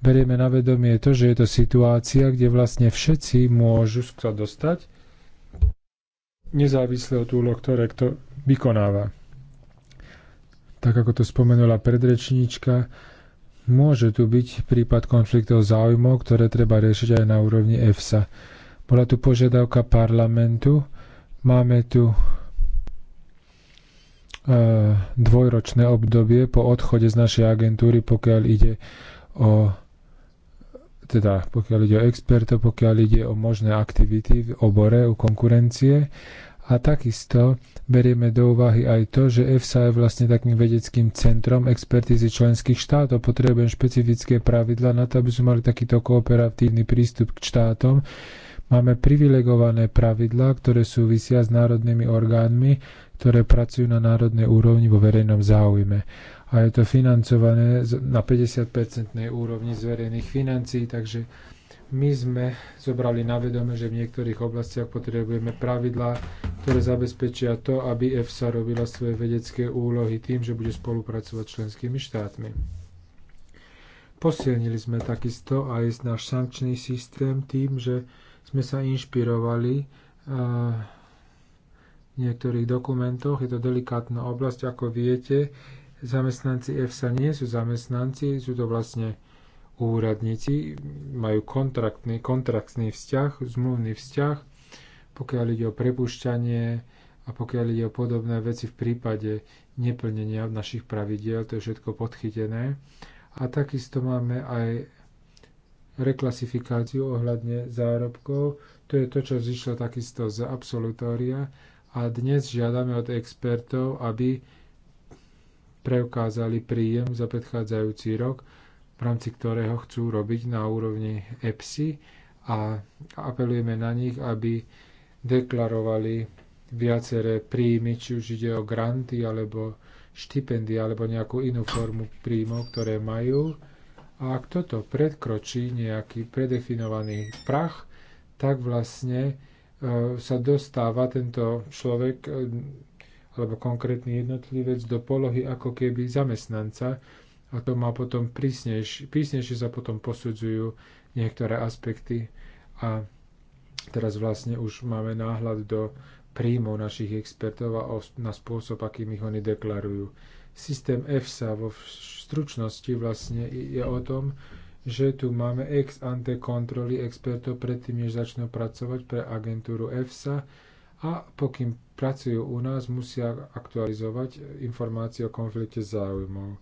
berieme na vedomie to, že je to situácia, kde vlastne všetci môžu sa dostať, nezávisle od úloh, ktoré kto vykonáva. Tak ako to spomenula predrečníčka, Môže tu byť prípad konfliktov záujmov, ktoré treba riešiť aj na úrovni EFSA. Bola tu požiadavka parlamentu, máme tu e, dvojročné obdobie po odchode z našej agentúry, pokiaľ ide o teda pokiaľ ide o expertov, pokiaľ ide o možné aktivity v obore u konkurencie a takisto berieme do úvahy aj to, že EFSA je vlastne takým vedeckým centrom expertízy členských štátov. Potrebujeme špecifické pravidla na to, aby sme mali takýto kooperatívny prístup k štátom. Máme privilegované pravidlá, ktoré súvisia s národnými orgánmi, ktoré pracujú na národnej úrovni vo verejnom záujme. A je to financované na 50-percentnej úrovni z verejných financií, takže my sme zobrali na vedome, že v niektorých oblastiach potrebujeme pravidlá, ktoré zabezpečia to, aby EFSA robila svoje vedecké úlohy tým, že bude spolupracovať s členskými štátmi. Posilnili sme takisto aj náš sankčný systém tým, že sme sa inšpirovali eh, v niektorých dokumentoch. Je to delikátna oblasť, ako viete. Zamestnanci EFSA nie sú zamestnanci, sú to vlastne úradníci majú kontraktný, kontraktný vzťah, zmluvný vzťah, pokiaľ ide o prepušťanie a pokiaľ ide o podobné veci v prípade neplnenia našich pravidiel, to je všetko podchytené. A takisto máme aj reklasifikáciu ohľadne zárobkov, to je to, čo zišlo takisto z absolutória a dnes žiadame od expertov, aby preukázali príjem za predchádzajúci rok, v rámci ktorého chcú robiť na úrovni EPSI a apelujeme na nich, aby deklarovali viaceré príjmy, či už ide o granty alebo štipendia alebo nejakú inú formu príjmov, ktoré majú. A ak toto predkročí nejaký predefinovaný prach, tak vlastne e, sa dostáva tento človek e, alebo konkrétny jednotlivec do polohy ako keby zamestnanca, a to má potom prísnejšie, prísnejšie sa potom posudzujú niektoré aspekty a teraz vlastne už máme náhľad do príjmov našich expertov a na spôsob, akým ich oni deklarujú. Systém EFSA vo stručnosti vlastne je o tom, že tu máme ex ante kontroly expertov predtým, než začnú pracovať pre agentúru EFSA a pokým pracujú u nás, musia aktualizovať informácie o konflikte záujmov.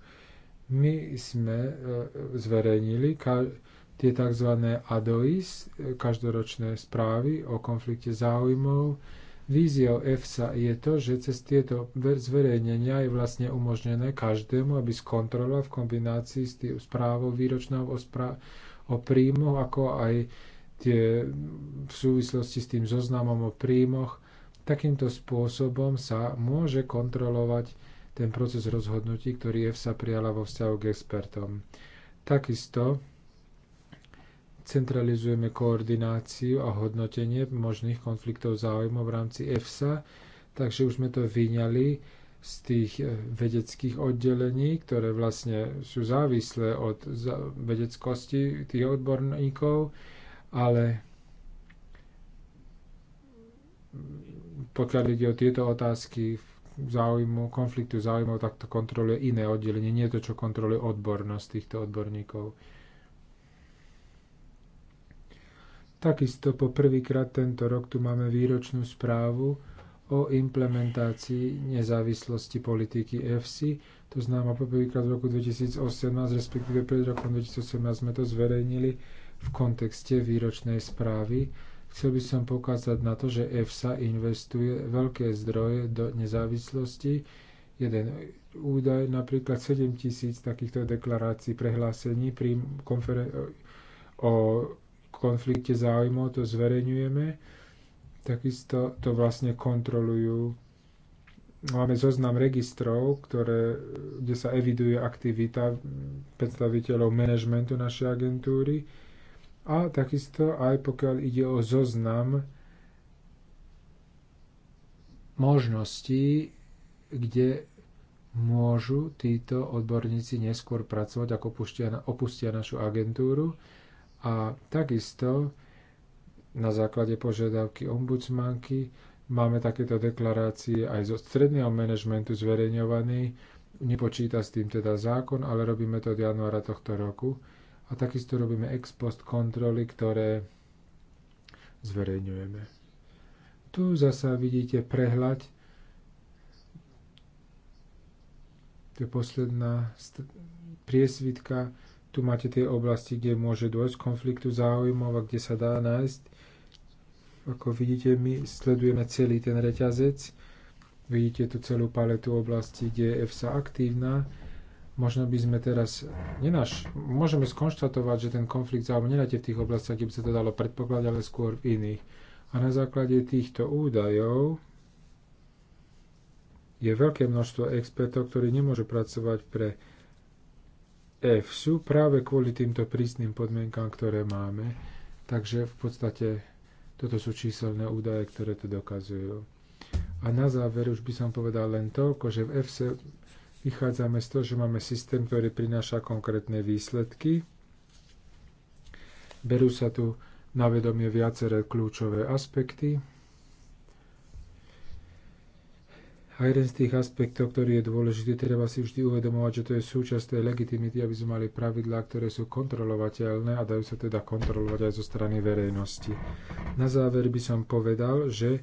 My sme e, zverejnili tie tzv. ADOIS, e, každoročné správy o konflikte záujmov. Víziou EFSA je to, že cez tieto zverejnenia je vlastne umožnené každému, aby skontroloval v kombinácii s tým správou výročnou o, správ- o príjmoch, ako aj tie v súvislosti s tým zoznamom o príjmoch. Takýmto spôsobom sa môže kontrolovať ten proces rozhodnutí, ktorý EFSA prijala vo vzťahu k expertom. Takisto centralizujeme koordináciu a hodnotenie možných konfliktov záujmov v rámci EFSA, takže už sme to vyňali z tých eh, vedeckých oddelení, ktoré vlastne sú závislé od vedeckosti tých odborníkov, ale pokiaľ ide o tieto otázky v záujmu, konfliktu záujmov, tak to kontroluje iné oddelenie, nie to, čo kontroluje odbornosť týchto odborníkov. Takisto po prvýkrát tento rok tu máme výročnú správu o implementácii nezávislosti politiky FC. To po poprvýkrát v roku 2018, respektíve pred rokom 2018 sme to zverejnili v kontexte výročnej správy Chcel by som pokázať na to, že EFSA investuje veľké zdroje do nezávislosti. Jeden údaj, napríklad 7 tisíc takýchto deklarácií, prehlásení pri o konflikte záujmov, to zverejňujeme. Takisto to vlastne kontrolujú máme zoznam registrov, ktoré, kde sa eviduje aktivita predstaviteľov manažmentu našej agentúry. A takisto aj pokiaľ ide o zoznam možností, kde môžu títo odborníci neskôr pracovať, ako opustia, opustia našu agentúru. A takisto na základe požiadavky ombudsmanky máme takéto deklarácie aj zo stredného manažmentu zverejňovaný, Nepočíta s tým teda zákon, ale robíme to od januára tohto roku a takisto robíme ex post kontroly, ktoré zverejňujeme. Tu zasa vidíte prehľad. To je posledná priesvitka. Tu máte tie oblasti, kde môže dôjsť konfliktu záujmov a kde sa dá nájsť. Ako vidíte, my sledujeme celý ten reťazec. Vidíte tu celú paletu oblastí, kde je EFSA aktívna Možno by sme teraz nenaš, môžeme skonštatovať, že ten konflikt záujmu nenáte v tých oblastiach, kde by sa to dalo predpokladať, ale skôr v iných. A na základe týchto údajov je veľké množstvo expertov, ktorí nemôžu pracovať pre EFSU práve kvôli týmto prísnym podmienkám, ktoré máme. Takže v podstate toto sú číselné údaje, ktoré to dokazujú. A na záver už by som povedal len toľko, že v EFSU Vychádzame z toho, že máme systém, ktorý prináša konkrétne výsledky. Berú sa tu na vedomie viaceré kľúčové aspekty. A jeden z tých aspektov, ktorý je dôležitý, treba si vždy uvedomovať, že to je súčasť tej legitimity, aby sme mali pravidlá, ktoré sú kontrolovateľné a dajú sa teda kontrolovať aj zo strany verejnosti. Na záver by som povedal, že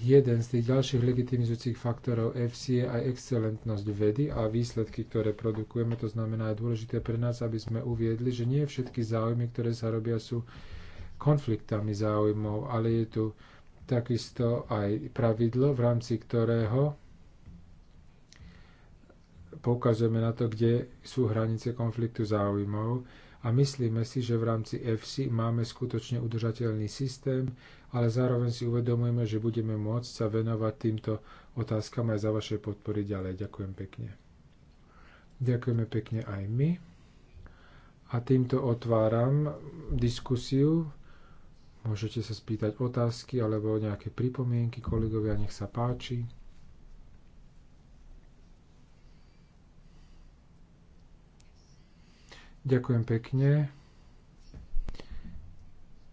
Jeden z tých ďalších legitimizujúcich faktorov FC je aj excelentnosť vedy a výsledky, ktoré produkujeme. To znamená, je dôležité pre nás, aby sme uviedli, že nie všetky záujmy, ktoré sa robia, sú konfliktami záujmov, ale je tu takisto aj pravidlo, v rámci ktorého poukazujeme na to, kde sú hranice konfliktu záujmov a myslíme si, že v rámci FC máme skutočne udržateľný systém, ale zároveň si uvedomujeme, že budeme môcť sa venovať týmto otázkam aj za vaše podpory ďalej. Ďakujem pekne. Ďakujeme pekne aj my. A týmto otváram diskusiu. Môžete sa spýtať otázky alebo nejaké pripomienky, kolegovia, nech sa páči. Ďakujem pekne.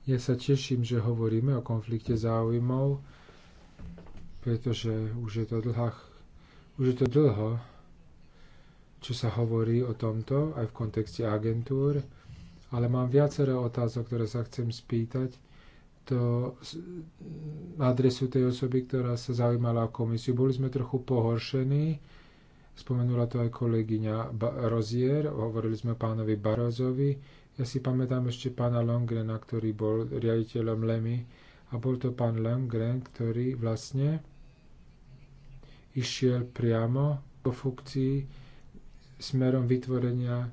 Ja sa teším, že hovoríme o konflikte záujmov, pretože už je to, dlhá, už je to dlho, čo sa hovorí o tomto, aj v kontexte agentúr, ale mám viacero otázok, ktoré sa chcem spýtať to adresu tej osoby, ktorá sa zaujímala o komisiu. Boli sme trochu pohoršení, spomenula to aj kolegyňa Rozier, hovorili sme pánovi Barozovi, ja si pamätám ešte pána Longrena, ktorý bol riaditeľom Lemy a bol to pán Longren, ktorý vlastne išiel priamo po funkcii smerom vytvorenia,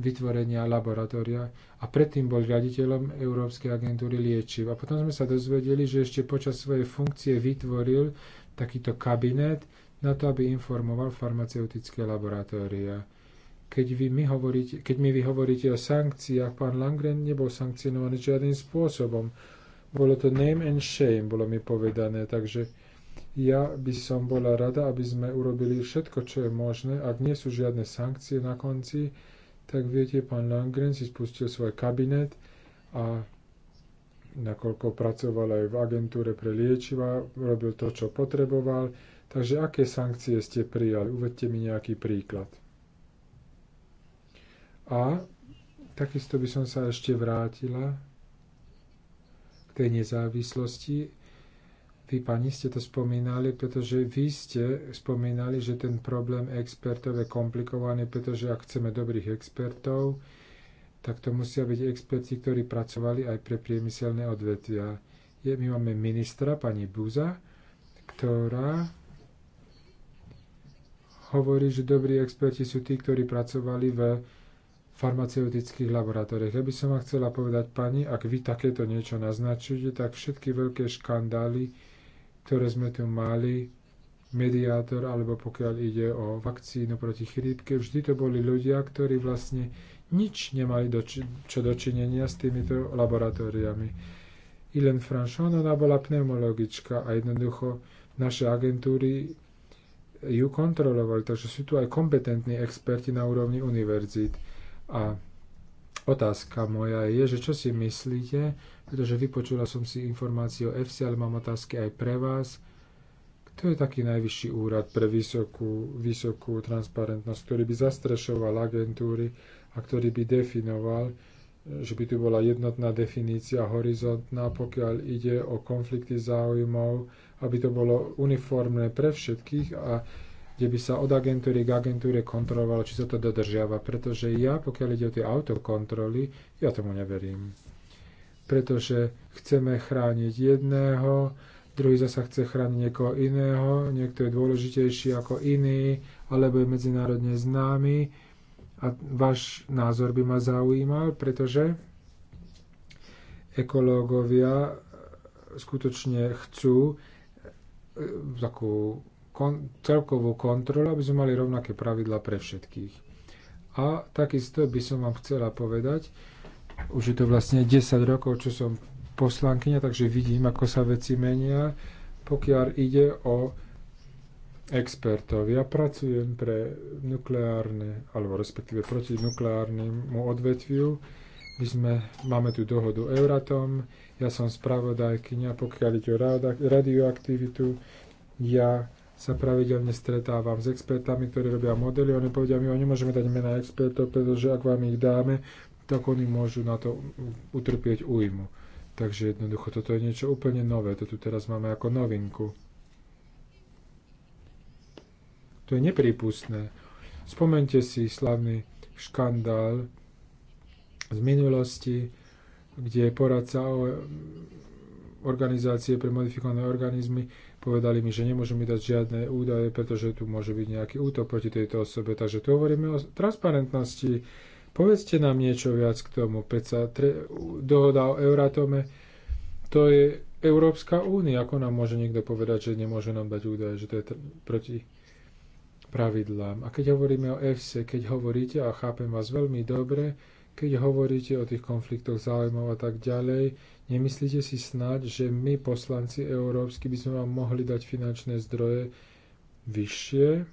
vytvorenia laboratória a predtým bol riaditeľom Európskej agentúry liečiv. A potom sme sa dozvedeli, že ešte počas svojej funkcie vytvoril takýto kabinet na to, aby informoval farmaceutické laboratória. Keď, vy mi hovoríte, keď mi vy hovoríte o sankciách, pán Langren nebol sankcionovaný žiadnym spôsobom. Bolo to name and shame, bolo mi povedané, takže ja by som bola rada, aby sme urobili všetko, čo je možné. Ak nie sú žiadne sankcie na konci, tak viete, pán Langren si spustil svoj kabinet a nakoľko pracoval aj v agentúre pre liečiva, robil to, čo potreboval. Takže aké sankcie ste prijali? Uvedte mi nejaký príklad. A takisto by som sa ešte vrátila k tej nezávislosti. Vy, pani, ste to spomínali, pretože vy ste spomínali, že ten problém expertov je komplikovaný, pretože ak chceme dobrých expertov, tak to musia byť experti, ktorí pracovali aj pre priemyselné odvetvia. my máme ministra, pani Buza, ktorá hovorí, že dobrí experti sú tí, ktorí pracovali v farmaceutických laboratóriách. Ja by som vám chcela povedať, pani, ak vy takéto niečo naznačujete, tak všetky veľké škandály, ktoré sme tu mali, mediátor, alebo pokiaľ ide o vakcínu proti chrípke, vždy to boli ľudia, ktorí vlastne nič nemali doči- čo dočinenia s týmito laboratóriami. Ilen Franchon, ona bola pneumologička a jednoducho naše agentúry ju kontrolovali, takže sú tu aj kompetentní experti na úrovni univerzít. A otázka moja je, že čo si myslíte, pretože vypočula som si informáciu o EFSI, ale mám otázky aj pre vás. Kto je taký najvyšší úrad pre vysokú, vysokú transparentnosť, ktorý by zastrešoval agentúry a ktorý by definoval, že by tu bola jednotná definícia horizontná, pokiaľ ide o konflikty záujmov, aby to bolo uniformné pre všetkých a kde by sa od agentúry k agentúre kontrolovalo, či sa to dodržiava. Pretože ja, pokiaľ ide o tie autokontroly, ja tomu neverím. Pretože chceme chrániť jedného, druhý zasa chce chrániť niekoho iného, niekto je dôležitejší ako iný, alebo je medzinárodne známy. A váš názor by ma zaujímal, pretože ekológovia skutočne chcú e, takú kon, celkovú kontrolu, aby sme mali rovnaké pravidla pre všetkých. A takisto by som vám chcela povedať, už je to vlastne 10 rokov, čo som poslankyňa, takže vidím, ako sa veci menia, pokiaľ ide o expertov. Ja pracujem pre nukleárne, alebo respektíve proti nukleárnemu odvetviu. My sme, máme tu dohodu Euratom, ja som spravodajkyňa, pokiaľ ide o radioaktivitu, ja sa pravidelne stretávam s expertami, ktorí robia modely. Oni povedia, my vám nemôžeme dať mena expertov, pretože ak vám ich dáme, tak oni môžu na to utrpieť újmu. Takže jednoducho, toto je niečo úplne nové. To tu teraz máme ako novinku. To je neprípustné. Spomente si slavný škandál z minulosti, kde poradca o organizácie pre modifikované organizmy Povedali mi, že nemôžu mi dať žiadne údaje, pretože tu môže byť nejaký útok proti tejto osobe. Takže tu hovoríme o transparentnosti. Povedzte nám niečo viac k tomu. Peca, tre, dohoda o Euratome, to je Európska únia. Ako nám môže niekto povedať, že nemôže nám dať údaje, že to je proti pravidlám. A keď hovoríme o EFSE, keď hovoríte, a chápem vás veľmi dobre, keď hovoríte o tých konfliktoch záujmov a tak ďalej, Nemyslíte si snáď, že my, poslanci európsky, by sme vám mohli dať finančné zdroje vyššie,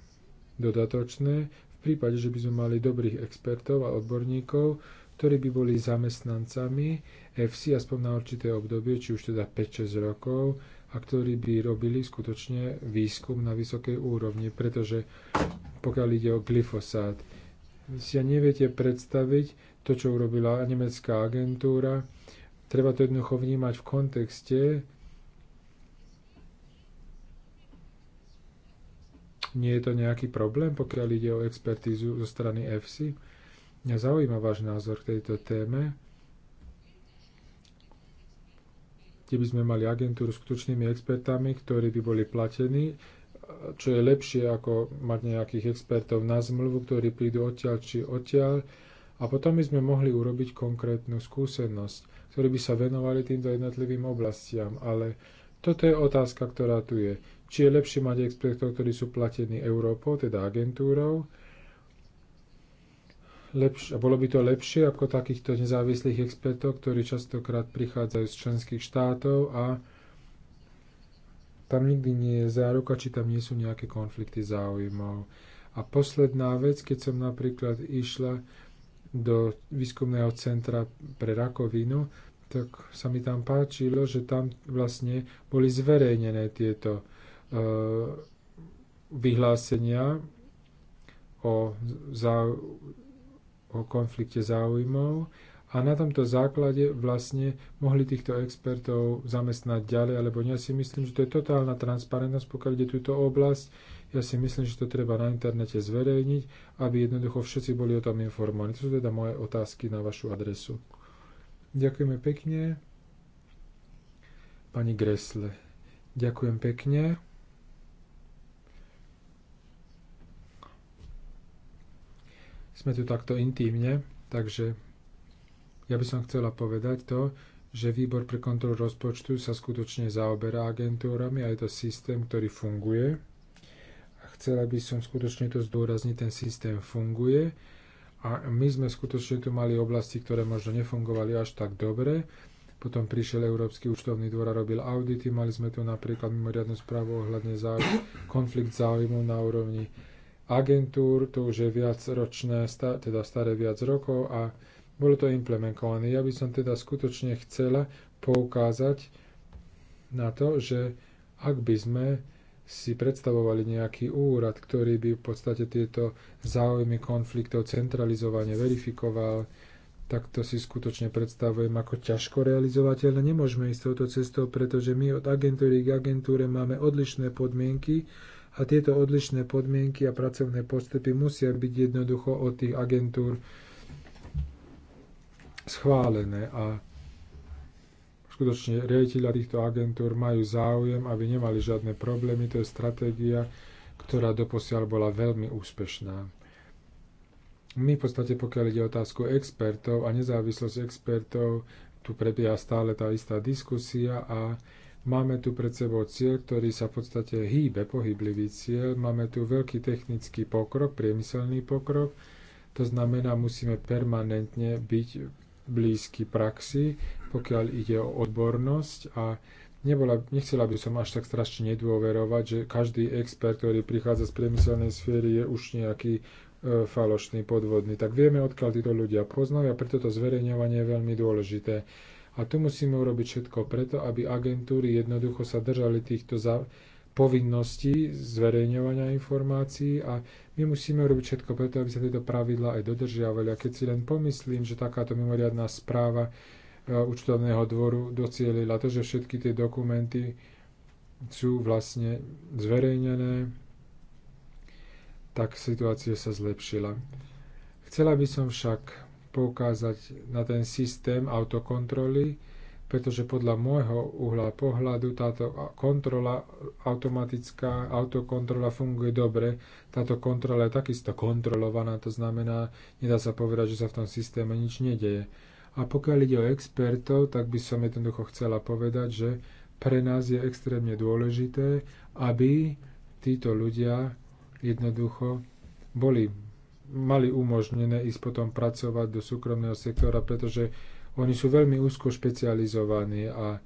dodatočné, v prípade, že by sme mali dobrých expertov a odborníkov, ktorí by boli zamestnancami FC aspoň na určité obdobie, či už teda 5-6 rokov, a ktorí by robili skutočne výskum na vysokej úrovni, pretože pokiaľ ide o glyfosát, si neviete predstaviť to, čo urobila nemecká agentúra, Treba to jednoducho vnímať v kontexte Nie je to nejaký problém, pokiaľ ide o expertízu zo strany EFSI? Mňa zaujíma váš názor k tejto téme. kde by sme mali agentúru s skutočnými expertami, ktorí by boli platení, čo je lepšie ako mať nejakých expertov na zmluvu, ktorí prídu odtiaľ či odtiaľ. A potom by sme mohli urobiť konkrétnu skúsenosť ktorí by sa venovali týmto jednotlivým oblastiam. Ale toto je otázka, ktorá tu je. Či je lepšie mať expertov, ktorí sú platení Európou, teda agentúrou, lepš- a bolo by to lepšie ako takýchto nezávislých expertov, ktorí častokrát prichádzajú z členských štátov a tam nikdy nie je záruka, či tam nie sú nejaké konflikty záujmov. A posledná vec, keď som napríklad išla do výskumného centra pre rakovinu, tak sa mi tam páčilo, že tam vlastne boli zverejnené tieto uh, vyhlásenia o, za, o konflikte záujmov a na tomto základe vlastne mohli týchto expertov zamestnať ďalej, alebo ja si myslím, že to je totálna transparentnosť, pokiaľ ide túto oblasť. Ja si myslím, že to treba na internete zverejniť, aby jednoducho všetci boli o tom informovaní. To sú teda moje otázky na vašu adresu. Ďakujeme pekne. Pani Gresle, ďakujem pekne. Sme tu takto intímne, takže ja by som chcela povedať to, že výbor pre kontrolu rozpočtu sa skutočne zaoberá agentúrami a je to systém, ktorý funguje. A chcela by som skutočne to zdôrazniť, ten systém funguje a my sme skutočne tu mali oblasti, ktoré možno nefungovali až tak dobre. Potom prišiel Európsky účtovný dvor a robil audity. Mali sme tu napríklad mimoriadnu správu ohľadne za konflikt záujmu na úrovni agentúr. To už je viac ročné, teda staré viac rokov a bolo to implementované. Ja by som teda skutočne chcela poukázať na to, že ak by sme si predstavovali nejaký úrad, ktorý by v podstate tieto záujmy konfliktov centralizovane verifikoval, tak to si skutočne predstavujem ako ťažko realizovateľné. Nemôžeme ísť touto cestou, pretože my od agentúry k agentúre máme odlišné podmienky a tieto odlišné podmienky a pracovné postupy musia byť jednoducho od tých agentúr schválené. A skutočne riaditeľa týchto agentúr majú záujem, aby nemali žiadne problémy. To je stratégia, ktorá doposiaľ bola veľmi úspešná. My v podstate, pokiaľ ide o otázku expertov a nezávislosť expertov, tu prebieha stále tá istá diskusia a máme tu pred sebou cieľ, ktorý sa v podstate hýbe, pohyblivý cieľ. Máme tu veľký technický pokrok, priemyselný pokrok. To znamená, musíme permanentne byť blízky praxi, pokiaľ ide o odbornosť a nebola, nechcela by som až tak strašne nedôverovať, že každý expert, ktorý prichádza z priemyselnej sféry, je už nejaký e, falošný, podvodný. Tak vieme, odkiaľ títo ľudia poznajú a preto to zverejňovanie je veľmi dôležité. A tu musíme urobiť všetko preto, aby agentúry jednoducho sa držali týchto za povinností zverejňovania informácií a my musíme robiť všetko preto, aby sa tieto pravidlá aj dodržiavali. A keď si len pomyslím, že takáto mimoriadná správa účtovného dvoru docielila to, že všetky tie dokumenty sú vlastne zverejnené, tak situácia sa zlepšila. Chcela by som však poukázať na ten systém autokontroly, pretože podľa môjho uhla pohľadu táto kontrola automatická, autokontrola funguje dobre. Táto kontrola je takisto kontrolovaná, to znamená, nedá sa povedať, že sa v tom systéme nič nedeje. A pokiaľ ide o expertov, tak by som jednoducho chcela povedať, že pre nás je extrémne dôležité, aby títo ľudia jednoducho boli, mali umožnené ísť potom pracovať do súkromného sektora, pretože oni sú veľmi úzko špecializovaní a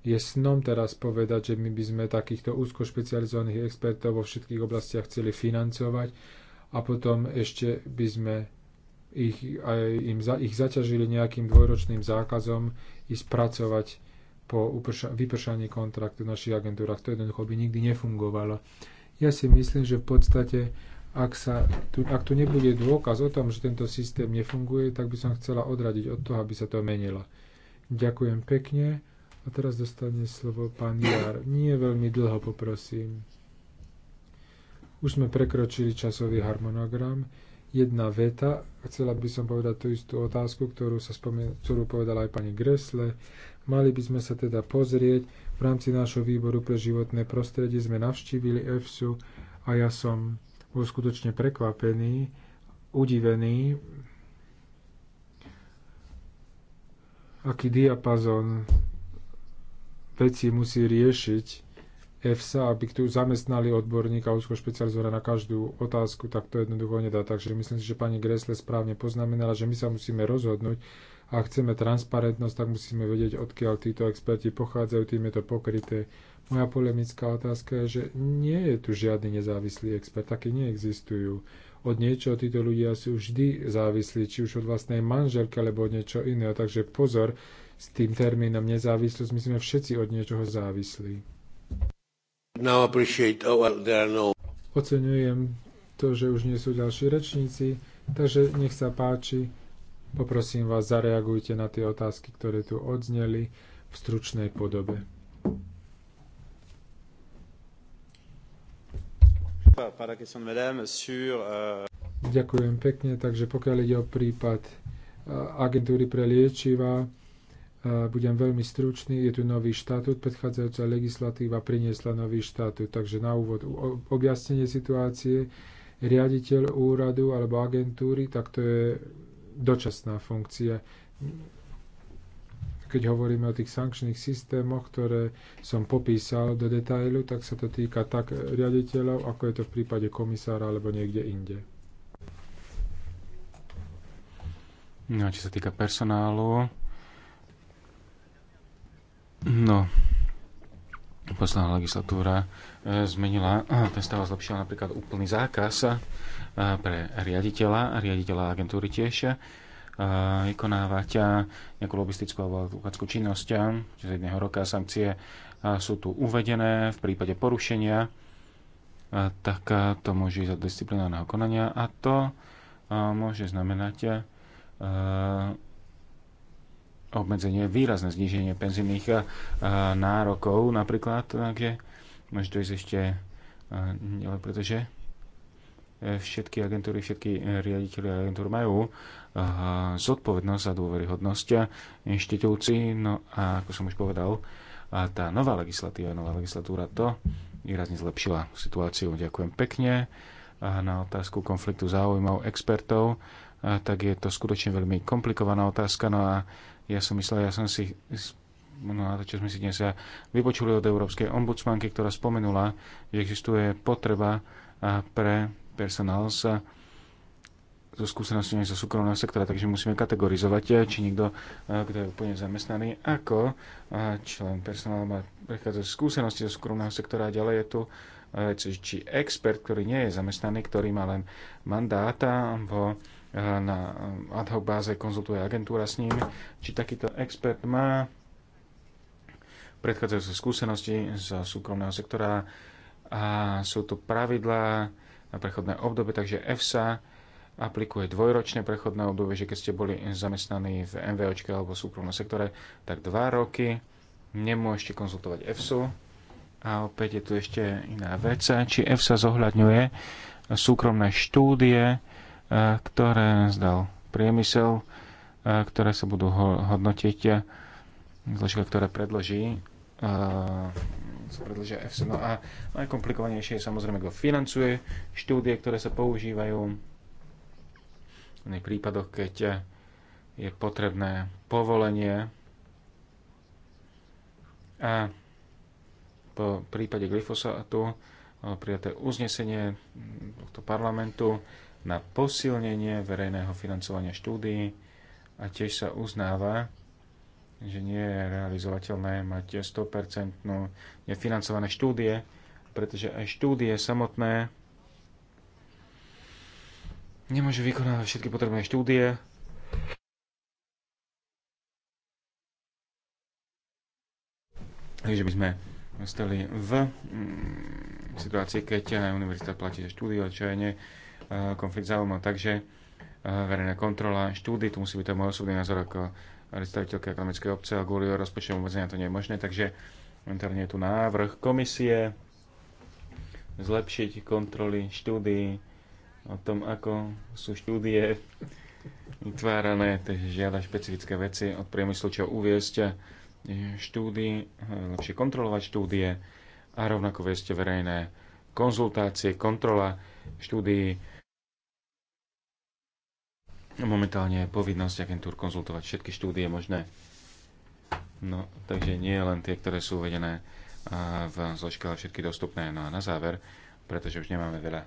je snom teraz povedať, že my by sme takýchto úzko špecializovaných expertov vo všetkých oblastiach chceli financovať a potom ešte by sme ich, aj im za, ich zaťažili nejakým dvojročným zákazom ísť pracovať po uprša, vypršaní kontraktu v našich agentúrach. To jednoducho by nikdy nefungovalo. Ja si myslím, že v podstate, ak, sa, tu, ak tu nebude dôkaz o tom, že tento systém nefunguje, tak by som chcela odradiť od toho, aby sa to menilo. Ďakujem pekne. A teraz dostane slovo pán Jar. Nie veľmi dlho, poprosím. Už sme prekročili časový harmonogram jedna veta. Chcela by som povedať tú istú otázku, ktorú, sa spomen- ktorú povedala aj pani Gresle. Mali by sme sa teda pozrieť. V rámci nášho výboru pre životné prostredie sme navštívili EFSU a ja som bol skutočne prekvapený, udivený, aký diapazon veci musí riešiť EFSA, aby tu zamestnali odborníka úzko špecializovaná na každú otázku, tak to jednoducho nedá. Takže myslím si, že pani Gresle správne poznamenala, že my sa musíme rozhodnúť, a chceme transparentnosť, tak musíme vedieť, odkiaľ títo experti pochádzajú, tým je to pokryté. Moja polemická otázka je, že nie je tu žiadny nezávislý expert, také neexistujú. Od niečoho títo ľudia sú vždy závislí, či už od vlastnej manželky, alebo od niečo iného. Takže pozor s tým termínom nezávislosť, my sme všetci od niečoho závislí. Now appreciate, oh, well, there are no... Oceňujem to, že už nie sú ďalší rečníci, takže nech sa páči. Poprosím vás, zareagujte na tie otázky, ktoré tu odzneli v stručnej podobe. Ďakujem pekne, takže pokiaľ ide o prípad eh, agentúry pre liečiva, budem veľmi stručný, je tu nový štatút, predchádzajúca legislatíva priniesla nový štatút, takže na úvod objasnenie situácie, riaditeľ úradu alebo agentúry, tak to je dočasná funkcia. Keď hovoríme o tých sankčných systémoch, ktoré som popísal do detailu, tak sa to týka tak riaditeľov, ako je to v prípade komisára alebo niekde inde. No, či sa týka personálu, No, posledná legislatúra e, zmenila, ten stav zlepšila napríklad úplný zákaz pre riaditeľa, a riaditeľa agentúry tiež vykonávať nejakú lobistickú alebo advokátskú činnosť. Čiže z jedného roka sankcie sú tu uvedené v prípade porušenia, tak to môže ísť za disciplinárneho konania a to môže znamenať obmedzenie, výrazné zníženie penzijných eh, nárokov napríklad, takže môže to ísť ešte eh, ale pretože eh, všetky agentúry, všetky riaditeľi agentúr majú zodpovednosť za dôveryhodnosť inštitúcií. No a ako som už povedal, tá nová legislatíva, nová legislatúra to výrazne zlepšila situáciu. Ďakujem pekne. A na otázku konfliktu záujmov expertov, tak je to skutočne veľmi komplikovaná otázka. No a ja som myslel, ja som si no, to, čo sme si dnes vypočuli od Európskej ombudsmanky, ktorá spomenula, že existuje potreba pre personál sa so skúsenosťou zo súkromného sektora, takže musíme kategorizovať, či niekto, kto je úplne zamestnaný, ako člen personálu má prechádzať skúsenosti zo súkromného sektora a ďalej je tu či expert, ktorý nie je zamestnaný, ktorý má len mandáta alebo Eh, na eh, ad hoc báze konzultuje agentúra s ním, či takýto expert má predchádzajúce skúsenosti z súkromného sektora a sú tu pravidlá na prechodné obdobie, takže EFSA aplikuje dvojročné prechodné obdobie, že keď ste boli zamestnaní v MVOčke alebo v súkromnom sektore, tak dva roky nemôžete konzultovať EFSU. A opäť je tu ešte iná vec, či EFSA zohľadňuje súkromné štúdie, ktoré zdal priemysel, ktoré sa budú hodnotiť, zložka, ktoré predloží sa predlžia EFSA. No a najkomplikovanejšie je samozrejme, kto financuje štúdie, ktoré sa používajú. V prípadoch, keď je potrebné povolenie a po prípade glyfosátu prijaté uznesenie tohto parlamentu na posilnenie verejného financovania štúdií a tiež sa uznáva, že nie je realizovateľné mať 100% nefinancované štúdie, pretože aj štúdie samotné nemôžu vykonávať všetky potrebné štúdie. Takže by sme stali v mm, situácii, keď aj univerzita platí za štúdio, čo je konflikt záujmov. Takže verejná kontrola štúdy, tu musí byť to môj osobný názor ako predstaviteľka ekonomickej obce a kvôli rozpočtovému obmedzenia to nie je možné, takže momentálne je tu návrh komisie zlepšiť kontroly štúdy o tom, ako sú štúdie vytvárané, takže žiada špecifické veci od priemyslu, čo uviesť e, štúdy, e, lepšie kontrolovať štúdie a rovnako viesť verejné konzultácie, kontrola štúdií Momentálne je povinnosť agentúr konzultovať všetky štúdie možné. No, takže nie len tie, ktoré sú uvedené v zložke, ale všetky dostupné. No a na záver, pretože už nemáme veľa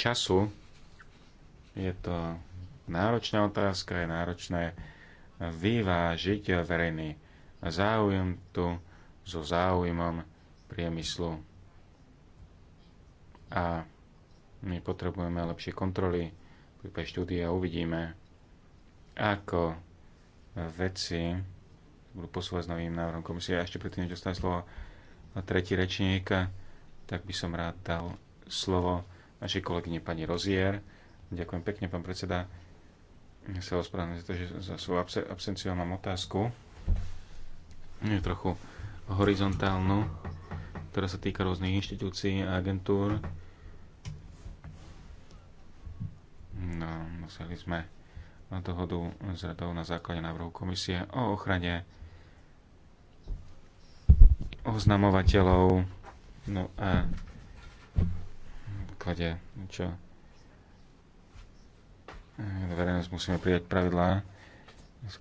času, je to náročná otázka, je náročné vyvážiť verejný záujem tu so záujmom priemyslu. A my potrebujeme lepšie kontroly, prípade štúdie a uvidíme, ako veci budú posúvať s novým návrhom komisie. ešte predtým, než dostane slovo tretí rečník, tak by som rád dal slovo našej kolegyne pani Rozier. Ďakujem pekne, pán predseda. Ja sa ospravedlňujem za to, že za svoju absenciu mám otázku. Je trochu horizontálnu, ktorá sa týka rôznych inštitúcií a agentúr. No, museli sme dohodu s radou na základe návrhu komisie o ochrane oznamovateľov. No a klade, čo verejnosť musíme prijať pravidlá,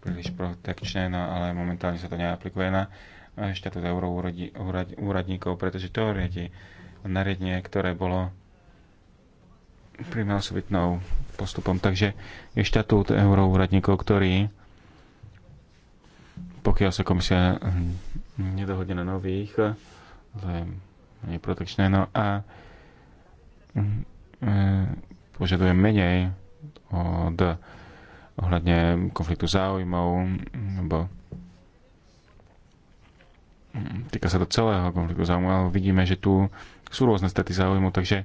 príliš protekčné, no ale momentálne sa to neaplikuje na štatút úradníkov pretože to riadi nariadenie, ktoré bolo príjme osobitnou postupom. Takže je štatút euroúradníkov, ktorý pokiaľ sa komisia nedohodne na nových, ale je protekčné, no a mm, e, požaduje menej od ohľadne konfliktu záujmov, lebo týka sa to celého konfliktu záujmov, ale vidíme, že tu sú rôzne straty záujmov, takže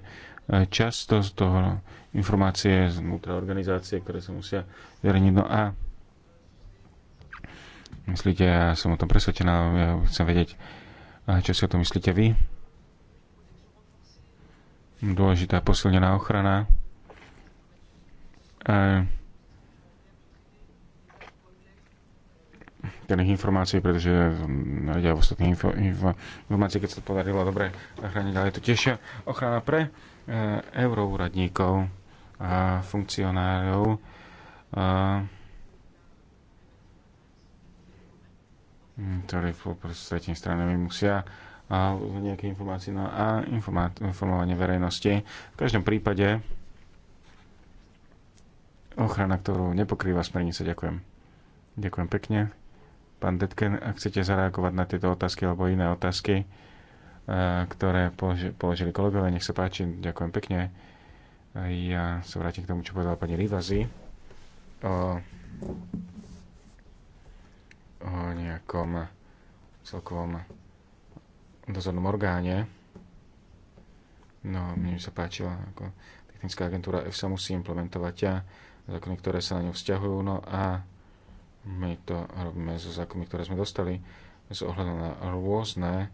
Eh, často z toho informácie vnútra organizácie, ktoré sa musia zverejniť. No a myslíte, ja som o tom presvedčená, ja chcem vedieť, eh, čo si o tom myslíte vy. Dôležitá posilnená ochrana. A eh, daných informácií, pretože ide v ostatných informácií, keď sa to podarilo dobre zachrániť, ale je to tiež ochrana pre Eh, euroúradníkov a funkcionárov. Eh, ktorí po prostredím stranami musia a eh, nejaké informácie no a informá- informovanie verejnosti. V každom prípade ochrana, ktorú nepokrýva smernice. Ďakujem. Ďakujem pekne. Pán Detken, ak chcete zareagovať na tieto otázky alebo iné otázky, Eh, ktoré položili kolegovia. Nech sa páči, ďakujem pekne. Ja sa vrátim k tomu, čo povedala pani Rivazi o, o nejakom celkovom dozornom orgáne. No, mne sa páčila ako technická agentúra EFSA musí implementovať a eh, zákony, ktoré sa na ňu vzťahujú. No a my to robíme so zákonmi, ktoré sme dostali s ohľadom na rôzne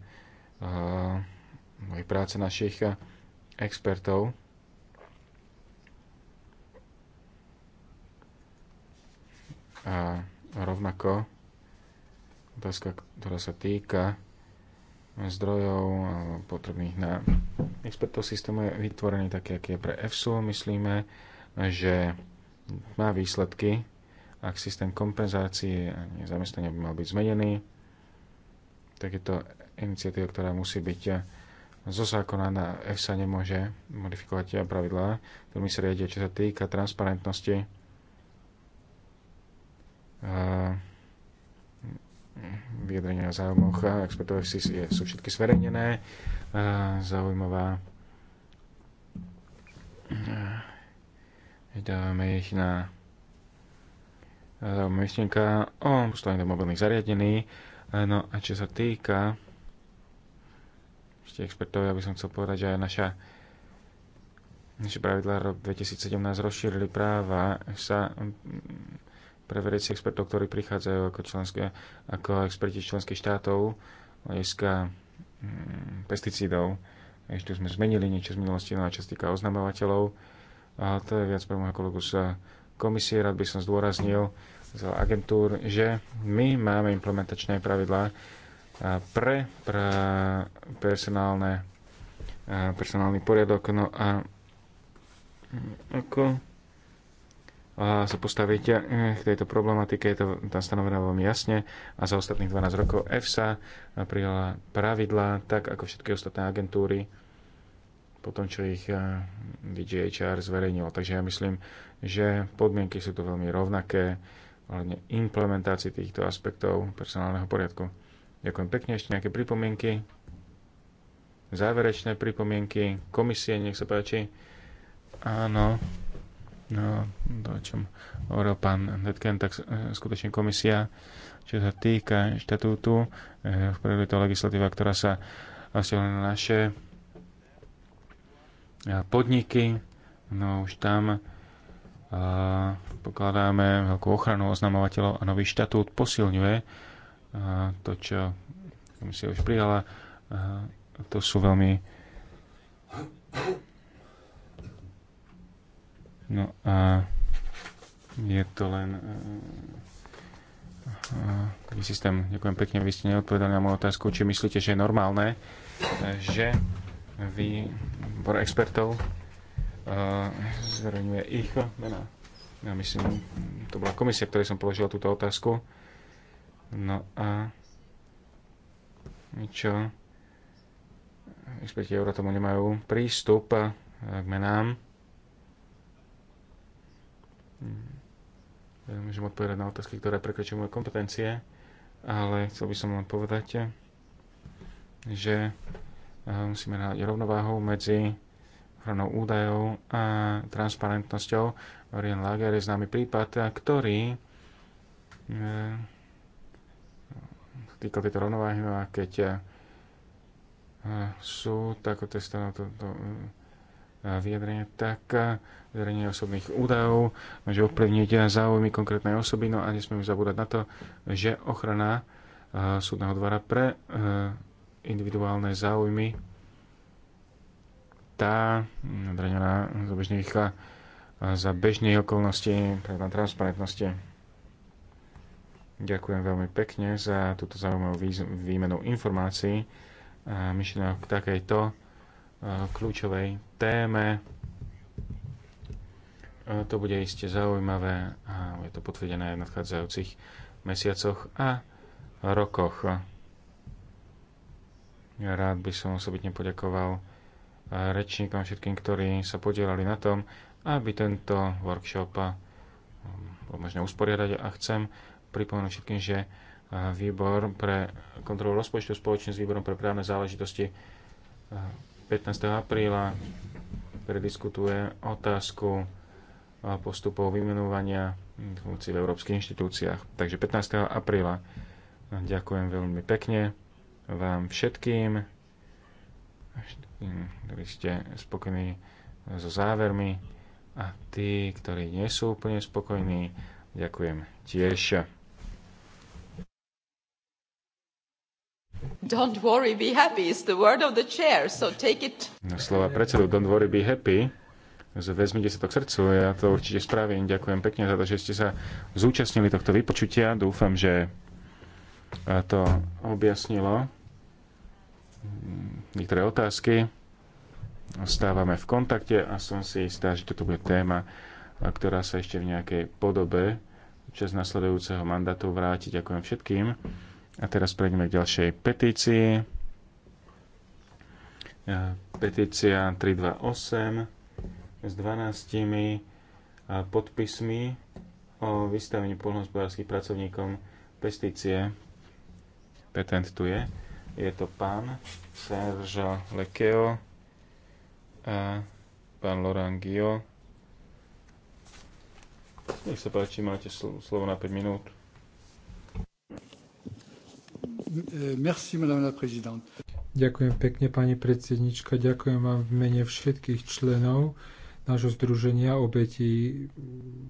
mojej práce našich expertov. A rovnako otázka, ktorá sa týka zdrojov potrebných na expertov systému je vytvorený taký, aký je pre EFSU. Myslíme, že má výsledky, ak systém kompenzácie a nezamestnania by mal byť zmenený, tak je to iniciatíva, ktorá musí byť eh, zo zákona na EFSA nemôže modifikovať tie eh, pravidlá, ktorými sa riadia, čo sa týka transparentnosti A eh, vyjadrenia o záujmoch a expertov FCC sú všetky zverejnené. Zaujímavá dávame ich na myšlienka o postavení do mobilných zariadení. No a čo sa týka ešte expertov, ja by som chcel povedať, že aj naša, naše pravidlá rok 2017 rozšírili práva sa mm, pre vedeci expertov, ktorí prichádzajú ako, členské, ako experti členských štátov, hľadiska mm, pesticídov. Ešte tu sme zmenili niečo z minulosti, no a čo sa týka oznamovateľov. A to je viac pre môjho kolegu z komisie, rád by som zdôraznil z agentúr, že my máme implementačné pravidlá, pre, pre personálne, personálny poriadok. No a ako a sa postaviť eh, k tejto problematike, je to tam stanovené veľmi jasne a za ostatných 12 rokov EFSA prijala pravidlá, tak ako všetky ostatné agentúry, po tom, čo ich eh, DJHR zverejnilo. Takže ja myslím, že podmienky sú tu veľmi rovnaké, hlavne implementácii týchto aspektov personálneho poriadku. Ďakujem pekne. Ešte nejaké pripomienky? Záverečné pripomienky? Komisie, nech sa páči. Áno. No, to, o čom hovoril pán Detken, tak e, skutočne komisia, čo sa týka štatútu, e, V prvé to legislatíva, ktorá sa vlastne na naše e, podniky. No už tam pokladáme veľkú ochranu oznamovateľov a nový štatút posilňuje to, čo komisia už prijala, to sú veľmi... No a je to len e, e, taký systém. Ďakujem pekne, vy ste neodpovedali na moju otázku, či myslíte, že je normálne, že vy, bor expertov, e, zverejňuje ich mená. Ja myslím, to bola komisia, ktorej som položil túto otázku. No a čo? Experti tomu nemajú prístup k menám. Ja môžem odpovedať na otázky, ktoré prekračujú moje kompetencie, ale chcel by som vám povedať, že eh, musíme nájsť rovnováhu medzi ochranou údajov a transparentnosťou. Orion Lager je známy prípad, ktorý eh, týka tejto rovnováhy, no a keď e, sú tak otestované to, to e, vyjadrenie, tak e, vyjadrenie osobných údajov môže ovplyvniť záujmy konkrétnej osoby, no a nesmieme zabúdať na to, že ochrana súdneho dvora pre individuálne záujmy tá vyjadrenia za bežných, za bežných okolností, teda transparentnosti. Ďakujem veľmi pekne za túto zaujímavú výmenu informácií a k takejto e, kľúčovej téme. E, to bude iste zaujímavé a je to potvrdené aj v nadchádzajúcich mesiacoch a rokoch. Ja rád by som osobitne poďakoval e, rečníkom, všetkým, ktorí sa podielali na tom, aby tento workshop bol možné usporiadať a chcem pripomenúť všetkým, že e, výbor pre kontrolu rozpočtu spoločne s výborom pre právne záležitosti 15. E, apríla prediskutuje otázku e, postupov vymenovania funkcií v európskych inštitúciách. Takže 15. apríla ďakujem veľmi pekne vám všetkým, všetkým ktorí ste spokojní so závermi a tí, ktorí nie sú úplne spokojní, ďakujem tiež. Don't worry, be happy is the word of the chair, so take it. No, slova predsedu, don't worry, be happy. Vezmite sa to k srdcu, ja to určite spravím. Ďakujem pekne za to, že ste sa zúčastnili tohto vypočutia. Dúfam, že eh, to objasnilo mm, niektoré otázky. Ostávame v kontakte a som si istá, že toto bude téma, eh, ktorá sa ešte v nejakej podobe čas nasledujúceho mandátu vráti. Ďakujem všetkým. A teraz prejdeme k ďalšej petícii. Petícia 328 s 12 podpismi o vystavení polnohospodárských pracovníkom pestície. Petent tu je. Je to pán Serge Lekeo a pán Laurent Gio. Nech sa páči, máte slovo na 5 minút. Eh, merci, madame la présidente. Ďakujem pekne, pani predsednička. Ďakujem vám v mene všetkých členov nášho združenia obetí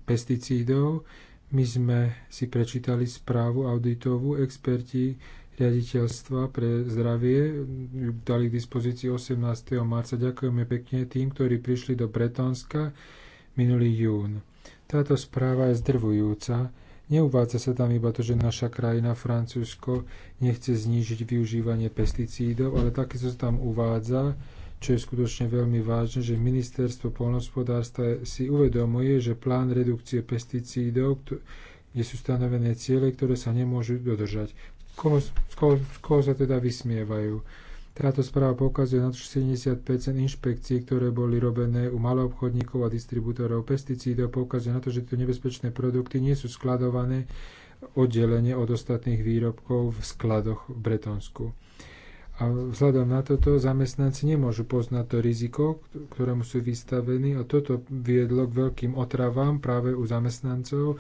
pesticídov. My sme si prečítali správu auditovú. Experti riaditeľstva pre zdravie dali k dispozícii 18. marca. Ďakujeme pekne tým, ktorí prišli do Bretonska minulý jún. Táto správa je zdrvujúca Neuvádza sa tam iba to, že naša krajina, Francúzsko, nechce znížiť využívanie pesticídov, ale také sa tam uvádza, čo je skutočne veľmi vážne, že ministerstvo poľnohospodárstva si uvedomuje, že plán redukcie pesticídov, kde sú stanovené ciele, ktoré sa nemôžu dodržať. Koho, koho, koho sa teda vysmievajú? Táto správa poukazuje na 75 inšpekcií, ktoré boli robené u maloobchodníkov a distribútorov pesticídov. Poukazuje na to, že tieto nebezpečné produkty nie sú skladované oddelenie od ostatných výrobkov v skladoch v Bretonsku. A vzhľadom na toto zamestnanci nemôžu poznať to riziko, ktorému sú vystavení a toto viedlo k veľkým otravám práve u zamestnancov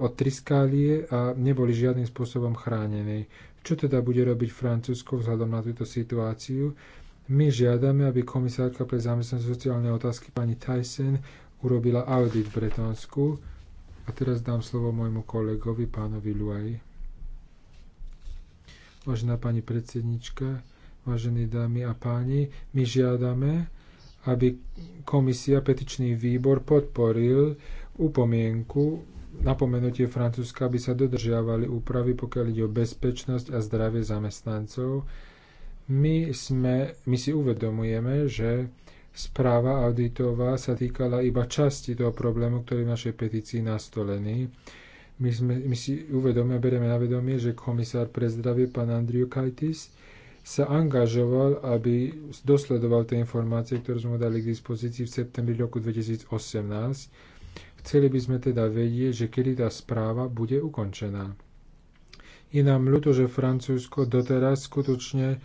od triskálie a neboli žiadnym spôsobom chránení. Čo teda bude robiť Francúzsko vzhľadom na túto situáciu? My žiadame, aby komisárka pre zamestnanosť sociálne otázky pani Tyson urobila audit v Bretonsku. A teraz dám slovo môjmu kolegovi, pánovi Luaji. Vážená pani predsednička, vážení dámy a páni, my žiadame, aby komisia, petičný výbor podporil upomienku napomenutie Francúzska, aby sa dodržiavali úpravy, pokiaľ ide o bezpečnosť a zdravie zamestnancov. My, sme, my si uvedomujeme, že správa auditová sa týkala iba časti toho problému, ktorý je v našej petícii nastolený. My, sme, my si uvedomujeme, bereme na vedomie, že komisár pre zdravie, pán Andriu Kajtis, sa angažoval, aby dosledoval tie informácie, ktoré sme mu dali k dispozícii v septembri roku 2018 Chceli by sme teda vedieť, že kedy tá správa bude ukončená. Je nám ľúto, že Francúzsko doteraz skutočne e,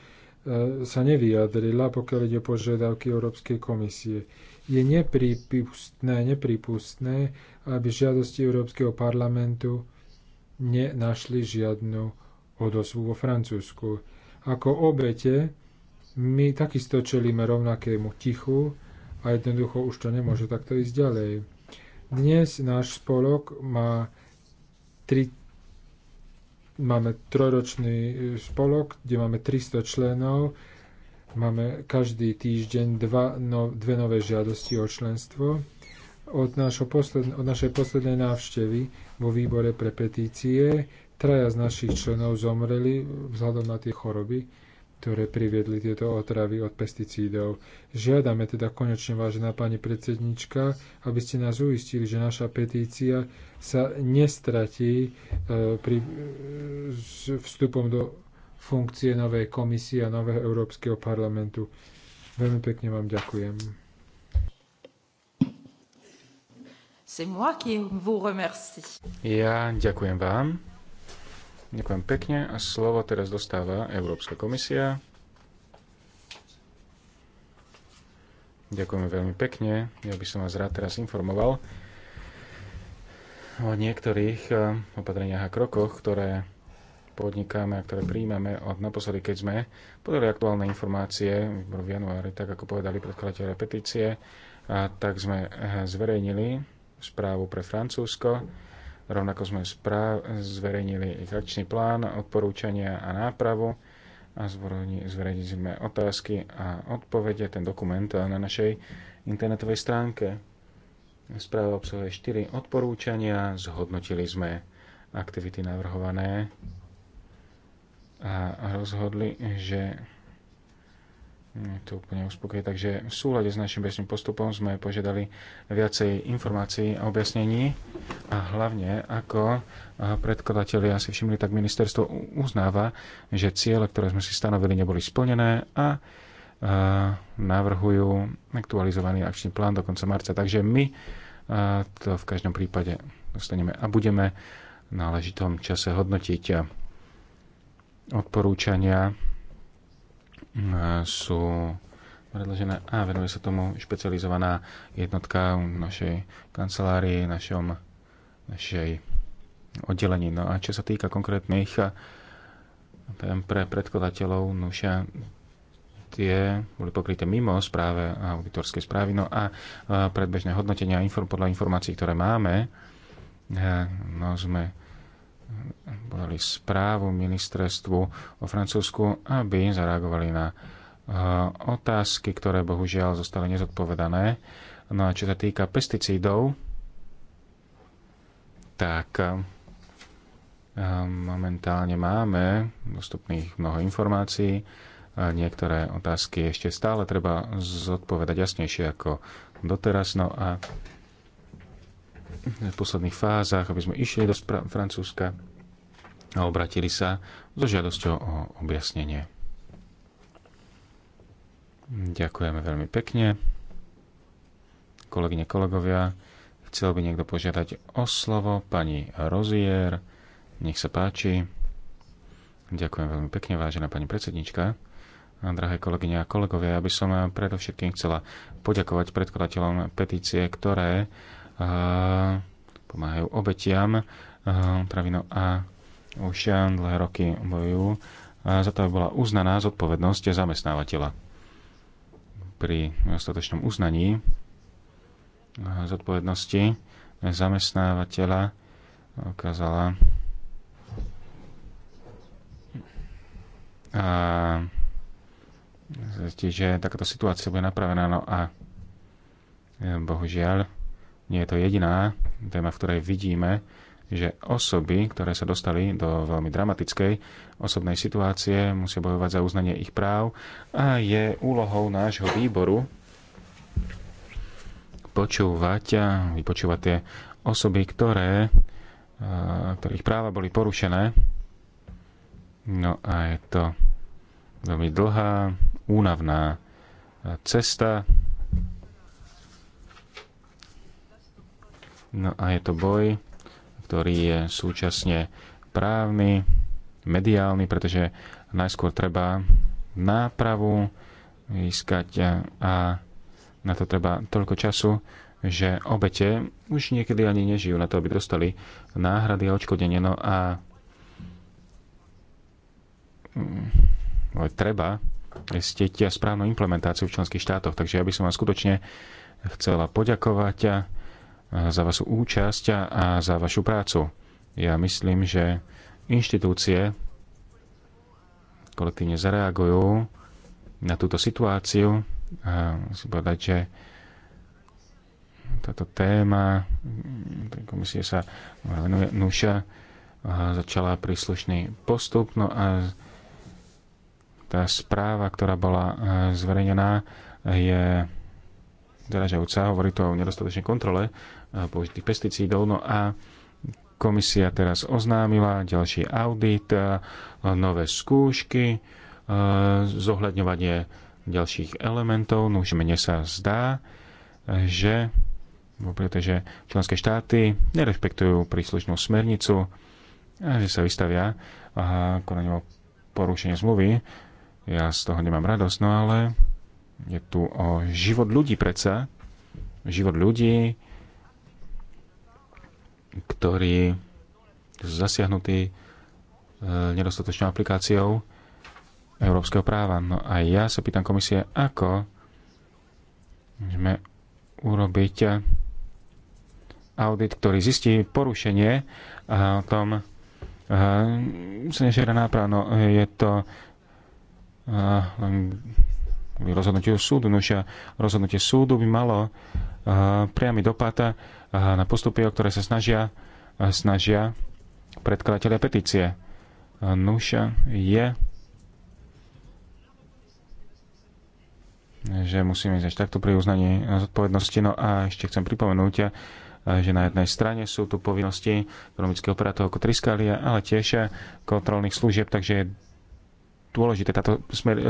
sa nevyjadrila, pokiaľ ide o požiadavky Európskej komisie. Je nepripustné, nepripustné, aby žiadosti Európskeho parlamentu nenašli žiadnu odozvu vo Francúzsku. Ako obete my takisto čelíme rovnakému tichu a jednoducho už to nemôže takto ísť ďalej. Dnes náš spolok má tri, máme trojročný e, spolok, kde máme 300 členov, máme každý týždeň dva, no, dve nové žiadosti o členstvo. Od, posled, od našej poslednej návštevy vo výbore pre petície traja z našich členov zomreli vzhľadom na tie choroby ktoré priviedli tieto otravy od pesticídov. Žiadame teda konečne, vážená pani predsednička, aby ste nás uistili, že naša petícia sa nestratí e, pri vstupom do funkcie novej komisie a nového Európskeho parlamentu. Veľmi pekne vám ďakujem. Ja ďakujem vám. Ďakujem pekne a slovo teraz dostáva Európska komisia. Ďakujeme veľmi pekne. Ja by som vás rád teraz informoval o niektorých eh, opatreniach a krokoch, ktoré podnikáme a ktoré príjmame od naposledy, keď sme podali aktuálne informácie v januári, tak ako povedali predkladateľe petície, a tak sme eh, zverejnili správu pre Francúzsko, Rovnako sme zverejnili ich akčný plán, odporúčania a nápravu a zverejnili sme otázky a odpovede, ten dokument na našej internetovej stránke. Správa obsahuje 4 odporúčania, zhodnotili sme aktivity navrhované a rozhodli, že to úplne uspokojí. Takže v súlade s našim bežným postupom sme požiadali viacej informácií a objasnení a hlavne ako predkladateľi si všimli, tak ministerstvo uznáva, že ciele, ktoré sme si stanovili, neboli splnené a navrhujú aktualizovaný akčný plán do konca marca. Takže my to v každom prípade dostaneme a budeme v náležitom čase hodnotiť odporúčania sú predložené a venuje sa tomu špecializovaná jednotka našej kancelárii, našom, našej oddelení. No a čo sa týka konkrétnych pre predkladateľov, nuša tie boli pokryté mimo správe a auditorskej správy. No a predbežné hodnotenia inform, podľa informácií, ktoré máme, no sme podali správu ministerstvu o Francúzsku, aby zareagovali na otázky, ktoré bohužiaľ zostali nezodpovedané. No a čo sa týka pesticídov, tak momentálne máme dostupných mnoho informácií. Niektoré otázky ešte stále treba zodpovedať jasnejšie ako doteraz. No a v posledných fázach, aby sme išli do Francúzska a obratili sa so žiadosťou o objasnenie. Ďakujeme veľmi pekne. Kolegyne, kolegovia, chcel by niekto požiadať o slovo pani Rozier. Nech sa páči. Ďakujem veľmi pekne, vážená pani predsednička. Drahé kolegyne a kolegovia, ja by som predovšetkým chcela poďakovať predkladateľom petície, ktoré uh, pomáhajú obetiam uh, travino a už eh, dlhé roky bojujú uh, za to, aby bola uznaná zodpovednosť zamestnávateľa pri dostatočnom uznaní eh, zodpovednosti zamestnávateľa ukázala a že takáto situácia bude napravená. No a eh, bohužiaľ, nie je to jediná téma, v ktorej vidíme že osoby, ktoré sa dostali do veľmi dramatickej osobnej situácie, musia bojovať za uznanie ich práv a je úlohou nášho výboru počúvať a vypočúvať tie osoby, ktoré, ktorých práva boli porušené. No a je to veľmi dlhá, únavná cesta. No a je to boj ktorý je súčasne právny, mediálny, pretože najskôr treba nápravu získať a, a na to treba toľko času, že obete už niekedy ani nežijú na to, aby dostali náhrady a odškodnenie. No a ale mm, treba a správnu implementáciu v členských štátoch. Takže ja by som vám skutočne chcela poďakovať za vašu účasť a za vašu prácu. Ja myslím, že inštitúcie kolektívne zareagujú na túto situáciu. A musím povedať, že táto téma komisie sa venuje nuša začala príslušný postup. No a tá správa, ktorá bola zverejnená, je zaražajúca. Hovorí to o nedostatočnej kontrole použitých pesticídov. No a komisia teraz oznámila ďalší audit, nové skúšky, zohľadňovanie ďalších elementov. No už mne sa zdá, že no, pretože členské štáty nerešpektujú príslušnú smernicu a že sa vystavia konaniu porušenie zmluvy. Ja z toho nemám radosť, no ale je tu o život ľudí predsa. Život ľudí, ktorí sú zasiahnutí e, nedostatočnou aplikáciou európskeho práva. No a ja sa pýtam komisie, ako môžeme urobiť audit, ktorý zistí porušenie a e, o tom e, sa nežiada náprava. No, je to len rozhodnutie súdu. No, rozhodnutie súdu by malo priamy dopad na postupy, o ktoré sa snažia, eh, snažia predkladateľe petície. Eh, nuž eh, je, že musíme ísť až takto pri uznaní zodpovednosti. No a ešte chcem pripomenúť, že na jednej strane sú tu povinnosti ekonomického operátora ako Triskalia, ale tiež kontrolných služieb, takže je dôležité. Táto,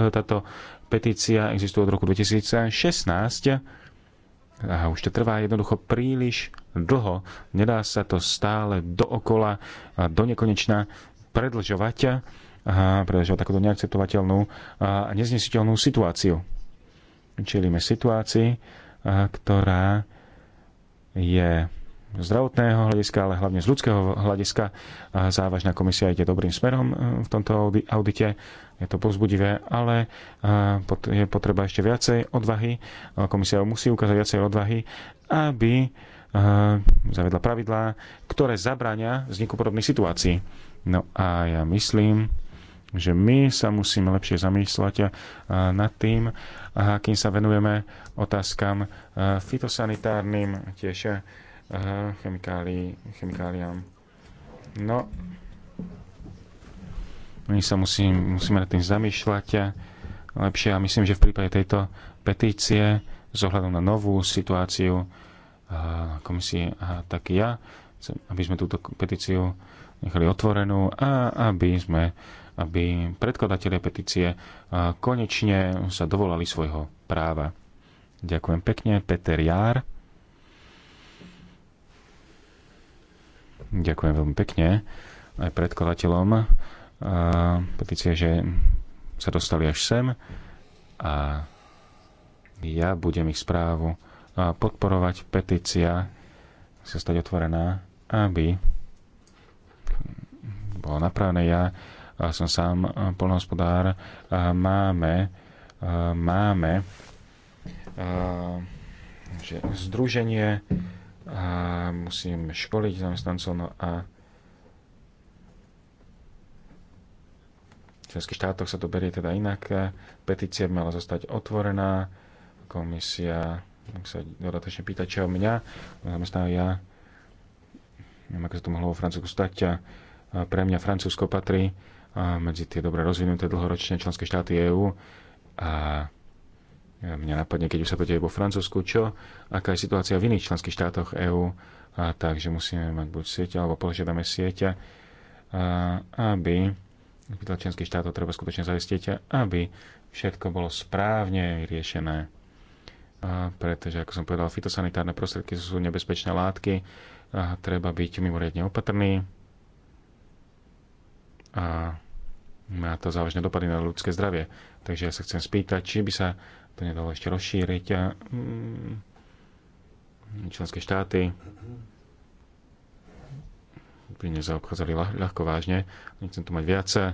táto petícia existuje od roku 2016 a už to trvá jednoducho príliš dlho. Nedá sa to stále dookola a do nekonečna predlžovať, a predlžovať takúto neakceptovateľnú a neznesiteľnú situáciu. Čelíme situácii, ktorá je zdravotného hľadiska, ale hlavne z ľudského hľadiska závažná komisia ide dobrým smerom e, v tomto audite je to pozbudivé, ale eh, je potreba ešte viacej odvahy. Eh, komisia musí ukázať viacej odvahy, aby eh, zavedla pravidlá, ktoré zabrania vzniku podobných situácií. No a ja myslím, že my sa musíme lepšie zamýšľať nad tým, akým sa venujeme otázkam fitosanitárnym, tiež chemikáliám. No my sa musí, musíme nad tým zamýšľať eh, lepšie a myslím, že v prípade tejto petície z ohľadom na novú situáciu eh, komisie a tak ja, chcem, aby sme túto petíciu nechali otvorenú a aby sme aby predkladatelia petície eh, konečne sa dovolali svojho práva. Ďakujem pekne, Peter Jár. Ďakujem veľmi pekne aj predkladateľom petície, že sa dostali až sem a ja budem ich správu podporovať. Petícia sa stať otvorená, aby bolo napravené. Ja som sám polnohospodár. Máme, máme že združenie a musím školiť zamestnancov no a členských štátoch sa to berie teda inak. Petícia by mala zostať otvorená. Komisia sa dodatočne pýta, čo mňa zamestnáva ja. Neviem, ako sa to mohlo vo Francúzsku stať. A pre mňa Francúzsko patrí medzi tie dobre rozvinuté dlhoročné členské štáty EÚ. A mňa napadne, keď už sa to deje vo Francúzsku, čo, aká je situácia v iných členských štátoch EÚ, takže musíme mať buď sieť, alebo požiadame sieťa, aby členských štátov treba skutočne zaistiť, aby všetko bolo správne riešené. A pretože, ako som povedal, fitosanitárne prostriedky sú nebezpečné látky, a treba byť mimoriadne opatrný a má to závažné dopady na ľudské zdravie. Takže ja sa chcem spýtať, či by sa to nedalo ešte rozšíriť a mm, členské štáty by nezaobchádzali ľahko vážne. Nechcem tu mať viac eh,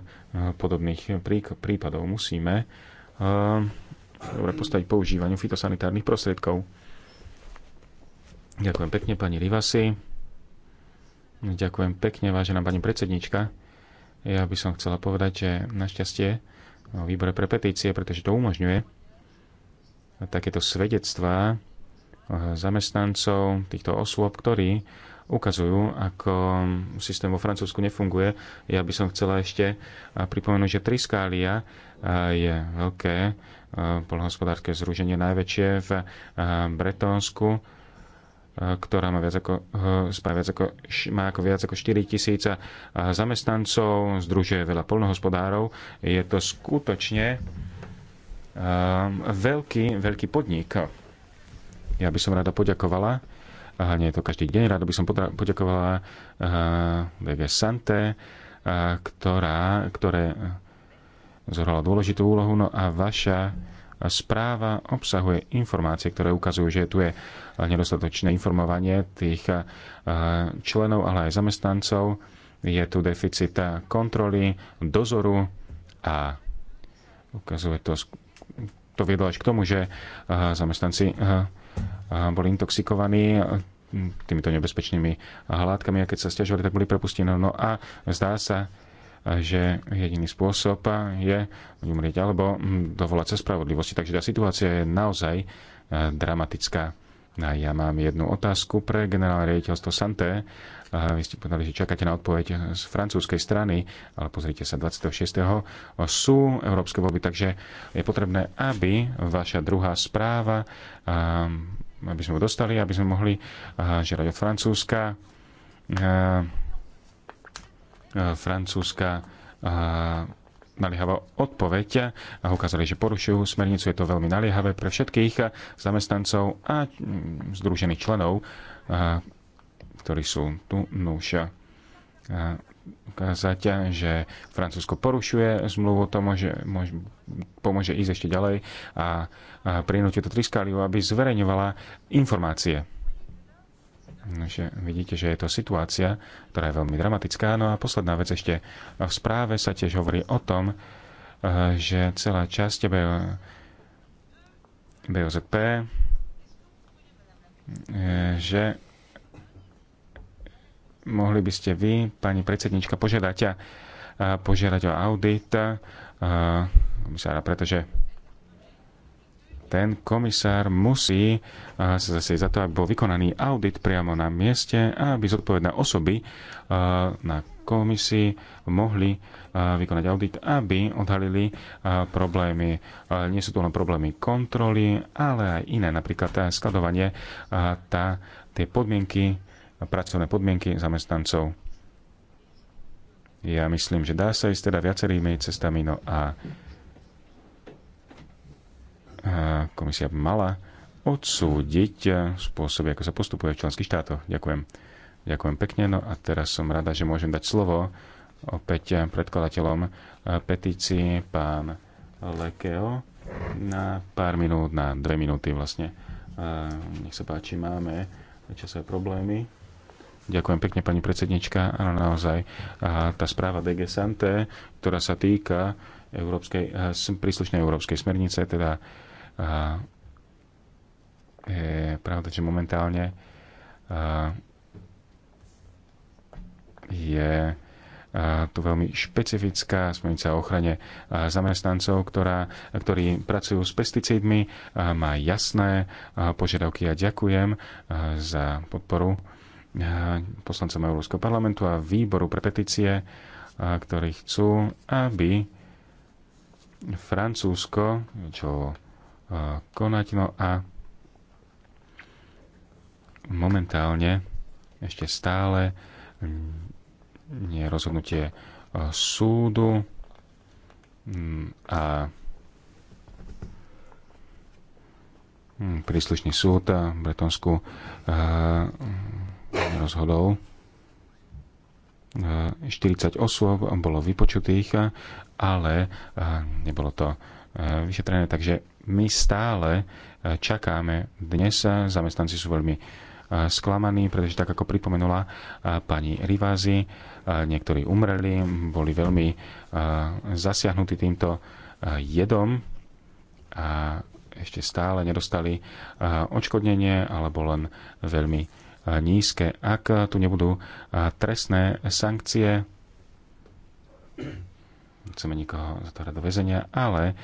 podobných prípadov. Musíme eh, dobre postaviť používaniu fitosanitárnych prostriedkov. Ďakujem pekne pani Rivasi. Ďakujem pekne, vážená pani predsednička. Ja by som chcela povedať, že našťastie výbore pre petície, pretože to umožňuje takéto svedectvá eh, zamestnancov, týchto osôb, ktorí ukazujú, ako systém vo Francúzsku nefunguje. Ja by som chcela ešte eh, pripomenúť, že Triskália eh, je veľké eh, polhospodárske zruženie, najväčšie v Bretonsku, ktorá má viac ako, spá viac ako, má ako viac ako 4 tisíc zamestnancov, združuje veľa polnohospodárov. Je to skutočne veľký, veľký podnik. Ja by som rada poďakovala Aha, nie je to každý deň. Rada by som poďakovala DG eh, Sante, eh, ktorá, ktoré zohrala dôležitú úlohu. No a vaša správa obsahuje informácie, ktoré ukazujú, že tu je nedostatočné informovanie tých eh, členov, ale aj zamestnancov. Je tu deficit kontroly, dozoru a ukazuje to, to viedlo až k tomu, že zamestnanci boli intoxikovaní týmito nebezpečnými hádkami a keď sa stiažovali, tak boli prepustení. No a zdá sa, že jediný spôsob je umrieť alebo dovolať sa spravodlivosti. Takže tá situácia je naozaj e, dramatická. A ja mám jednu otázku pre generálne riaditeľstvo Santé. Vy ste povedali, že čakáte na odpoveď z francúzskej strany, ale pozrite sa, 26. sú európske voľby, takže je potrebné, aby vaša druhá správa, ehm, aby sme ju dostali, aby sme mohli žiadať od Francúzska, ehm, ehm, Francúzska naliehavá odpoveď a ukázali, že porušujú smernicu. Je to veľmi naliehavé pre všetkých zamestnancov a mm, združených členov ktorí sú tu núša eh, ukázať, že Francúzsko porušuje zmluvu, to môže, môže, pomôže ísť ešte ďalej a, a prinúti to Triskáliu, aby zverejňovala informácie. Že vidíte, že je to situácia, ktorá je veľmi dramatická. No a posledná vec ešte. V správe sa tiež hovorí o tom, eh, že celá časť BOZP, eh, že mohli by ste vy, pani predsednička, požiadať, a, požiadať o audit komisára, pretože ten komisár musí sa zase za to, aby bol vykonaný audit priamo na mieste a aby zodpovedné osoby na komisii mohli vykonať audit, aby odhalili problémy. Nie sú to len problémy kontroly, ale aj iné, napríklad tá skladovanie, tá, tie podmienky pracovné podmienky zamestnancov. Ja myslím, že dá sa ísť teda viacerými cestami, no a komisia mala odsúdiť spôsoby, ako sa postupuje v členských štátoch. Ďakujem. Ďakujem pekne. No a teraz som rada, že môžem dať slovo opäť predkladateľom e, petícii pán Lekeo na pár minút, na dve minúty vlastne. E, nech sa páči, máme časové problémy. Ďakujem pekne, pani predsednička. Áno, naozaj. A tá správa DG Santé, ktorá sa týka európskej, príslušnej európskej smernice, teda a, je pravda, že momentálne a, je a tu veľmi špecifická smernica o ochrane zamestnancov, ktorá, ktorí pracujú s pesticídmi, má jasné požiadavky a ja ďakujem za podporu Eh, poslancom Európskeho parlamentu a výboru pre petície, eh, ktorí chcú, aby Francúzsko, čo eh, konať, no a momentálne ešte stále mm, je rozhodnutie súdu mm, a mm, príslušný súd v Bretonsku rozhodov. 40 osôb bolo vypočutých, ale nebolo to e, vyšetrené, takže my stále e, čakáme. Dnes e, zamestnanci sú veľmi sklamaní, pretože tak ako pripomenula pani Rivázy, niektorí umreli, boli veľmi zasiahnutí týmto jedom a ešte stále nedostali odškodnenie alebo len veľmi nízke. Ak tu nebudú trestné sankcie, chceme nikoho zatvárať do väzenia, ale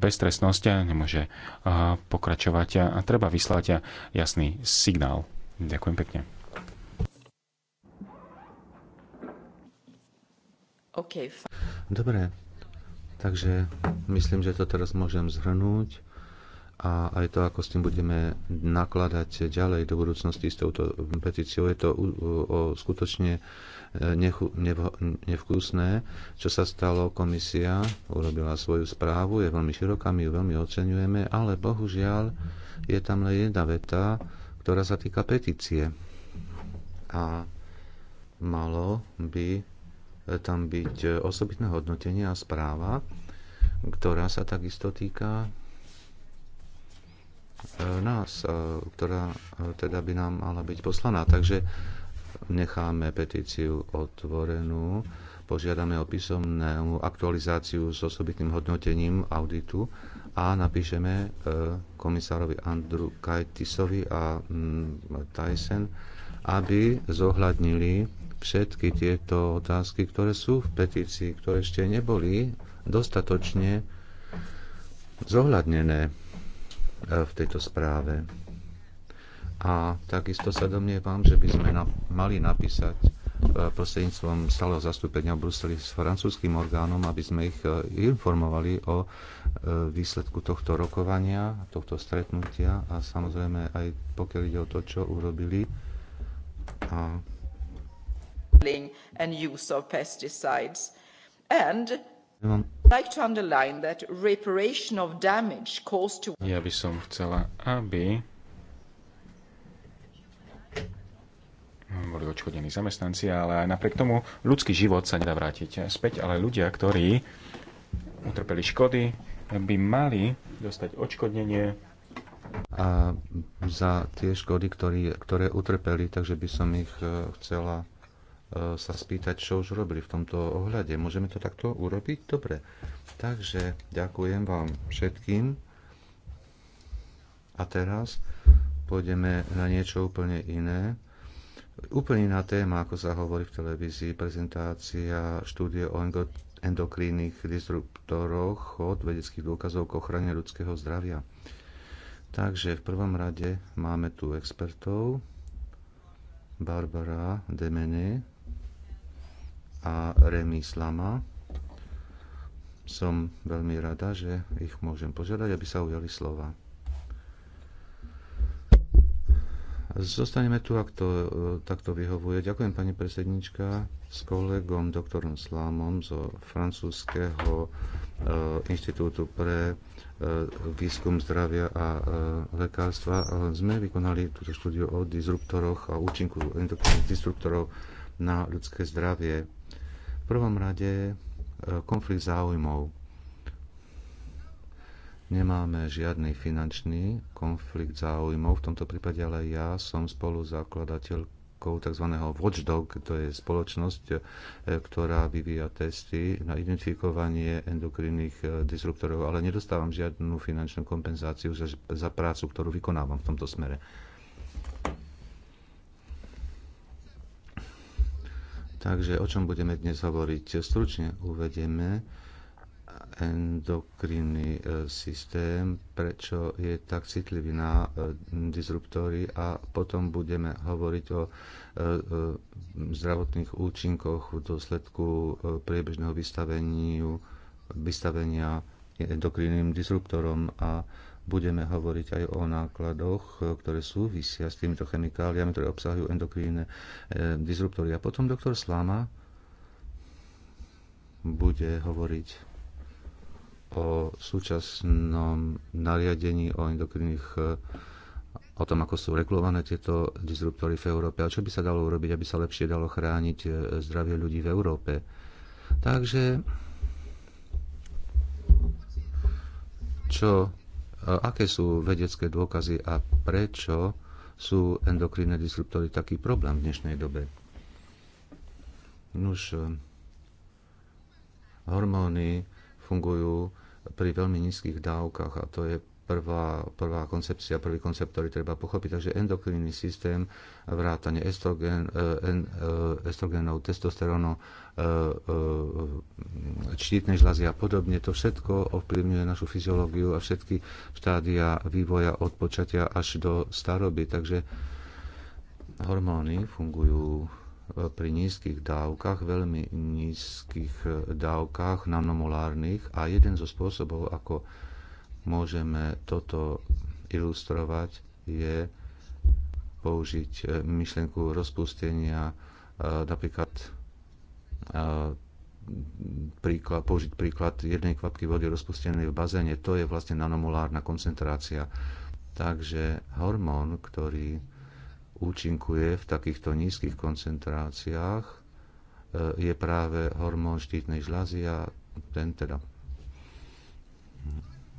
bez trestnosti nemôže pokračovať a treba vyslať jasný signál. Ďakujem pekne. Okay. Dobre, takže myslím, že to teraz môžem zhrnúť a aj to, ako s tým budeme nakladať ďalej do budúcnosti s touto petíciou. Je to o, skutočne e, nechu, nev, nevkusné, čo sa stalo. Komisia urobila svoju správu, je veľmi široká, my ju veľmi oceňujeme, ale bohužiaľ je tam len jedna veta, ktorá sa týka petície. A malo by tam byť osobitné hodnotenie a správa, ktorá sa takisto týka E, nás, e, ktorá e, teda by nám mala byť poslaná. Takže necháme petíciu otvorenú, požiadame o písomnú aktualizáciu s osobitným hodnotením auditu a napíšeme komisárovi Andru Kajtisovi a mm, Tyson, aby zohľadnili všetky tieto otázky, ktoré sú v petícii, ktoré ešte neboli dostatočne zohľadnené E, v tejto správe. A takisto sa domnievam, že by sme na, mali napísať e, prostredníctvom stáleho zastúpenia v Bruseli s francúzským orgánom, aby sme ich e, informovali o výsledku tohto rokovania, tohto stretnutia a samozrejme aj pokiaľ ide o to, čo urobili. A and use of pesticides. And... Ja by som chcela, aby boli odškodení zamestnanci, ale aj napriek tomu ľudský život sa nedá vrátiť späť, ale ľudia, ktorí utrpeli škody, by mali dostať odškodnenie a za tie škody, ktorý, ktoré utrpeli, takže by som ich eh, chcela E, sa spýtať, čo už robili v tomto ohľade. Môžeme to takto urobiť? Dobre. Takže ďakujem vám všetkým. A teraz pôjdeme na niečo úplne iné. Úplne iná téma, ako sa hovorí v televízii, prezentácia štúdie o endokrínnych disruptoroch od vedeckých dôkazov k ochrane ľudského zdravia. Takže v prvom rade máme tu expertov, Barbara Demene, a Remy Slama. Som veľmi rada, že ich môžem požiadať, aby sa ujali slova. Zostaneme tu, ak to e, takto vyhovuje. Ďakujem pani predsednička s kolegom doktorom Slámom zo francúzského e, inštitútu pre e, výskum zdravia a lekárstva. Sme vykonali túto štúdiu o disruptoroch a účinku endokrinných disruptorov na ľudské zdravie. V prvom rade e, konflikt záujmov. Nemáme žiadny finančný konflikt záujmov, v tomto prípade ale ja som spoluzakladateľkou tzv. watchdog, to je spoločnosť, e, ktorá vyvíja testy na identifikovanie endokrinných e, disruptorov, ale nedostávam žiadnu finančnú kompenzáciu za, za prácu, ktorú vykonávam v tomto smere. Takže o čom budeme dnes hovoriť? Stručne uvedieme endokrinný e, systém, prečo je tak citlivý na e, disruptory a potom budeme hovoriť o e, zdravotných účinkoch v dôsledku priebežného vystavenia endokrinným disruptorom a budeme hovoriť aj o nákladoch, e, ktoré súvisia s týmito chemikáliami, ktoré obsahujú endokrínne disruptory. A potom doktor Slama bude hovoriť o súčasnom nariadení o endokrinných e, o tom, ako sú regulované tieto disruptory v Európe a čo by sa dalo urobiť, aby sa lepšie dalo chrániť e, zdravie ľudí v Európe. Takže čo aké sú vedecké dôkazy a prečo sú endokrinné disruptory taký problém v dnešnej dobe. Nuž, e, hormóny fungujú pri veľmi nízkych dávkach a to je prvá, prvá koncepcia, prvý koncept, ktorý treba pochopiť. Takže endokrinný systém, vrátanie estrogen, e, e, estrogenov, testosterónu, čtítnej e, žľazy a podobne, to všetko ovplyvňuje našu fyziológiu a všetky štádia vývoja od počatia až do staroby. Takže hormóny fungujú pri nízkych dávkach, veľmi nízkych dávkach nanomolárnych a jeden zo spôsobov, ako môžeme toto ilustrovať, je použiť e, myšlienku rozpustenia, e, napríklad e, príklad, použiť príklad jednej kvapky vody rozpustenej v bazéne, to je vlastne nanomolárna koncentrácia. Takže hormón, ktorý účinkuje v takýchto nízkych koncentráciách, je práve hormón štítnej žľazy a ten teda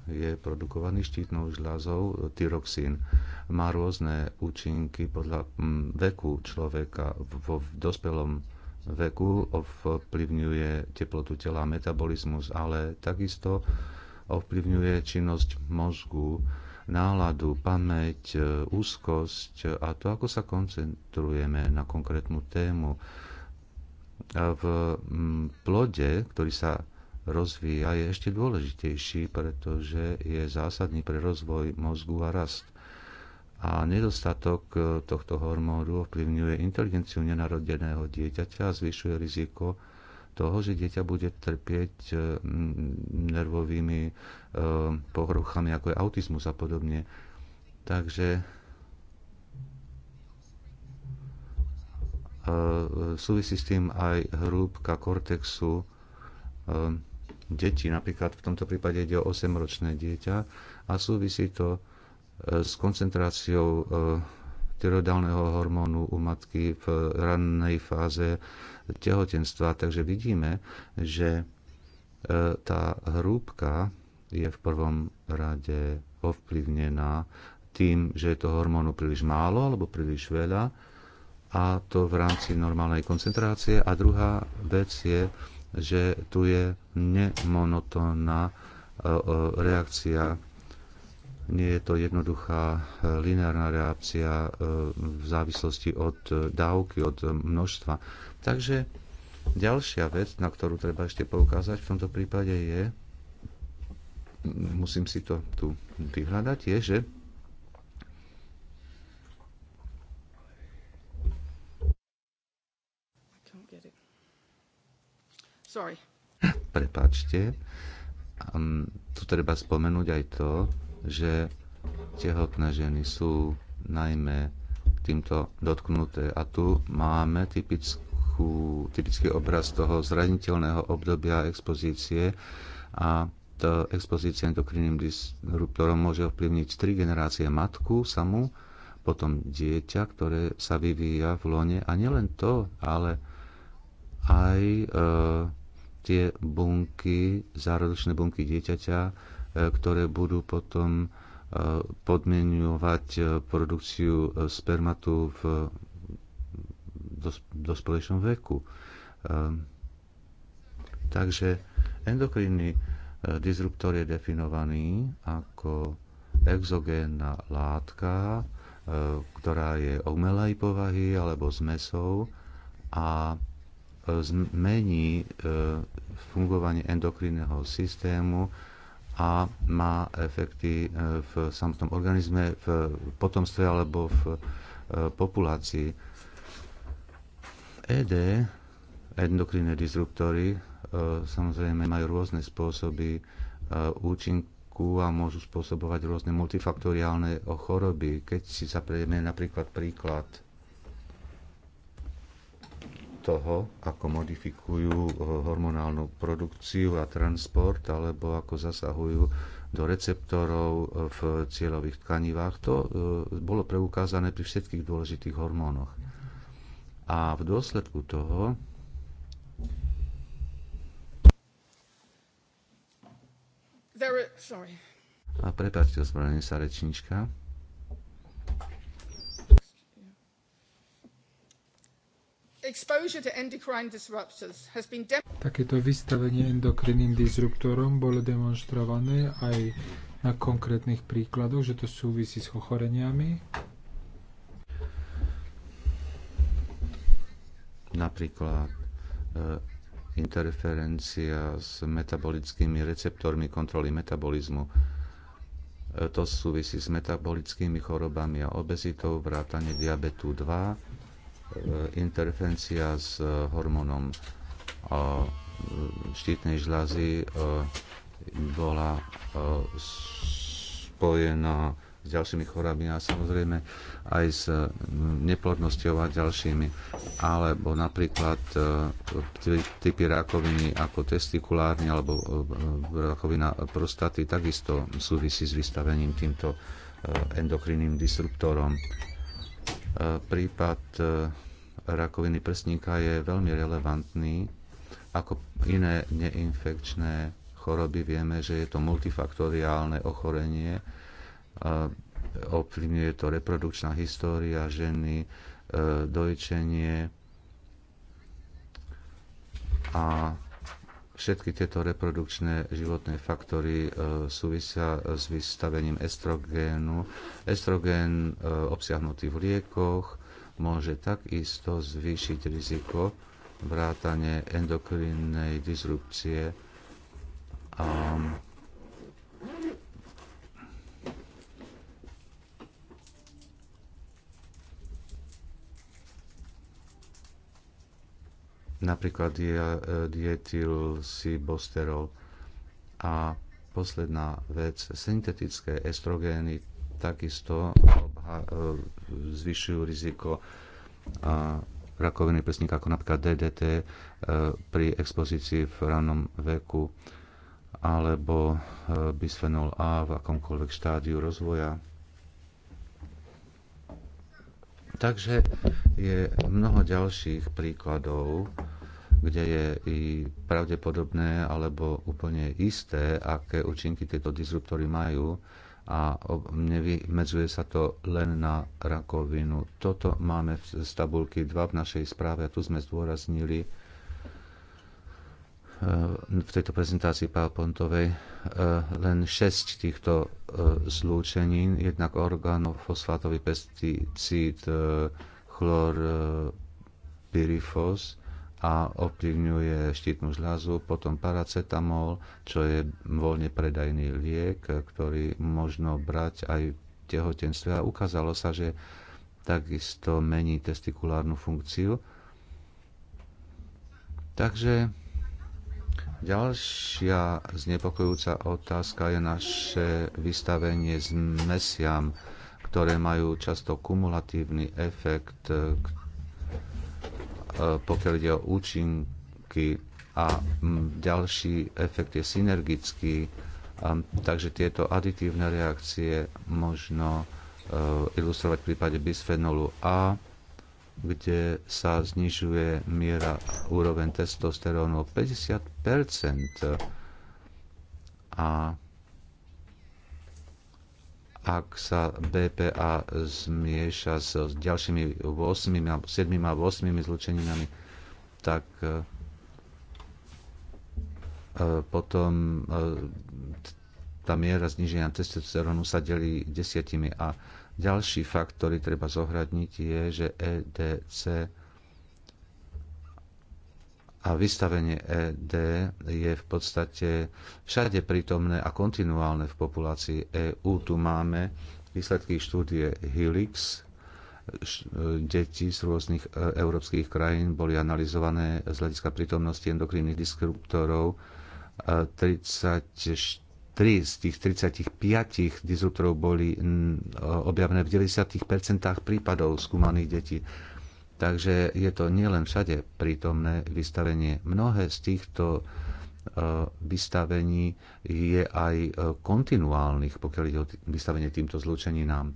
je produkovaný štítnou žľazou e, tyroxín. Má rôzne účinky podľa veku človeka. V dospelom veku ovplyvňuje teplotu tela, metabolizmus, ale takisto ovplyvňuje činnosť mozgu, náladu, pamäť, e, úzkosť a to, ako sa koncentrujeme na konkrétnu tému. V plode, ktorý sa rozvíja, je ešte dôležitejší, pretože je zásadný pre rozvoj mozgu a rast. A nedostatok e, tohto hormónu ovplyvňuje inteligenciu nenarodeného dieťaťa a zvyšuje riziko toho, že dieťa bude trpieť e, nervovými e, poruchami, ako je autizmus a podobne. Takže súvisí s tým aj hrúbka kortexu deti. Napríklad v tomto prípade ide o 8-ročné dieťa a súvisí to e, s koncentráciou e, tyroidálneho hormónu u matky v rannej fáze tehotenstva. Takže vidíme, že e, tá hrúbka je v prvom rade ovplyvnená tým, že je toho hormónu príliš málo alebo príliš veľa a to v rámci normálnej koncentrácie. A druhá vec je že tu je nemonotónna e, e, reakcia. Nie je to jednoduchá e, lineárna reakcia v závislosti od dávky, od množstva. Takže ďalšia vec, na ktorú treba ešte poukázať v tomto prípade je, musím si to tu vyhľadať, je, že Sorry. Prepáčte. Um, tu treba spomenúť aj to, že tehotné ženy sú najmä týmto dotknuté. A tu máme typickú, typický obraz toho zraniteľného obdobia expozície a to expozícia endokrinným disruptorom môže ovplyvniť tri generácie matku samú, potom dieťa, ktoré sa vyvíja v lone a nielen to, ale aj e, tie bunky, zárodočné bunky dieťaťa, e, ktoré budú potom e, podmienovať e, produkciu spermatu v dospelejšom veku. Takže endokrinný disruptor je definovaný ako exogénna látka, ktorá je umelej povahy alebo zmesou a zmení e, fungovanie endokrinného systému a má efekty e, v samotnom organizme, v potomstve alebo v e, populácii. ED, endokrinné disruptory, samozrejme majú rôzne spôsoby účinku a môžu spôsobovať rôzne multifaktoriálne choroby. Keď si zaprieme napríklad príklad toho, ako modifikujú eh, hormonálnu produkciu a transport, alebo ako zasahujú do receptorov eh, v cieľových tkanivách. To eh, bolo preukázané pri všetkých dôležitých hormónoch. A v dôsledku toho A prepáčte, ospravedlňujem sa rečnička. Takéto vystavenie endokrinným disruptorom bolo demonstrované aj na konkrétnych príkladoch, že to súvisí s ochoreniami. Napríklad e, interferencia s metabolickými receptormi kontroly metabolizmu. E, to súvisí s metabolickými chorobami a obezitou, vrátane diabetu 2 E, interferencia s e, hormónom e, štítnej žľazy bola spojená s ďalšími chorobami a samozrejme aj s neplodnosťou a ďalšími. Alebo napríklad typy rakoviny ako testikulárne alebo rakovina prostaty takisto súvisí s vystavením týmto endokrinným disruptorom. Prípad e, rakoviny prsníka je veľmi relevantný. Ako iné neinfekčné choroby vieme, že je to multifaktoriálne ochorenie. E, ovplyvňuje to reprodukčná história ženy, e, dojčenie a Všetky tieto reprodukčné životné faktory e, súvisia s vystavením estrogénu. Estrogén e, obsiahnutý v liekoch môže takisto zvýšiť riziko vrátane endokrinnej disrupcie a napríklad eh, dietilsibosterol. A posledná vec, syntetické estrogény takisto eh, zvyšujú riziko eh, rakoviny prsníka, ako napríklad DDT pri expozícii v ranom veku alebo bisphenol A v akomkoľvek štádiu rozvoja Takže je mnoho ďalších príkladov, kde je i pravdepodobné alebo úplne isté, aké účinky tieto disruptory majú a nevymedzuje sa to len na rakovinu. Toto máme z tabulky 2 v našej správe a tu sme zdôraznili eh, v tejto prezentácii PowerPointovej eh, len 6 týchto E, zlúčenín, jednak fosfátový pesticíd e, chlorpyrifos e, a ovplyvňuje štítnu žľazu, potom paracetamol, čo je voľne predajný liek, ktorý možno brať aj v tehotenstve. A ukázalo sa, že takisto mení testikulárnu funkciu. Takže Ďalšia znepokojúca otázka je naše vystavenie s mesiam, ktoré majú často kumulatívny efekt, e, pokiaľ ide o účinky a ďalší efekt je synergický, takže tieto aditívne reakcie možno e, ilustrovať v prípade bisfenolu A kde sa znižuje miera úroveň testosterónu o 50 A ak sa BPA zmieša s, s ďalšími 8, 7 a 8 zlučeninami, tak e, potom e, tá miera zniženia testosterónu sa delí desiatimi a ďalší fakt, ktorý treba zohradniť, je, že EDC a vystavenie ED je v podstate všade prítomné a kontinuálne v populácii EU. Tu máme výsledky štúdie Helix. Deti z rôznych e, európskych krajín boli analyzované z hľadiska prítomnosti endokrinných disruptorov 34 e, 3 z tých 35 disruptorov boli objavené v 90% prípadov skúmaných detí. Takže je to nielen všade prítomné vystavenie. Mnohé z týchto e, vystavení je aj e, kontinuálnych, pokiaľ ide o vystavenie týmto zlúčeninám. E,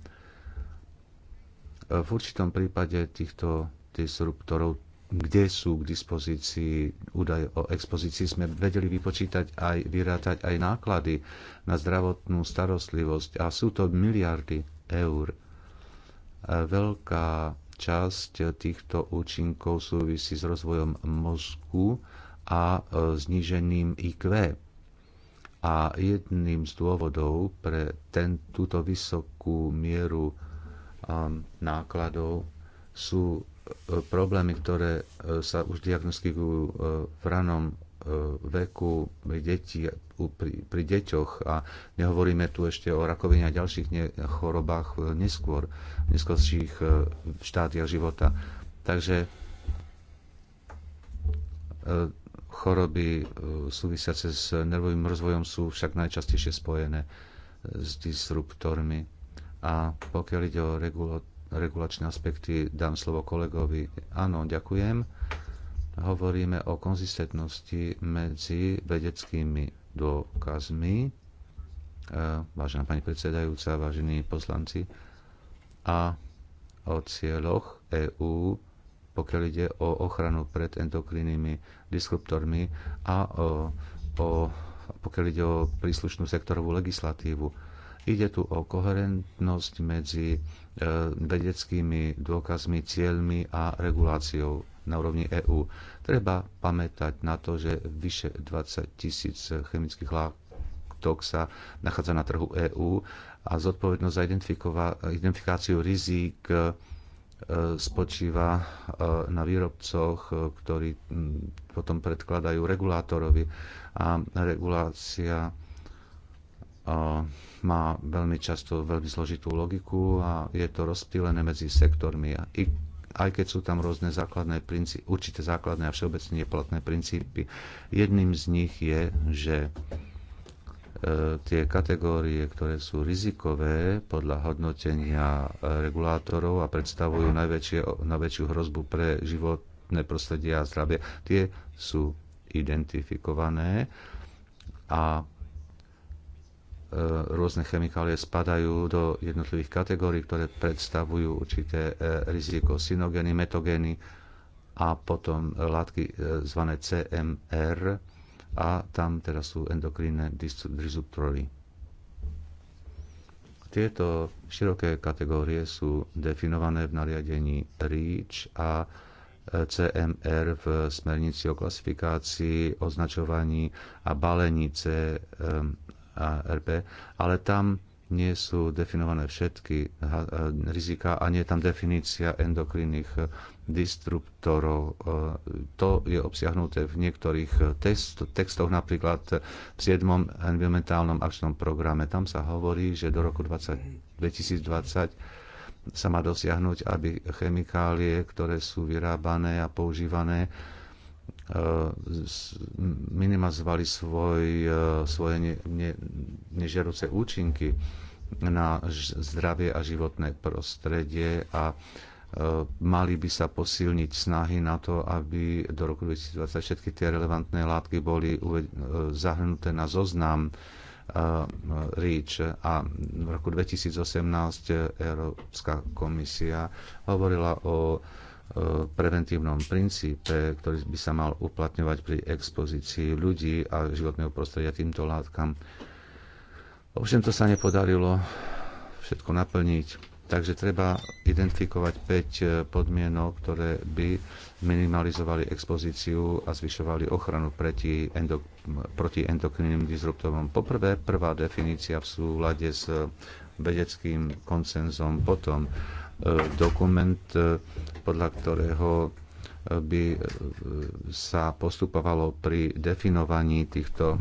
v určitom prípade týchto disruptorov kde sú k dispozícii údaje o expozícii, sme vedeli vypočítať aj, vyrátať aj náklady na zdravotnú starostlivosť a sú to miliardy eur. Veľká časť týchto účinkov súvisí s rozvojom mozgu a e, znížením IQ. A jedným z dôvodov pre ten, túto vysokú mieru nákladov sú problémy, ktoré e, sa už diagnostikujú e, v ranom e, veku pri, deti, pri, pri deťoch a nehovoríme tu ešte o rakovine a ďalších ne, chorobách neskôr, v neskôrších štádiach života. Takže choroby súvisiace s nervovým rozvojom sú však najčastejšie spojené s disruptormi. A pokiaľ ide o regulátor, regulačné aspekty. Dám slovo kolegovi. Áno, ďakujem. Hovoríme o konzistentnosti medzi vedeckými dôkazmi, e, vážená pani predsedajúca, vážení poslanci, a o cieľoch EÚ, pokiaľ ide o ochranu pred endokrinnými disruptormi a o, o, pokiaľ ide o príslušnú sektorovú legislatívu Ide tu o koherentnosť medzi e, vedeckými dôkazmi, cieľmi a reguláciou na úrovni EÚ. Treba pamätať na to, že vyše 20 tisíc chemických látok sa nachádza na trhu EÚ a zodpovednosť za identifikáciu rizík e, spočíva e, na výrobcoch, ktorí potom predkladajú regulátorovi a regulácia má veľmi často veľmi zložitú logiku a je to rozptýlené medzi sektormi. A i, aj keď sú tam rôzne základné princípy, určité základné a všeobecne neplatné princípy, jedným z nich je, že e, tie kategórie, ktoré sú rizikové podľa hodnotenia e, regulátorov a predstavujú najväčšie, najväčšiu hrozbu pre životné prostredie a zdravie, tie sú identifikované a E, rôzne chemikálie spadajú do jednotlivých kategórií, ktoré predstavujú určité e, riziko synogény, metogény a potom látky e, zvané CMR a tam teda sú endokrinné disruptory. Tieto široké kategórie sú definované v nariadení REACH a CMR v smernici o klasifikácii, označovaní a balení CMR RB, ale tam nie sú definované všetky e, rizika a nie je tam definícia endokrinných disruptorov. E, to je obsiahnuté v niektorých textoch, napríklad v 7. environmentálnom akčnom programe. Tam sa hovorí, že do roku 20, 2020 sa má dosiahnuť, aby chemikálie, ktoré sú vyrábané a používané, minimalizovali svoj, e, svoje ne, ne, nežeruce účinky na zdravie a životné prostredie a e, mali by sa posilniť snahy na to, aby do roku 2020 všetky tie relevantné látky boli e, zahrnuté na zoznam REACH a v roku 2018 Európska komisia hovorila o preventívnom princípe, ktorý by sa mal uplatňovať pri expozícii ľudí a životného prostredia týmto látkam. Ovšem to sa nepodarilo všetko naplniť. Takže treba identifikovať 5 e, podmienok, ktoré by minimalizovali expozíciu a zvyšovali ochranu proti, endok- proti endokrinným disruptorom. Poprvé, prvá definícia v súlade s vedeckým koncenzom, potom E, dokument, e, podľa ktorého e, by sa postupovalo pri definovaní týchto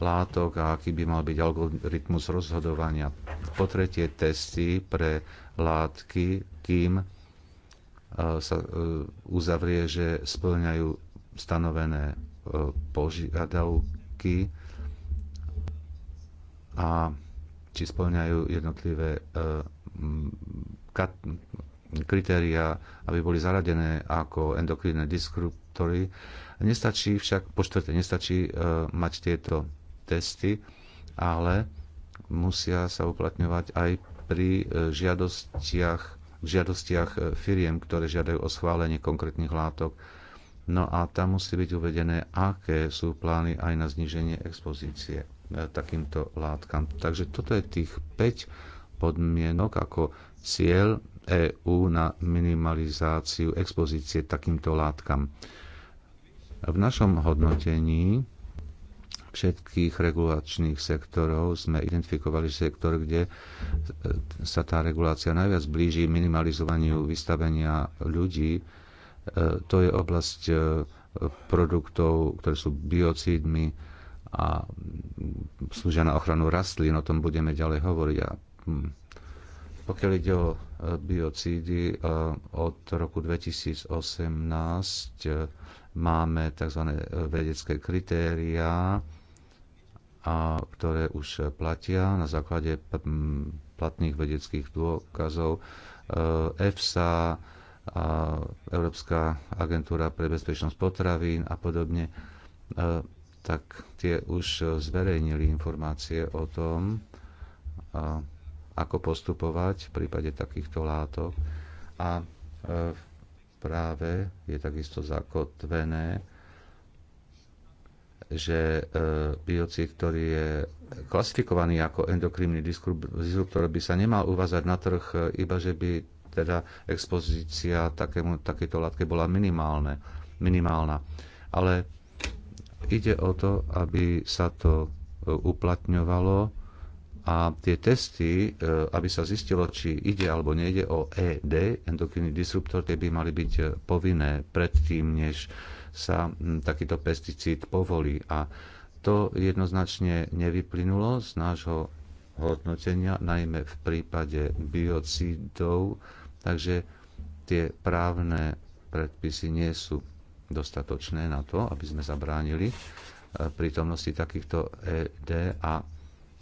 látok a aký by mal byť algoritmus rozhodovania. Po tretie, testy pre látky, kým sa uzavrie, že splňajú stanovené požiadavky a či splňajú jednotlivé kritéria, aby boli zaradené ako endokrinné disruptory. Nestačí však, po štvrté, nestačí e, mať tieto testy, ale musia sa uplatňovať aj pri e, žiadostiach, žiadostiach e, firiem, ktoré žiadajú o schválenie konkrétnych látok. No a tam musí byť uvedené, aké sú plány aj na zníženie expozície e, takýmto látkam. Takže toto je tých 5 podmienok ako cieľ EÚ na minimalizáciu expozície takýmto látkam. V našom hodnotení všetkých regulačných sektorov sme identifikovali sektor, kde sa tá regulácia najviac blíži minimalizovaniu vystavenia ľudí. E, to je oblasť e, produktov, ktoré sú biocídmi a slúžia na ochranu rastlín, o tom budeme ďalej hovoriť. A Hm. Pokiaľ ide o e, biocídy, e, od roku 2018 e, máme tzv. vedecké kritériá, ktoré už platia na základe platných vedeckých dôkazov. EFSA, Európska agentúra pre bezpečnosť potravín a podobne, tak tie už zverejnili informácie o tom, ako postupovať v prípade takýchto látok. A v e, práve je takisto zakotvené, že e, biocid, ktorý je klasifikovaný ako endokrínny disruptor, by sa nemal uvázať na trh, e, iba že by teda expozícia takému, takéto látke bola minimálne, minimálna. Ale ide o to, aby sa to uplatňovalo a tie testy, e, aby sa zistilo, či ide alebo nejde o ED, endokrinný disruptor, tie by mali byť e, povinné predtým, než sa takýto pesticíd povolí. A to jednoznačne nevyplynulo z nášho hodnotenia, najmä v prípade biocídov, takže tie právne predpisy nie sú dostatočné na to, aby sme zabránili e, prítomnosti takýchto ED a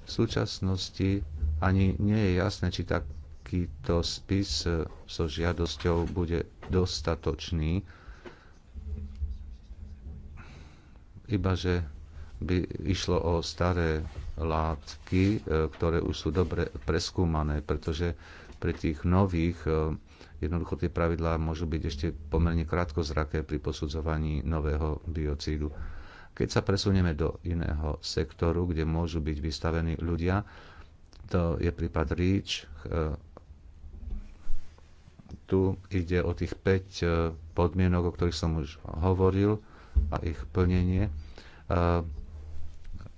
v súčasnosti ani nie je jasné, či takýto spis e, so žiadosťou bude dostatočný, iba že by išlo o staré látky, e, ktoré už sú dobre preskúmané, pretože pri tých nových e, jednoducho tie pravidlá môžu byť ešte pomerne krátkozraké pri posudzovaní nového biocídu. Keď sa presunieme do iného sektoru, kde môžu byť vystavení ľudia, to je prípad REACH. E, tu ide o tých 5 e, podmienok, o ktorých som už hovoril a ich plnenie. E,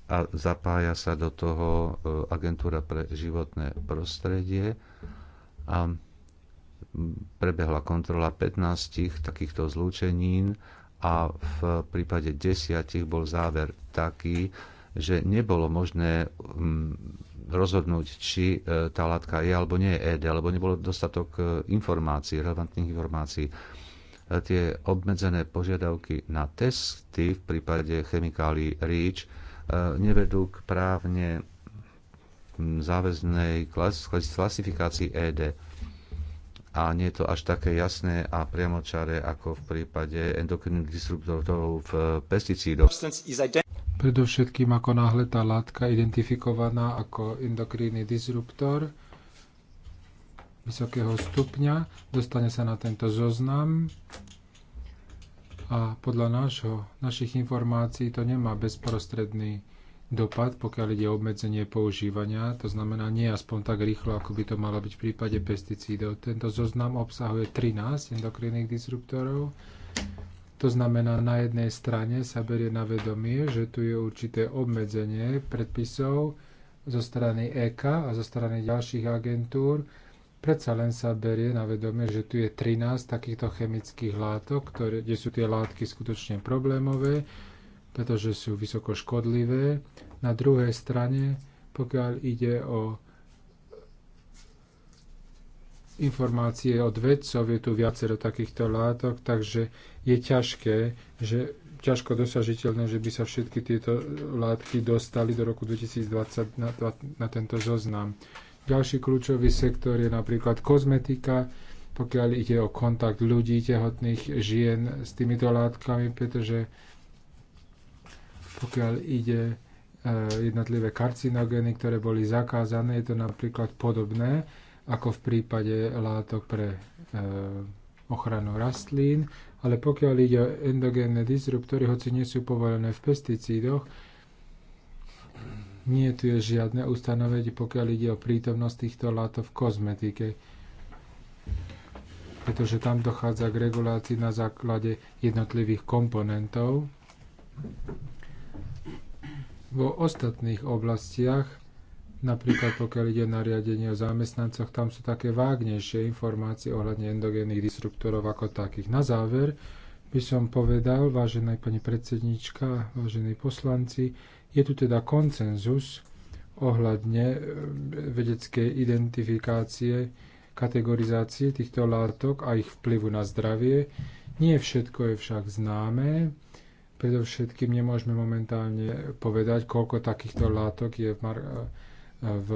a zapája sa do toho agentúra pre životné prostredie. A prebehla kontrola 15 takýchto zlúčenín a v prípade desiatich bol záver taký, že nebolo možné mm, rozhodnúť, či e, tá látka je alebo nie je ED, alebo nebolo dostatok e, informácií, relevantných informácií. E, tie obmedzené požiadavky na testy v prípade chemikálií REACH nevedú k právne záväznej klasifikácii ED a nie je to až také jasné a priamočaré ako v prípade endokrinných disruptorov v pesticídoch. Predovšetkým ako náhle tá látka identifikovaná ako endokrinný disruptor vysokého stupňa dostane sa na tento zoznam a podľa našho, našich informácií to nemá bezprostredný dopad, pokiaľ ide o obmedzenie používania, to znamená nie aspoň tak rýchlo, ako by to malo byť v prípade pesticídov. Tento zoznam obsahuje 13 endokrinných disruptorov. To znamená, na jednej strane sa berie na vedomie, že tu je určité obmedzenie predpisov zo strany EK a zo strany ďalších agentúr. Predsa len sa berie na vedomie, že tu je 13 takýchto chemických látok, ktoré, kde sú tie látky skutočne problémové pretože sú vysoko škodlivé. Na druhej strane, pokiaľ ide o informácie od vedcov, je tu viacero takýchto látok, takže je ťažké, že ťažko dosažiteľné, že by sa všetky tieto látky dostali do roku 2020 na, na tento zoznam. Ďalší kľúčový sektor je napríklad kozmetika, pokiaľ ide o kontakt ľudí, tehotných žien s týmito látkami, pretože pokiaľ ide e, jednotlivé karcinogény, ktoré boli zakázané. Je to napríklad podobné ako v prípade látok pre e, ochranu rastlín, ale pokiaľ ide o endogénne disruptory, hoci nie sú povolené v pesticídoch, nie tu je žiadne ustanovenie, pokiaľ ide o prítomnosť týchto látov v kozmetike pretože tam dochádza k regulácii na základe jednotlivých komponentov vo ostatných oblastiach, napríklad pokiaľ ide o nariadenie o zamestnancoch, tam sú také vágnejšie informácie ohľadne endogénnych disruptorov ako takých. Na záver by som povedal, vážená pani predsednička, vážení poslanci, je tu teda koncenzus ohľadne eh, vedeckej identifikácie, kategorizácie týchto látok a ich vplyvu na zdravie. Nie všetko je však známe, Predovšetkým nemôžeme momentálne povedať, koľko takýchto látok je v, v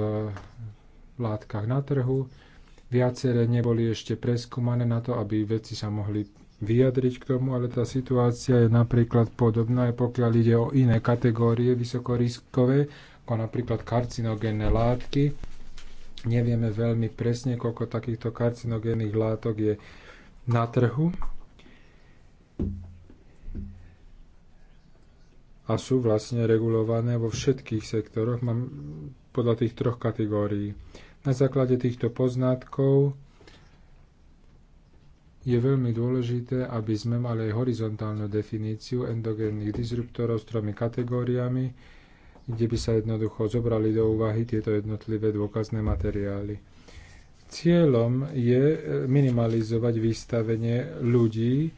látkach na trhu. Viaceré neboli ešte preskúmané na to, aby vedci sa mohli vyjadriť k tomu, ale tá situácia je napríklad podobná, aj pokiaľ ide o iné kategórie vysokoriskové, ako napríklad karcinogénne látky. Nevieme veľmi presne, koľko takýchto karcinogénnych látok je na trhu a sú vlastne regulované vo všetkých sektoroch mám podľa tých troch kategórií. Na základe týchto poznatkov je veľmi dôležité, aby sme mali aj horizontálnu definíciu endogénnych disruptorov s tromi kategóriami, kde by sa jednoducho zobrali do úvahy tieto jednotlivé dôkazné materiály. Cieľom je minimalizovať vystavenie ľudí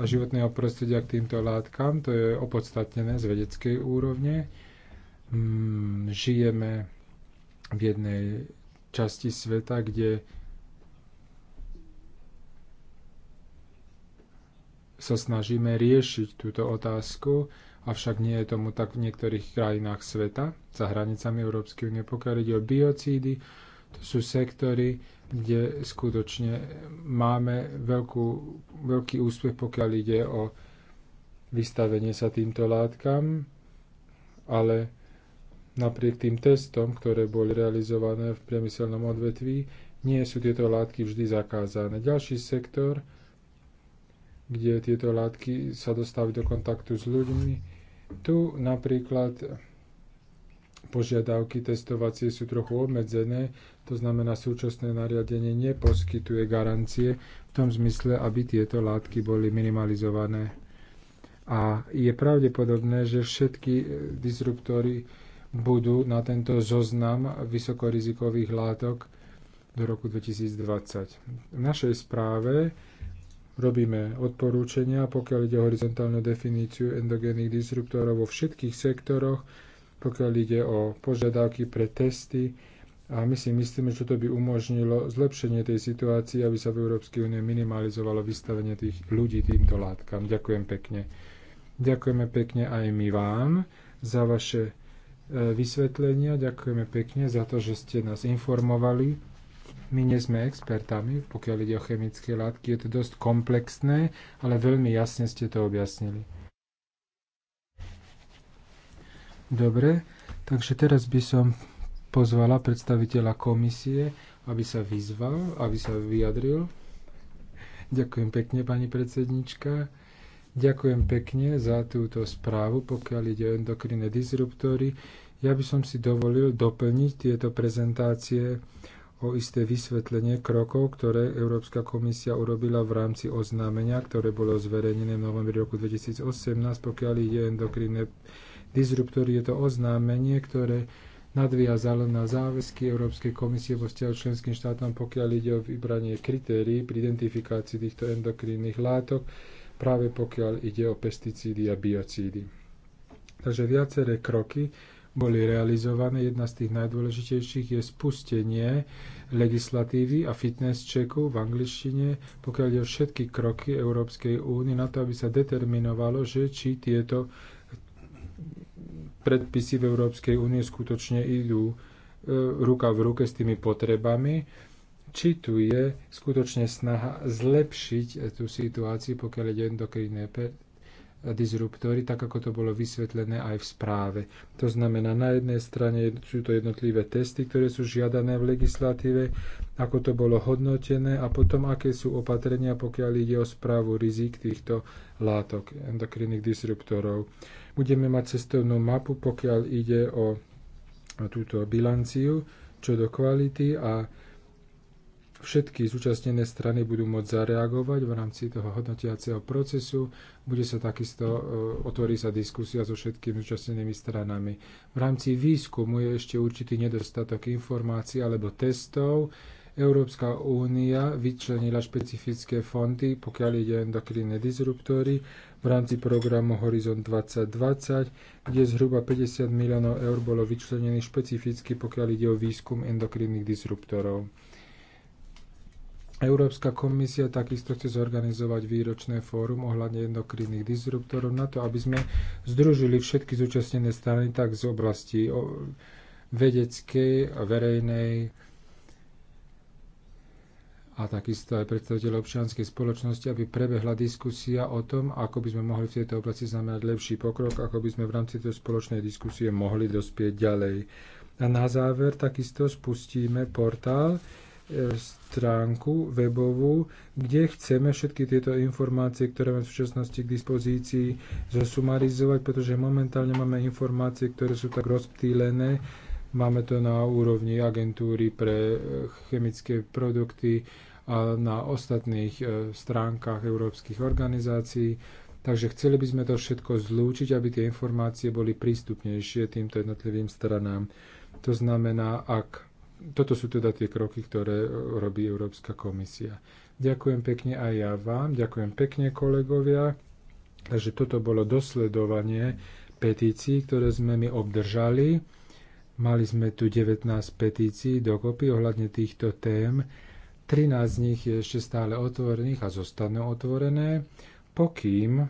a životného prostredia k týmto látkam. To je opodstatnené z vedeckej úrovne. Mm, žijeme v jednej časti sveta, kde sa snažíme riešiť túto otázku, avšak nie je tomu tak v niektorých krajinách sveta, za hranicami Európskej únie. Pokiaľ ide o biocídy, to sú sektory, kde skutočne máme veľkú, veľký úspech, pokiaľ ide o vystavenie sa týmto látkam, ale napriek tým testom, ktoré boli realizované v priemyselnom odvetví, nie sú tieto látky vždy zakázané. Ďalší sektor, kde tieto látky sa dostávajú do kontaktu s ľuďmi, tu napríklad požiadavky testovacie sú trochu obmedzené, to znamená súčasné nariadenie neposkytuje garancie v tom zmysle, aby tieto látky boli minimalizované. A je pravdepodobné, že všetky e, disruptory budú na tento zoznam vysokorizikových látok do roku 2020. V našej správe robíme odporúčania, pokiaľ ide o horizontálnu definíciu endogénnych disruptorov vo všetkých sektoroch, pokiaľ ide o požiadavky pre testy. A my si myslíme, že to by umožnilo zlepšenie tej situácii, aby sa v Európskej únie minimalizovalo vystavenie tých ľudí týmto látkam. Ďakujem pekne. Ďakujeme pekne aj my vám za vaše e, vysvetlenia. Ďakujeme pekne za to, že ste nás informovali. My nie sme expertami, pokiaľ ide o chemické látky. Je to dosť komplexné, ale veľmi jasne ste to objasnili. Dobre, takže teraz by som pozvala predstaviteľa komisie, aby sa vyzval, aby sa vyjadril. Ďakujem pekne, pani predsednička. Ďakujem pekne za túto správu, pokiaľ ide o endokrinné disruptory. Ja by som si dovolil doplniť tieto prezentácie o isté vysvetlenie krokov, ktoré Európska komisia urobila v rámci oznámenia, ktoré bolo zverejnené v novembri roku 2018, pokiaľ ide endokrinné Disruptor je to oznámenie, ktoré nadviazalo na záväzky Európskej komisie vo vzťahu členským štátom, pokiaľ ide o vybranie kritérií pri identifikácii týchto endokrínnych látok, práve pokiaľ ide o pesticídy a biocídy. Takže viaceré kroky boli realizované. Jedna z tých najdôležitejších je spustenie legislatívy a fitness checku v angličtine, pokiaľ ide o všetky kroky Európskej únie na to, aby sa determinovalo, že či tieto predpisy v Európskej únie skutočne idú e, ruka v ruke s tými potrebami, či tu je skutočne snaha zlepšiť tú situáciu, pokiaľ ide endokrinné disruptory, tak ako to bolo vysvetlené aj v správe. To znamená, na jednej strane sú to jednotlivé testy, ktoré sú žiadané v legislatíve, ako to bolo hodnotené a potom, aké sú opatrenia, pokiaľ ide o správu rizik týchto látok, endokrinných disruptorov. Budeme mať cestovnú mapu, pokiaľ ide o túto bilanciu, čo do kvality a všetky zúčastnené strany budú môcť zareagovať v rámci toho hodnotiaceho procesu. Bude sa takisto, e, otvorí sa diskusia so všetkými zúčastnenými stranami. V rámci výskumu je ešte určitý nedostatok informácií alebo testov. Európska únia vyčlenila špecifické fondy, pokiaľ ide endokrinné disruptory v rámci programu Horizon 2020, kde zhruba 50 miliónov eur bolo vyčlenených špecificky, pokiaľ ide o výskum endokrinných disruptorov. Európska komisia takisto chce zorganizovať výročné fórum ohľadne endokrinných disruptorov na to, aby sme združili všetky zúčastnené strany tak z oblasti vedeckej, verejnej, a takisto aj predstaviteľ občianskej spoločnosti, aby prebehla diskusia o tom, ako by sme mohli v tejto oblasti znamenať lepší pokrok, ako by sme v rámci tej spoločnej diskusie mohli dospieť ďalej. A na záver takisto spustíme portál, e, stránku webovú, kde chceme všetky tieto informácie, ktoré máme v súčasnosti k dispozícii, zosumarizovať, pretože momentálne máme informácie, ktoré sú tak rozptýlené. Máme to na úrovni agentúry pre e, chemické produkty, a na ostatných e, stránkach európskych organizácií. Takže chceli by sme to všetko zlúčiť, aby tie informácie boli prístupnejšie týmto jednotlivým stranám. To znamená, ak toto sú teda tie kroky, ktoré robí Európska komisia. Ďakujem pekne aj ja vám, ďakujem pekne kolegovia. Takže toto bolo dosledovanie petícií, ktoré sme my obdržali. Mali sme tu 19 petícií dokopy ohľadne týchto tém. 13 z nich je ešte stále otvorených a zostanú otvorené, pokým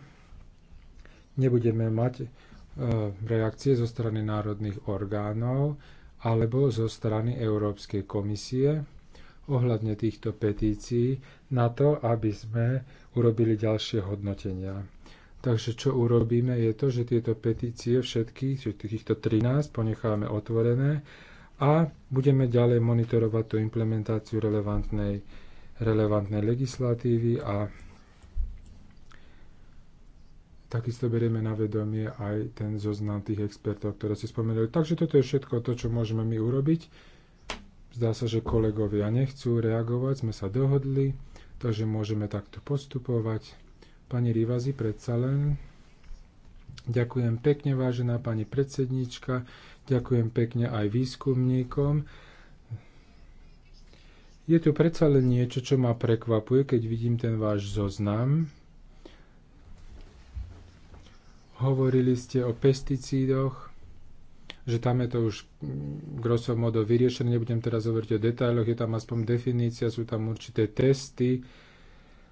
nebudeme mať e, reakcie zo strany národných orgánov alebo zo strany Európskej komisie ohľadne týchto petícií na to, aby sme urobili ďalšie hodnotenia. Takže čo urobíme je to, že tieto petície všetky, týchto 13 ponecháme otvorené a budeme ďalej monitorovať tú implementáciu relevantnej, relevantnej legislatívy a takisto berieme na vedomie aj ten zoznam tých expertov, ktoré si spomenuli. Takže toto je všetko to, čo môžeme my urobiť. Zdá sa, že kolegovia nechcú reagovať, sme sa dohodli, takže môžeme takto postupovať. Pani Rivazi, predsa len. Ďakujem pekne, vážená pani predsednička. Ďakujem pekne aj výskumníkom. Je tu predsa len niečo, čo ma prekvapuje, keď vidím ten váš zoznam. Hovorili ste o pesticídoch, že tam je to už mm, grosso modo vyriešené, nebudem teraz hovoriť o detailoch, je tam aspoň definícia, sú tam určité testy,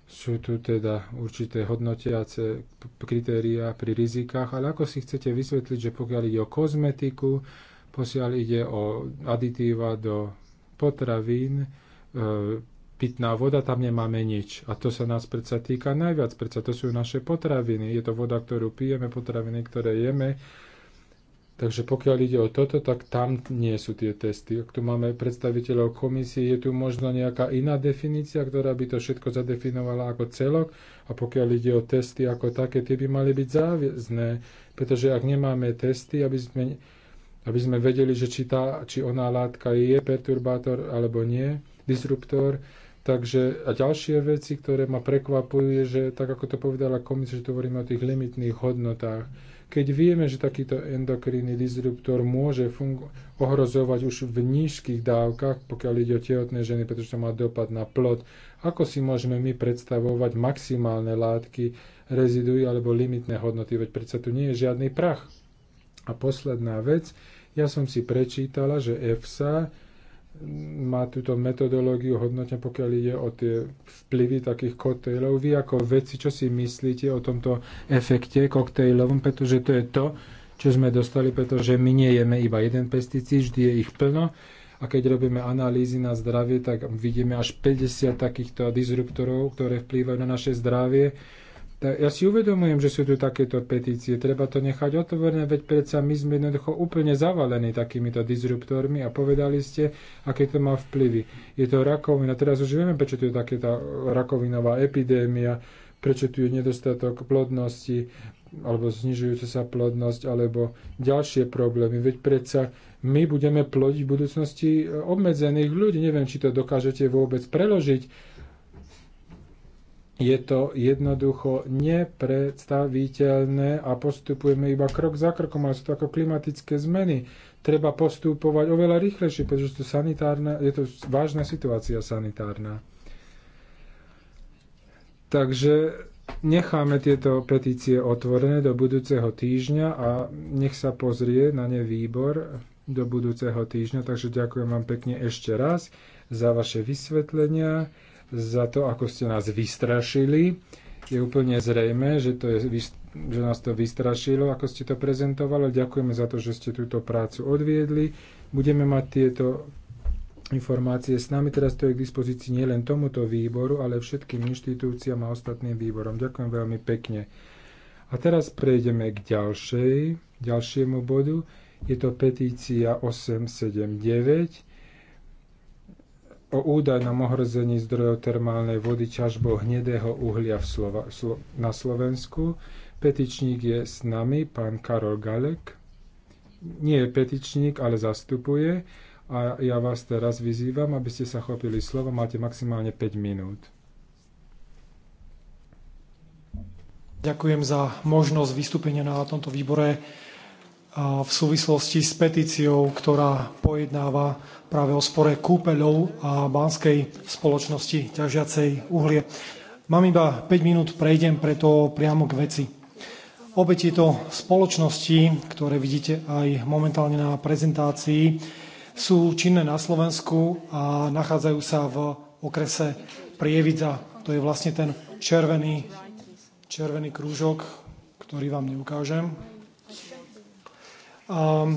sú tu teda určité hodnotiace kritériá pri rizikách, ale ako si chcete vysvetliť, že pokiaľ ide o kozmetiku, posiaľ ide o aditíva do potravín, e, pitná voda, tam nemáme nič. A to sa nás predsa týka najviac, predsa to sú naše potraviny. Je to voda, ktorú pijeme, potraviny, ktoré jeme, Takže pokiaľ ide o toto, tak tam nie sú tie testy. Ak tu máme predstaviteľov komisie, je tu možno nejaká iná definícia, ktorá by to všetko zadefinovala ako celok. A pokiaľ ide o testy ako také, tie by mali byť záväzné, pretože ak nemáme testy, aby sme, aby sme vedeli, že či, tá, či ona látka je perturbátor alebo nie, disruptor, Takže a ďalšie veci, ktoré ma prekvapujú, je, že tak ako to povedala komisia, že tu hovoríme o tých limitných hodnotách keď vieme, že takýto endokrinný disruptor môže ohrozovať už v nízkych dávkach, pokiaľ ide o tehotné ženy, pretože to má dopad na plod, ako si môžeme my predstavovať maximálne látky, reziduj alebo limitné hodnoty, veď predsa tu nie je žiadny prach. A posledná vec, ja som si prečítala, že EFSA má túto metodológiu hodnotne, pokiaľ ide o tie vplyvy takých koktejlov. Vy ako veci, čo si myslíte o tomto efekte koktejlovom, pretože to je to, čo sme dostali, pretože my jeme iba jeden pesticíd, vždy je ich plno. A keď robíme analýzy na zdravie, tak vidíme až 50 takýchto disruptorov, ktoré vplývajú na naše zdravie ja si uvedomujem, že sú tu takéto petície, treba to nechať otvorené, veď predsa my sme jednoducho úplne zavalení takýmito disruptormi a povedali ste, aké to má vplyvy. Je to rakovina, teraz už vieme, prečo tu je takéto rakovinová epidémia, prečo tu je nedostatok plodnosti, alebo znižujúca sa plodnosť, alebo ďalšie problémy. Veď predsa my budeme plodiť v budúcnosti obmedzených ľudí. Neviem, či to dokážete vôbec preložiť je to jednoducho nepredstaviteľné a postupujeme iba krok za krokom, ale sú to ako klimatické zmeny. Treba postupovať oveľa rýchlejšie, pretože to sanitárna, je to vážna situácia sanitárna. Takže necháme tieto petície otvorené do budúceho týždňa a nech sa pozrie na ne výbor do budúceho týždňa. Takže ďakujem vám pekne ešte raz za vaše vysvetlenia za to, ako ste nás vystrašili. Je úplne zrejme, že, to je, že nás to vystrašilo, ako ste to prezentovali. Ďakujeme za to, že ste túto prácu odviedli. Budeme mať tieto informácie s nami. Teraz to je k dispozícii nielen tomuto výboru, ale všetkým inštitúciám a ostatným výborom. Ďakujem veľmi pekne. A teraz prejdeme k ďalšej, ďalšiemu bodu. Je to petícia 879 o údajnom ohrození zdrojov termálnej vody ťažbou hnedého uhlia v Slova, Slo, na Slovensku. Petičník je s nami, pán Karol Galek. Nie je petičník, ale zastupuje. A ja vás teraz vyzývam, aby ste sa chopili slova. Máte maximálne 5 minút. Ďakujem za možnosť vystúpenia na tomto výbore v súvislosti s petíciou, ktorá pojednáva práve o spore kúpeľov a banskej spoločnosti ťažiacej uhlie. Mám iba 5 minút, prejdem preto priamo k veci. Obe tieto spoločnosti, ktoré vidíte aj momentálne na prezentácii, sú činné na Slovensku a nachádzajú sa v okrese Prievidza. To je vlastne ten červený, červený krúžok, ktorý vám neukážem. Ehm,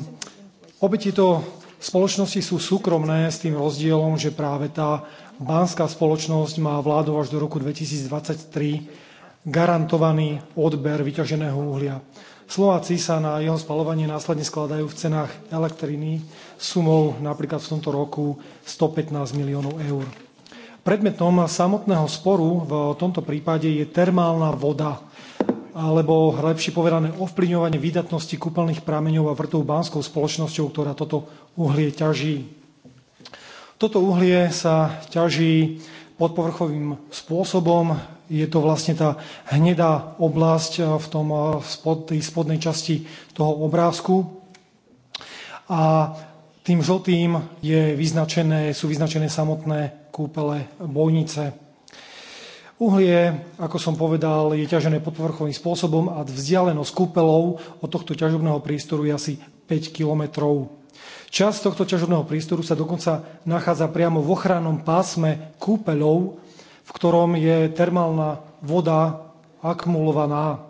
obe tieto spoločnosti sú súkromné s tým rozdielom, že práve tá banská spoločnosť má vládu až do roku 2023 garantovaný odber vyťaženého uhlia. Slováci sa na jeho spalovanie následne skladajú v cenách elektriny sumou napríklad v tomto roku 115 miliónov eur. Predmetom samotného sporu v tomto prípade je termálna voda alebo lepšie povedané ovplyvňovanie výdatnosti kúpeľných prameňov a vrtov Banskou spoločnosťou, ktorá toto uhlie ťaží. Toto uhlie sa ťaží podpovrchovým spôsobom. Je to vlastne tá hnedá oblasť eh, v tom, eh, spod, tej spodnej časti toho obrázku. A tým žltým je vyznačené, sú vyznačené samotné kúpele bojnice. Uhlie, ako som povedal, je ťažené podpovrchovým spôsobom a vzdialenosť kúpelov od tohto ťažobného prístoru je asi 5 kilometrov. Časť tohto ťažobného prístoru sa dokonca nachádza priamo v ochrannom pásme kúpeľov, v ktorom je termálna voda akumulovaná.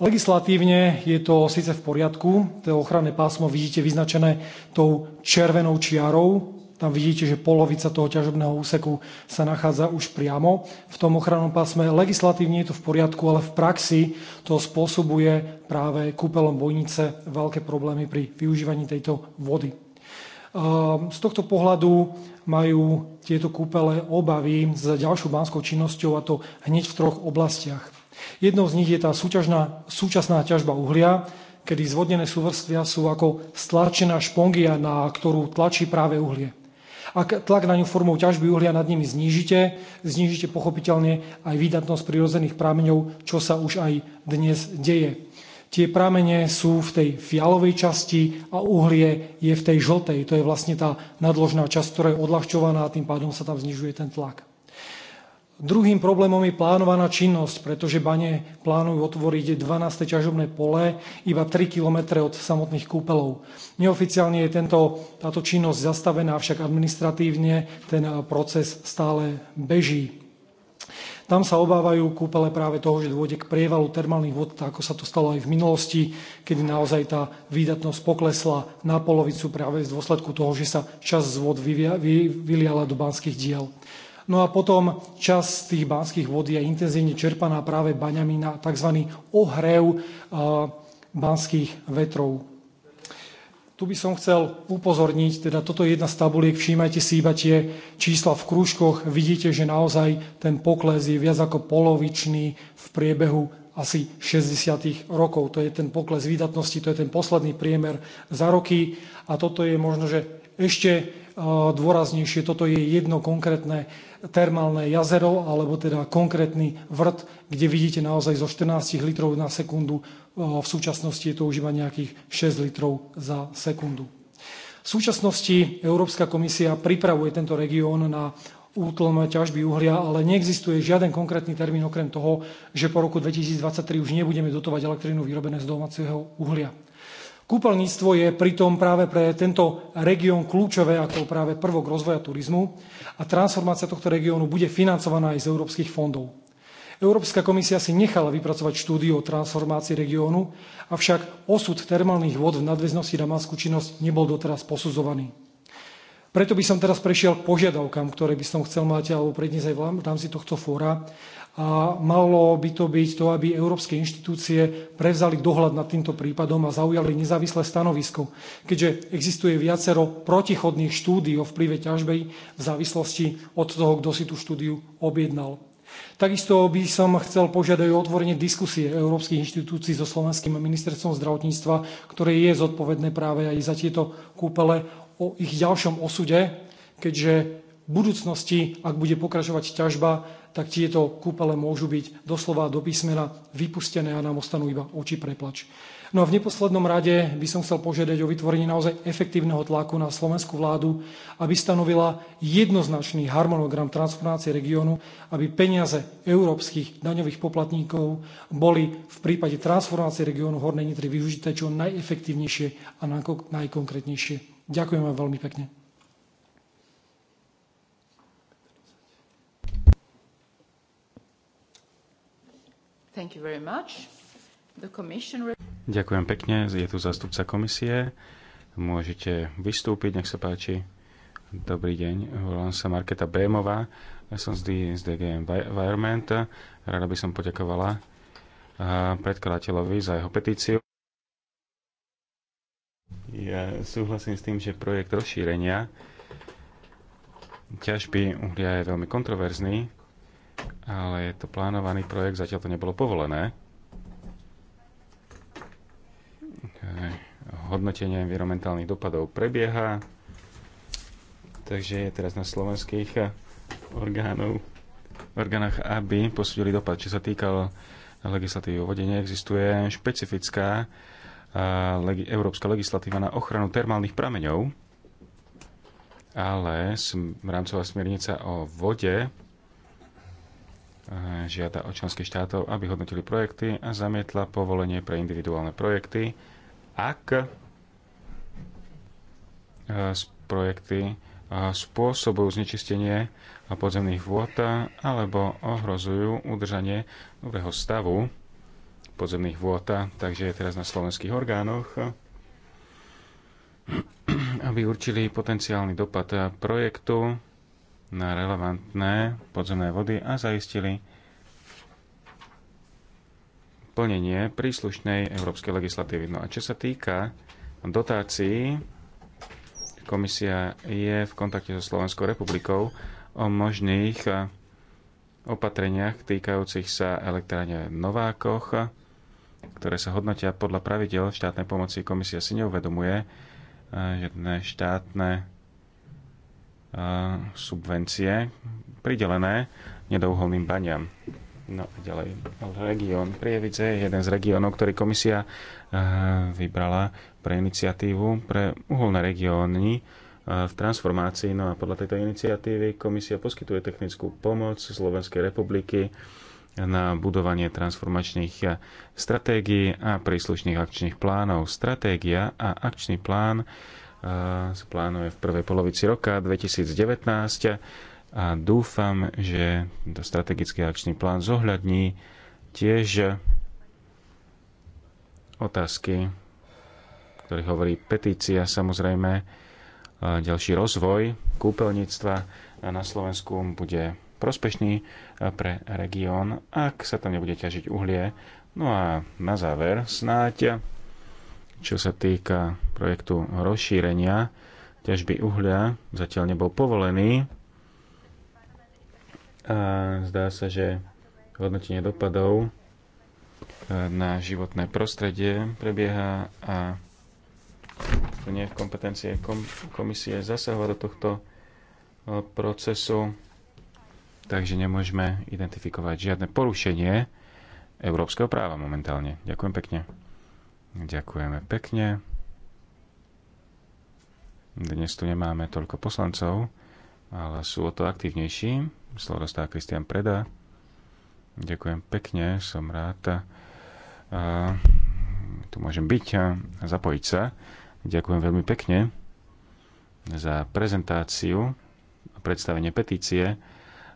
Legislatívne je to síce v poriadku, to ochranné pásmo vidíte vyznačené tou červenou čiarou, tam vidíte, že polovica toho ťažobného úseku sa nachádza už priamo v tom ochrannom pásme. Legislatívne je to v poriadku, ale v praxi to spôsobuje práve kúpelom bojnice veľké problémy pri využívaní tejto vody. Ehm, z tohto pohľadu majú tieto kúpele obavy s ďalšou banskou činnosťou a to hneď v troch oblastiach. Jednou z nich je tá súťažná, súčasná ťažba uhlia, kedy zvodnené súvrstvia sú ako stlačená špongia, na ktorú tlačí práve uhlie. Ak tlak na ňu formou ťažby uhlia nad nimi znížite, znížite pochopiteľne aj výdatnosť prírodzených prámeňov, čo sa už aj dnes deje. Tie prámene sú v tej fialovej časti a uhlie je v tej žltej. To je vlastne tá nadložná časť, ktorá je odľahčovaná a tým pádom sa tam znižuje ten tlak. Druhým problémom je plánovaná činnosť, pretože bane plánujú otvoriť 12. ťažobné pole iba 3 km od samotných kúpelov. Neoficiálne je tento, táto činnosť zastavená, avšak administratívne ten eh, proces stále beží. Tam sa obávajú kúpele práve toho, že dôjde k prievalu termálnych vod, ako sa to stalo aj v minulosti, kedy naozaj tá výdatnosť poklesla na polovicu práve z dôsledku toho, že sa čas z vod vyliala do banských diel. No a potom čas tých banských vod je intenzívne čerpaná práve baňami na tzv. ohrev eh, banských vetrov. Tu by som chcel upozorniť, teda toto je jedna z tabuliek, všímajte si iba tie čísla v krúžkoch, vidíte, že naozaj ten pokles je viac ako polovičný v priebehu asi 60. rokov. To je ten pokles výdatnosti, to je ten posledný priemer za roky a toto je možno, že ešte eh, dôraznejšie, toto je jedno konkrétne termálne jazero alebo teda konkrétny vrt, kde vidíte naozaj zo 14 litrov na sekundu, v súčasnosti je to už iba nejakých 6 litrov za sekundu. V súčasnosti Európska komisia pripravuje tento región na útlom ťažby uhlia, ale neexistuje žiaden konkrétny termín okrem toho, že po roku 2023 už nebudeme dotovať elektrínu vyrobené z domáceho uhlia. Kúpeľníctvo je pritom práve pre tento región kľúčové ako práve prvok rozvoja turizmu a transformácia tohto regiónu bude financovaná aj z európskych fondov. Európska komisia si nechala vypracovať štúdiu o transformácii regiónu, avšak osud termálnych vod v nadväznosti na masku činnosť nebol doteraz posudzovaný. Preto by som teraz prešiel k požiadavkám, ktoré by som chcel mať alebo predniesť aj v rámci tohto fóra a malo by to byť to, aby európske inštitúcie prevzali dohľad nad týmto prípadom a zaujali nezávislé stanovisko, keďže existuje viacero protichodných štúdí o vplyve ťažby v závislosti od toho, kto si tú štúdiu objednal. Takisto by som chcel požiadať o otvorenie diskusie európskych inštitúcií so slovenským ministerstvom zdravotníctva, ktoré je zodpovedné práve aj za tieto kúpele o ich ďalšom osude, keďže v budúcnosti, ak bude pokračovať ťažba, tak tieto kúpele môžu byť doslova do písmena vypustené a nám ostanú iba oči preplač. No a v neposlednom rade by som chcel požiadať o vytvorenie naozaj efektívneho tlaku na slovenskú vládu, aby stanovila jednoznačný harmonogram transformácie regiónu, aby peniaze európskych daňových poplatníkov boli v prípade transformácie regiónu Hornej Nitry využité čo najefektívnejšie a najkonkrétnejšie. Ďakujem vám veľmi pekne. Thank you very much. The commission... Ďakujem pekne, je tu zástupca komisie. Môžete vystúpiť, nech sa páči. Dobrý deň, volám sa Marketa Bémová, ja som z DG Environment. Rada by som poďakovala eh, predkladateľovi za jeho petíciu. Ja súhlasím s tým, že projekt rozšírenia ťažby uhlia je veľmi kontroverzný ale je to plánovaný projekt, zatiaľ to nebolo povolené. Hodnotenie environmentálnych dopadov prebieha, takže je teraz na slovenských orgánov, orgánach, aby posúdili dopad. Čo sa týkal legislatívy o vode, neexistuje špecifická legi- európska legislatíva na ochranu termálnych prameňov, ale rámcová smernica o vode žiada od členských štátov, aby hodnotili projekty a zamietla povolenie pre individuálne projekty, ak e, projekty e, spôsobujú znečistenie podzemných vôd alebo ohrozujú udržanie nového stavu podzemných vôd. Takže je teraz na slovenských orgánoch, e, aby určili potenciálny dopad projektu na relevantné podzemné vody a zaistili plnenie príslušnej európskej legislatívy. No a čo sa týka dotácií, komisia je v kontakte so Slovenskou republikou o možných eh, opatreniach týkajúcich sa elektrárne v Novákoch, ktoré sa hodnotia podľa pravidel štátnej pomoci. Komisia si neuvedomuje eh, že štátne subvencie pridelené nedouholným baniam. No a ďalej. Región Prievice je jeden z regiónov, ktorý komisia e, vybrala pre iniciatívu pre uholné regióny e, v transformácii. No a podľa tejto iniciatívy komisia poskytuje technickú pomoc Slovenskej republiky na budovanie transformačných e, stratégií a príslušných akčných plánov. Stratégia a akčný plán sa plánuje v prvej polovici roka 2019 a dúfam, že tento strategický akčný plán zohľadní tiež otázky, ktorý hovorí petícia, samozrejme ďalší rozvoj kúpeľníctva na Slovensku bude prospešný pre región, ak sa tam nebude ťažiť uhlie. No a na záver snáď čo sa týka projektu rozšírenia ťažby uhlia, zatiaľ nebol povolený. A zdá sa, že hodnotenie dopadov e, na životné prostredie prebieha a to nie je v kompetencie kom- komisie zasahovať do tohto e, procesu, takže nemôžeme identifikovať žiadne porušenie európskeho práva momentálne. Ďakujem pekne. Ďakujeme pekne. Dnes tu nemáme toľko poslancov, ale sú o to aktívnejší. Slovo dostáva Kristian Preda. Ďakujem pekne, som rád. Uh, tu môžem byť a zapojiť sa. Ďakujem veľmi pekne za prezentáciu a predstavenie petície.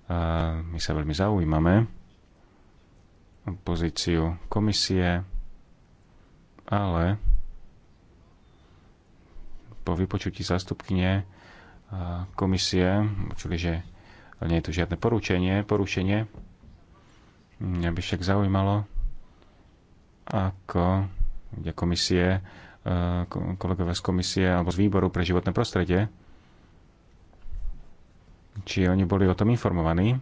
Uh, my sa veľmi zaujímame pozíciu komisie, ale po vypočutí zástupkyne komisie počuli, že nie je to žiadne poručenie, porušenie. Mňa by však zaujímalo, ako kde komisie, kolegové z komisie alebo z výboru pre životné prostredie, či oni boli o tom informovaní,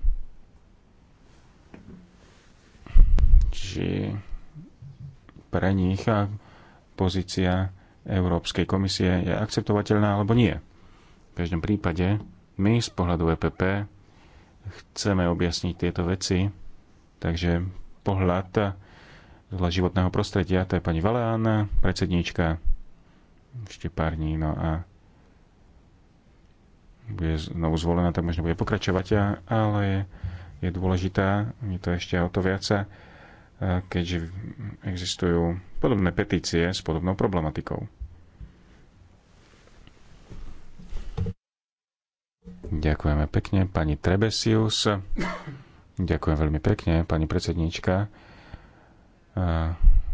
či pre nich a pozícia Európskej komisie je akceptovateľná alebo nie. V každom prípade my z pohľadu EPP chceme objasniť tieto veci, takže pohľad zľa životného prostredia, to je pani Valeána, predsedníčka ešte pár dní, no a bude znovu zvolená, tak možno bude pokračovať, ale je dôležitá, je to ešte o to viac, keďže existujú podobné petície s podobnou problematikou. Ďakujeme pekne pani Trebesius. Ďakujem veľmi pekne pani predsednička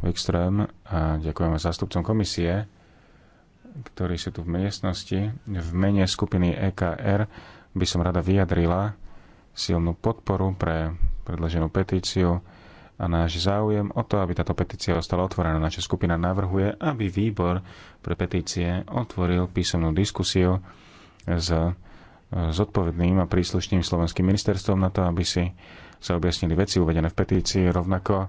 Wikström a ďakujeme zástupcom komisie, ktorí sú tu v miestnosti. V mene skupiny EKR by som rada vyjadrila silnú podporu pre predloženú petíciu a náš záujem o to, aby táto petícia ostala otvorená. Naša skupina navrhuje, aby výbor pre petície otvoril písomnú diskusiu s e, zodpovedným a príslušným slovenským ministerstvom na to, aby si sa objasnili veci uvedené v petícii. Rovnako e,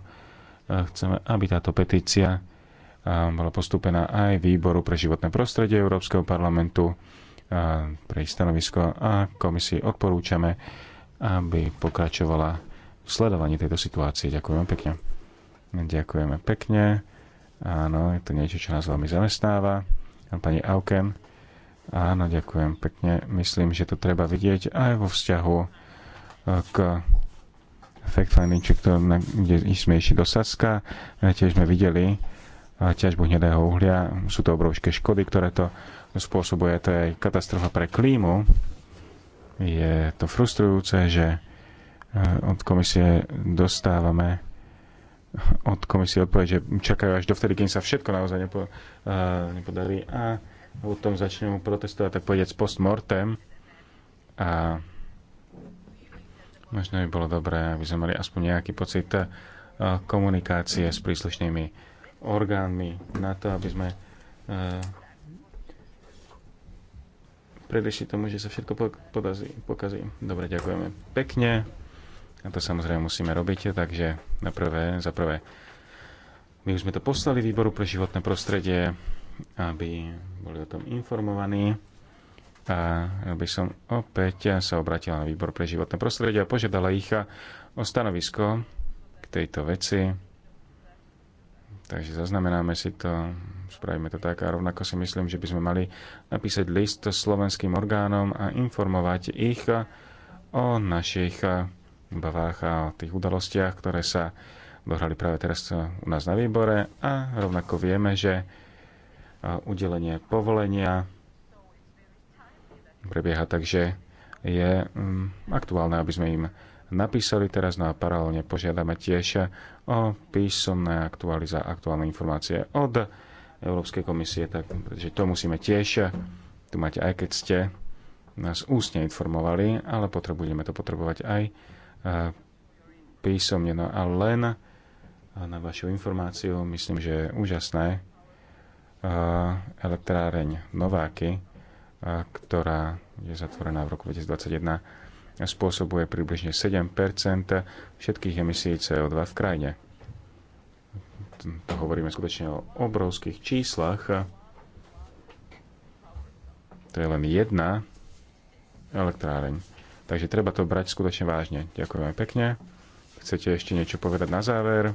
chceme, aby táto petícia e, bola postúpená aj výboru pre životné prostredie Európskeho parlamentu pre ich stanovisko a komisii odporúčame, aby pokračovala sledovaní tejto situácie. Ďakujem pekne. Ďakujeme pekne. Áno, je to niečo, čo nás veľmi zamestnáva. Pani Auken. Áno, ďakujem pekne. Myslím, že to treba vidieť aj vo vzťahu eh, k fact-finding, kde sme išli do Saska. Eh, tiež sme videli eh, ťažbu hnedého uhlia. Sú to obrovské škody, ktoré to spôsobuje. To je katastrofa pre klímu. Je to frustrujúce, že Eh, od komisie dostávame od komisie odpoveď, že čakajú až dovtedy, kým sa všetko naozaj nepo, uh, nepodarí a potom začnú protestovať, tak povedať, post mortem a možno by bolo dobré, aby sme mali aspoň nejaký pocit uh, komunikácie s príslušnými orgánmi na to, aby sme uh, predešli tomu, že sa všetko pokazí. Dobre, ďakujeme pekne. A to samozrejme musíme robiť, takže na prvé, za prvé, my už sme to poslali výboru pre životné prostredie, aby boli o tom informovaní. A aby som opäť sa obratila na výbor pre životné prostredie a požiadala ich o stanovisko k tejto veci. Takže zaznamenáme si to, spravíme to tak a rovnako si myslím, že by sme mali napísať list slovenským orgánom a informovať ich o našich obavách a o tých udalostiach, ktoré sa dohrali práve teraz u nás na výbore a rovnako vieme, že e, udelenie povolenia prebieha tak, že je mm, aktuálne, aby sme im napísali teraz, no a paralelne požiadame tiež o písomné aktualiza, aktuálne informácie od Európskej komisie, tak, pretože to musíme tiež tu mať, aj keď ste nás ústne informovali, ale potrebujeme to potrebovať aj písomne. No a len na vašu informáciu, myslím, že je úžasné, elektráreň Nováky, ktorá je zatvorená v roku 2021, spôsobuje približne 7 všetkých emisí CO2 v krajine. To hovoríme skutočne o obrovských číslach. To je len jedna elektráreň. Takže treba to brať skutočne vážne. Ďakujem veľmi pekne. Chcete ešte niečo povedať na záver?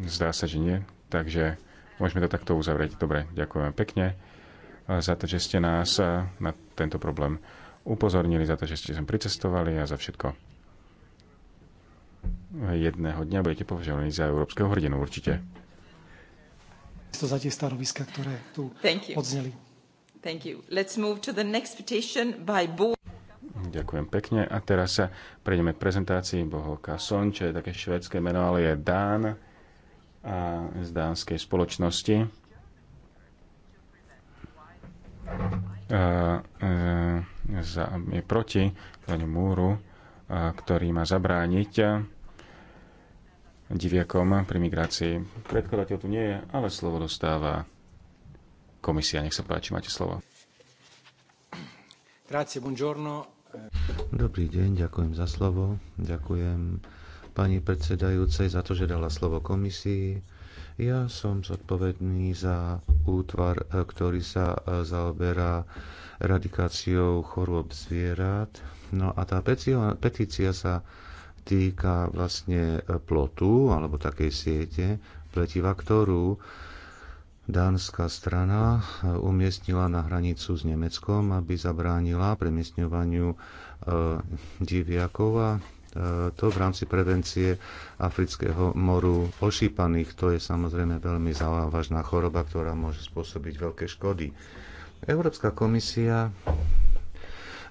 Zdá sa, že nie. Takže môžeme to takto uzavrieť. Dobre, ďakujem pekne eh, za to, že ste nás eh, na tento problém upozornili, za to, že ste sem pricestovali a za všetko. Jedného dňa budete považovaní za európskeho hrdinu určite. To za tie stanoviska, ktoré tu Thank you. odzneli. Thank you. Let's move to the next petition by board. Ďakujem pekne. A teraz sa prejdeme k prezentácii Boholka Son, čo je také švedské meno, ale je Dán a z dánskej spoločnosti. E, je proti múru, ktorý má zabrániť diviakom pri migrácii. Predkladateľ tu nie je, ale slovo dostáva komisia. Nech sa páči, máte slovo. Grazie, buongiorno. Dobrý deň, ďakujem za slovo. Ďakujem pani predsedajúcej za to, že dala slovo komisii. Ja som zodpovedný za útvar, e, ktorý sa e, zaoberá radikáciou chorôb zvierat. No a tá petícia sa týka vlastne e, plotu alebo takej siete pletiva, ktorú Dánska strana e, umiestnila na hranicu s Nemeckom, aby zabránila premiestňovaniu e, diviakov a e, to v rámci prevencie afrického moru ošípaných. To je samozrejme veľmi závažná choroba, ktorá môže spôsobiť veľké škody. Európska komisia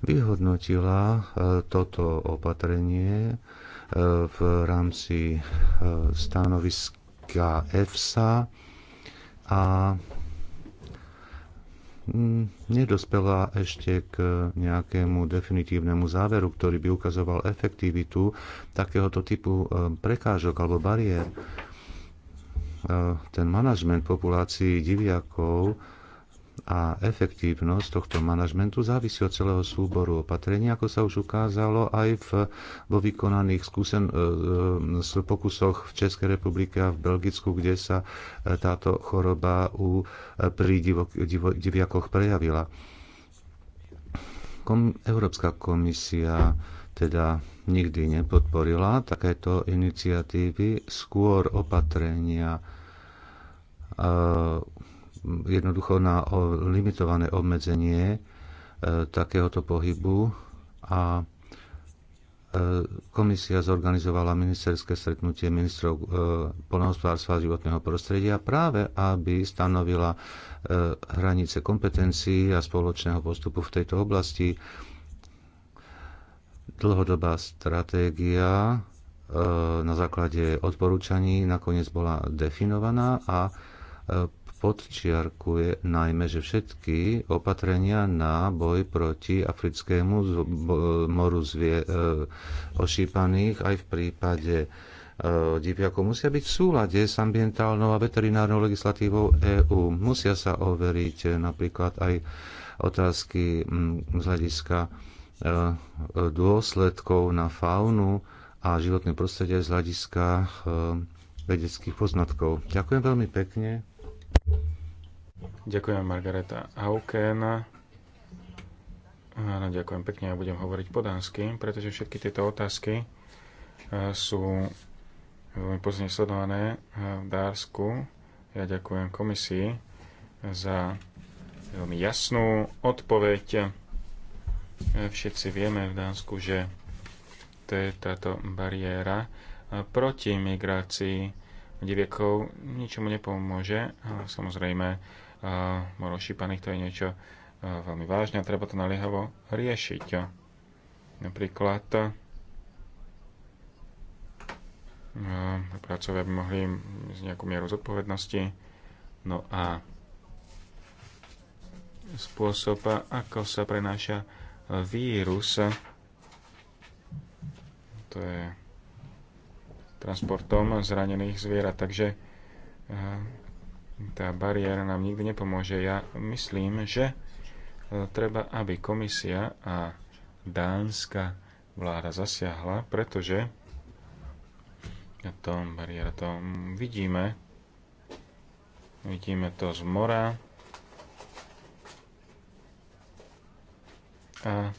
vyhodnotila toto opatrenie v rámci stanoviska EFSA a mm, nedospela ešte k nejakému definitívnemu záveru, ktorý by ukazoval efektivitu takéhoto typu e, prekážok alebo bariér. E, ten manažment populácií diviakov a efektívnosť tohto manažmentu závisí od celého súboru opatrení, ako sa už ukázalo aj v, vo vykonaných skúsen, e, e pokusoch v Českej republike a v Belgicku, kde sa e, táto choroba u, e, pri divok, divo, diviakoch prejavila. Kom, Európska komisia teda nikdy nepodporila takéto iniciatívy, skôr opatrenia jednoducho na limitované obmedzenie e, takéhoto pohybu a e, komisia zorganizovala ministerské stretnutie ministrov e, polnohospodárstva a životného prostredia práve, aby stanovila hranice kompetencií a spoločného postupu v tejto oblasti. Dlhodobá stratégia na základe odporúčaní nakoniec bola definovaná a podčiarkuje najmä, že všetky opatrenia na boj proti africkému moru zvie, e, ošípaných aj v prípade e, Dipiako musia byť v súlade s ambientálnou a veterinárnou legislatívou EÚ. Musia sa overiť e, napríklad aj otázky z hľadiska dôsledkov na faunu a životné prostredie z hľadiska vedeckých poznatkov. Ďakujem veľmi pekne. Ďakujem Margareta Auken. Áno, ďakujem pekne, ja budem hovoriť po dánsky, pretože všetky tieto otázky eh, sú veľmi pozne sledované eh, v Dársku. Ja ďakujem komisii za veľmi jasnú odpoveď. Eh, všetci vieme v Dánsku, že to je táto bariéra proti migrácii diviekov ničomu nepomôže. Samozrejme, moro šípaných to je niečo veľmi vážne a treba to naliehavo riešiť. Napríklad pracovia by mohli z nejakú mieru zodpovednosti. No a spôsob, ako sa prenáša vírus, to je transportom zranených zvierat. Takže eh, tá bariéra nám nikdy nepomôže. Ja myslím, že eh, treba, aby komisia a dánska vláda zasiahla, pretože to bariéra to vidíme. Vidíme to z mora. A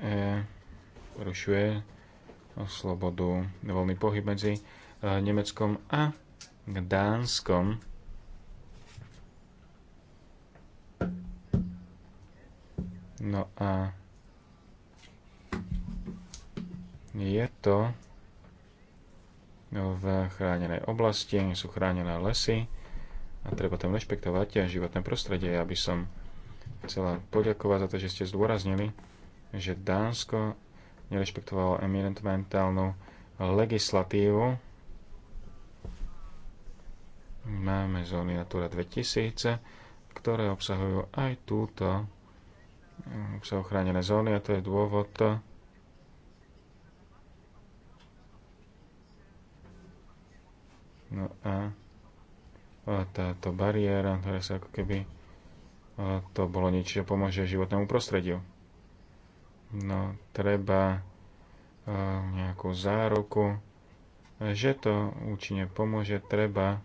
e, porušuje slobodu, voľný pohyb medzi e, Nemeckom a Dánskom. No a je to v chránenej oblasti, sú chránené lesy a treba tam rešpektovať životné prostredie. Ja by som chcela poďakovať za to, že ste zdôraznili, že Dánsko nerešpektovalo environmentálnu legislatívu. Máme zóny Natura 2000, ktoré obsahujú aj túto eh, sa ochránené zóny a to je dôvod, No a táto bariéra, ktorá sa ako keby to bolo niečo, čo pomôže životnému prostrediu. No, treba e, nejakú záruku, že to účinne pomôže, treba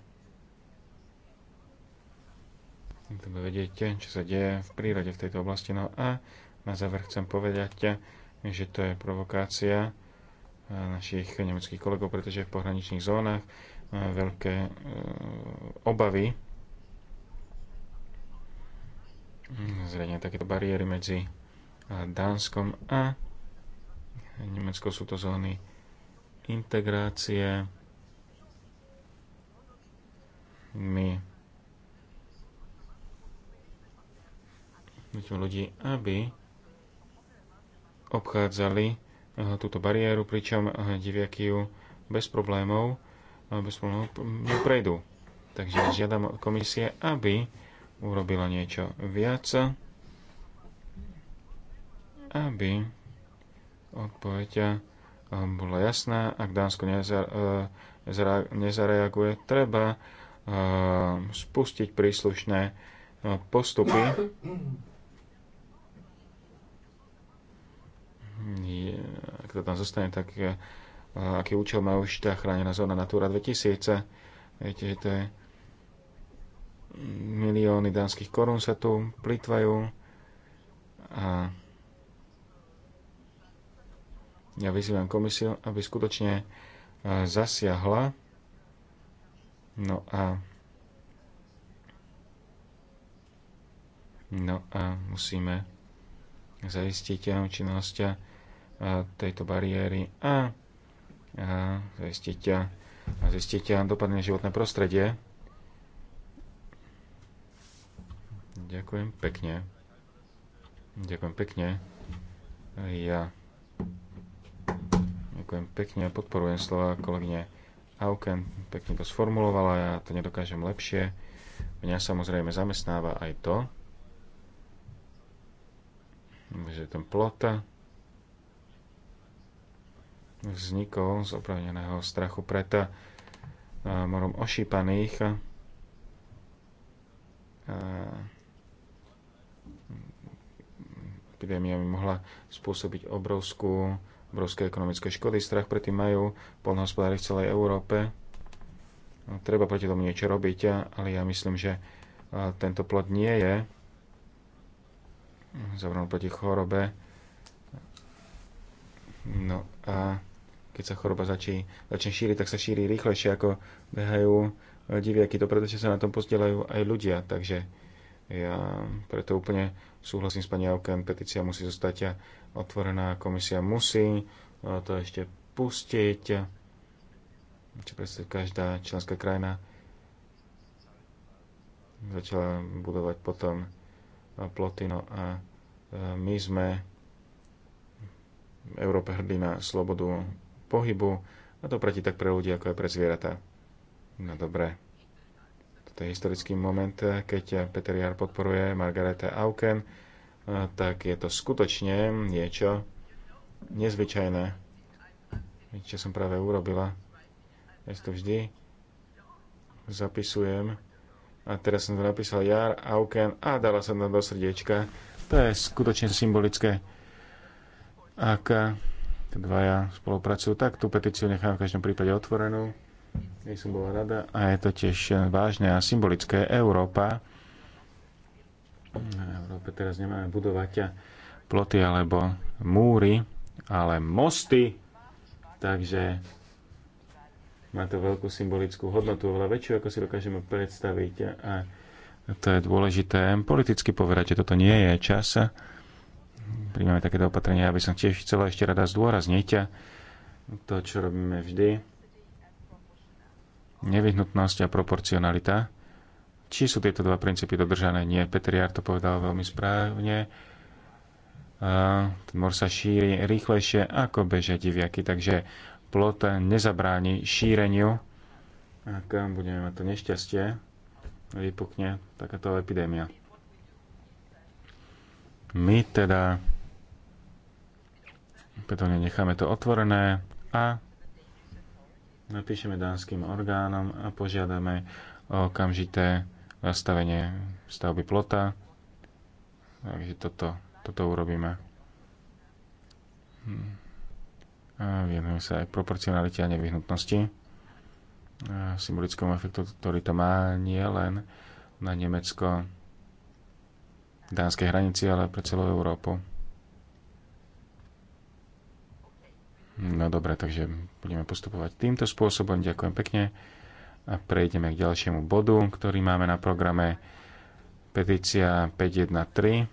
treba vedieť, čo sa deje v prírode v tejto oblasti. No a na záver chcem povedať, že to je provokácia e, našich nemeckých kolegov, pretože v pohraničných zónach e, veľké obavy zrejme takéto bariéry medzi Dánskom a Nemecko sú to zóny integrácie. My nutíme ľudí, aby obchádzali eh, túto bariéru, pričom eh, diviaky ju bez problémov, eh, bez problémov prejdú. Takže žiadam komisie, aby urobila niečo viac aby odpoveď eh, bola jasná, ak Dánsko eh, nezareaguje, treba eh, spustiť príslušné postupy. Ak to tam zostane, tak aký účel má už tá chránená zóna Natura 2000. Viete, že to je milióny dánskych korún sa tu plitvajú a ja vyzývam komisiu, aby skutočne e, zasiahla. No a No a musíme zaistiť e, činnosť e, tejto bariéry a zaistiť, zaistiť dopad životné prostredie. Ďakujem pekne. Ďakujem pekne. Ja Ďakujem pekne a podporujem slova kolegyne Auken. Pekne to sformulovala, ja to nedokážem lepšie. Mňa samozrejme zamestnáva aj to, že ten plota vznikol z opravneného strachu preta eh, morom ošípaných eh, epidémia mi mohla spôsobiť obrovskú obrovské ekonomické škody. Strach predtým majú polnohospodári v celej Európe. No, treba proti tomu niečo robiť, ale ja myslím, že tento plod nie je zavrnul proti chorobe. No a keď sa choroba začí, začne šíriť, tak sa šíri rýchlejšie, ako behajú diviaky. pretože sa na tom pozdieľajú aj ľudia, takže ja preto úplne Súhlasím s pani Auken, petícia musí zostať otvorená, komisia musí e, to ešte pustiť. Či každá členská krajina začala budovať potom ploty. No a e, my sme v Európe hrdí na slobodu pohybu a to platí tak pre ľudí, ako aj pre zvieratá. No dobré to je historický moment, keď Peter Jar podporuje Margarete Auken, tak je to skutočne niečo nezvyčajné, čo som práve urobila. Ja si to vždy zapisujem. A teraz som to napísal Jar Auken a dala som to do srdiečka. To je skutočne symbolické. Ak dvaja spolupracujú, tak tú petíciu nechám v každom prípade otvorenú nie som bola rada a je to tiež eh, vážne a symbolické. Európa, Európe teraz nemáme budovať eh, ploty alebo múry, ale mosty, takže má to veľkú symbolickú hodnotu, oveľa väčšiu, ako si dokážeme predstaviť a to je dôležité politicky povedať, že toto nie je čas. Príjmeme takéto opatrenia, aby som tiež chcela ešte rada zdôrazniť to, čo robíme vždy nevyhnutnosť a proporcionalita. Či sú tieto dva princípy dodržané? Nie. Peter Jar to povedal veľmi správne. A ten mor sa šíri rýchlejšie ako bežia diviaky, takže plot nezabráni šíreniu. Ak budeme mať to nešťastie, vypukne takáto epidémia. My teda preto necháme to otvorené a napíšeme dánskym orgánom a požiadame o okamžité zastavenie stavby plota. Takže toto, toto urobíme. Hm. A vienujú sa aj proporcionalite a nevyhnutnosti. A symbolickom efektu, ktorý to má nie len na Nemecko, dánskej hranici, ale pre celú Európu. No dobre, takže budeme postupovať týmto spôsobom. Ďakujem pekne a prejdeme k ďalšiemu bodu, ktorý máme na programe. Petícia 513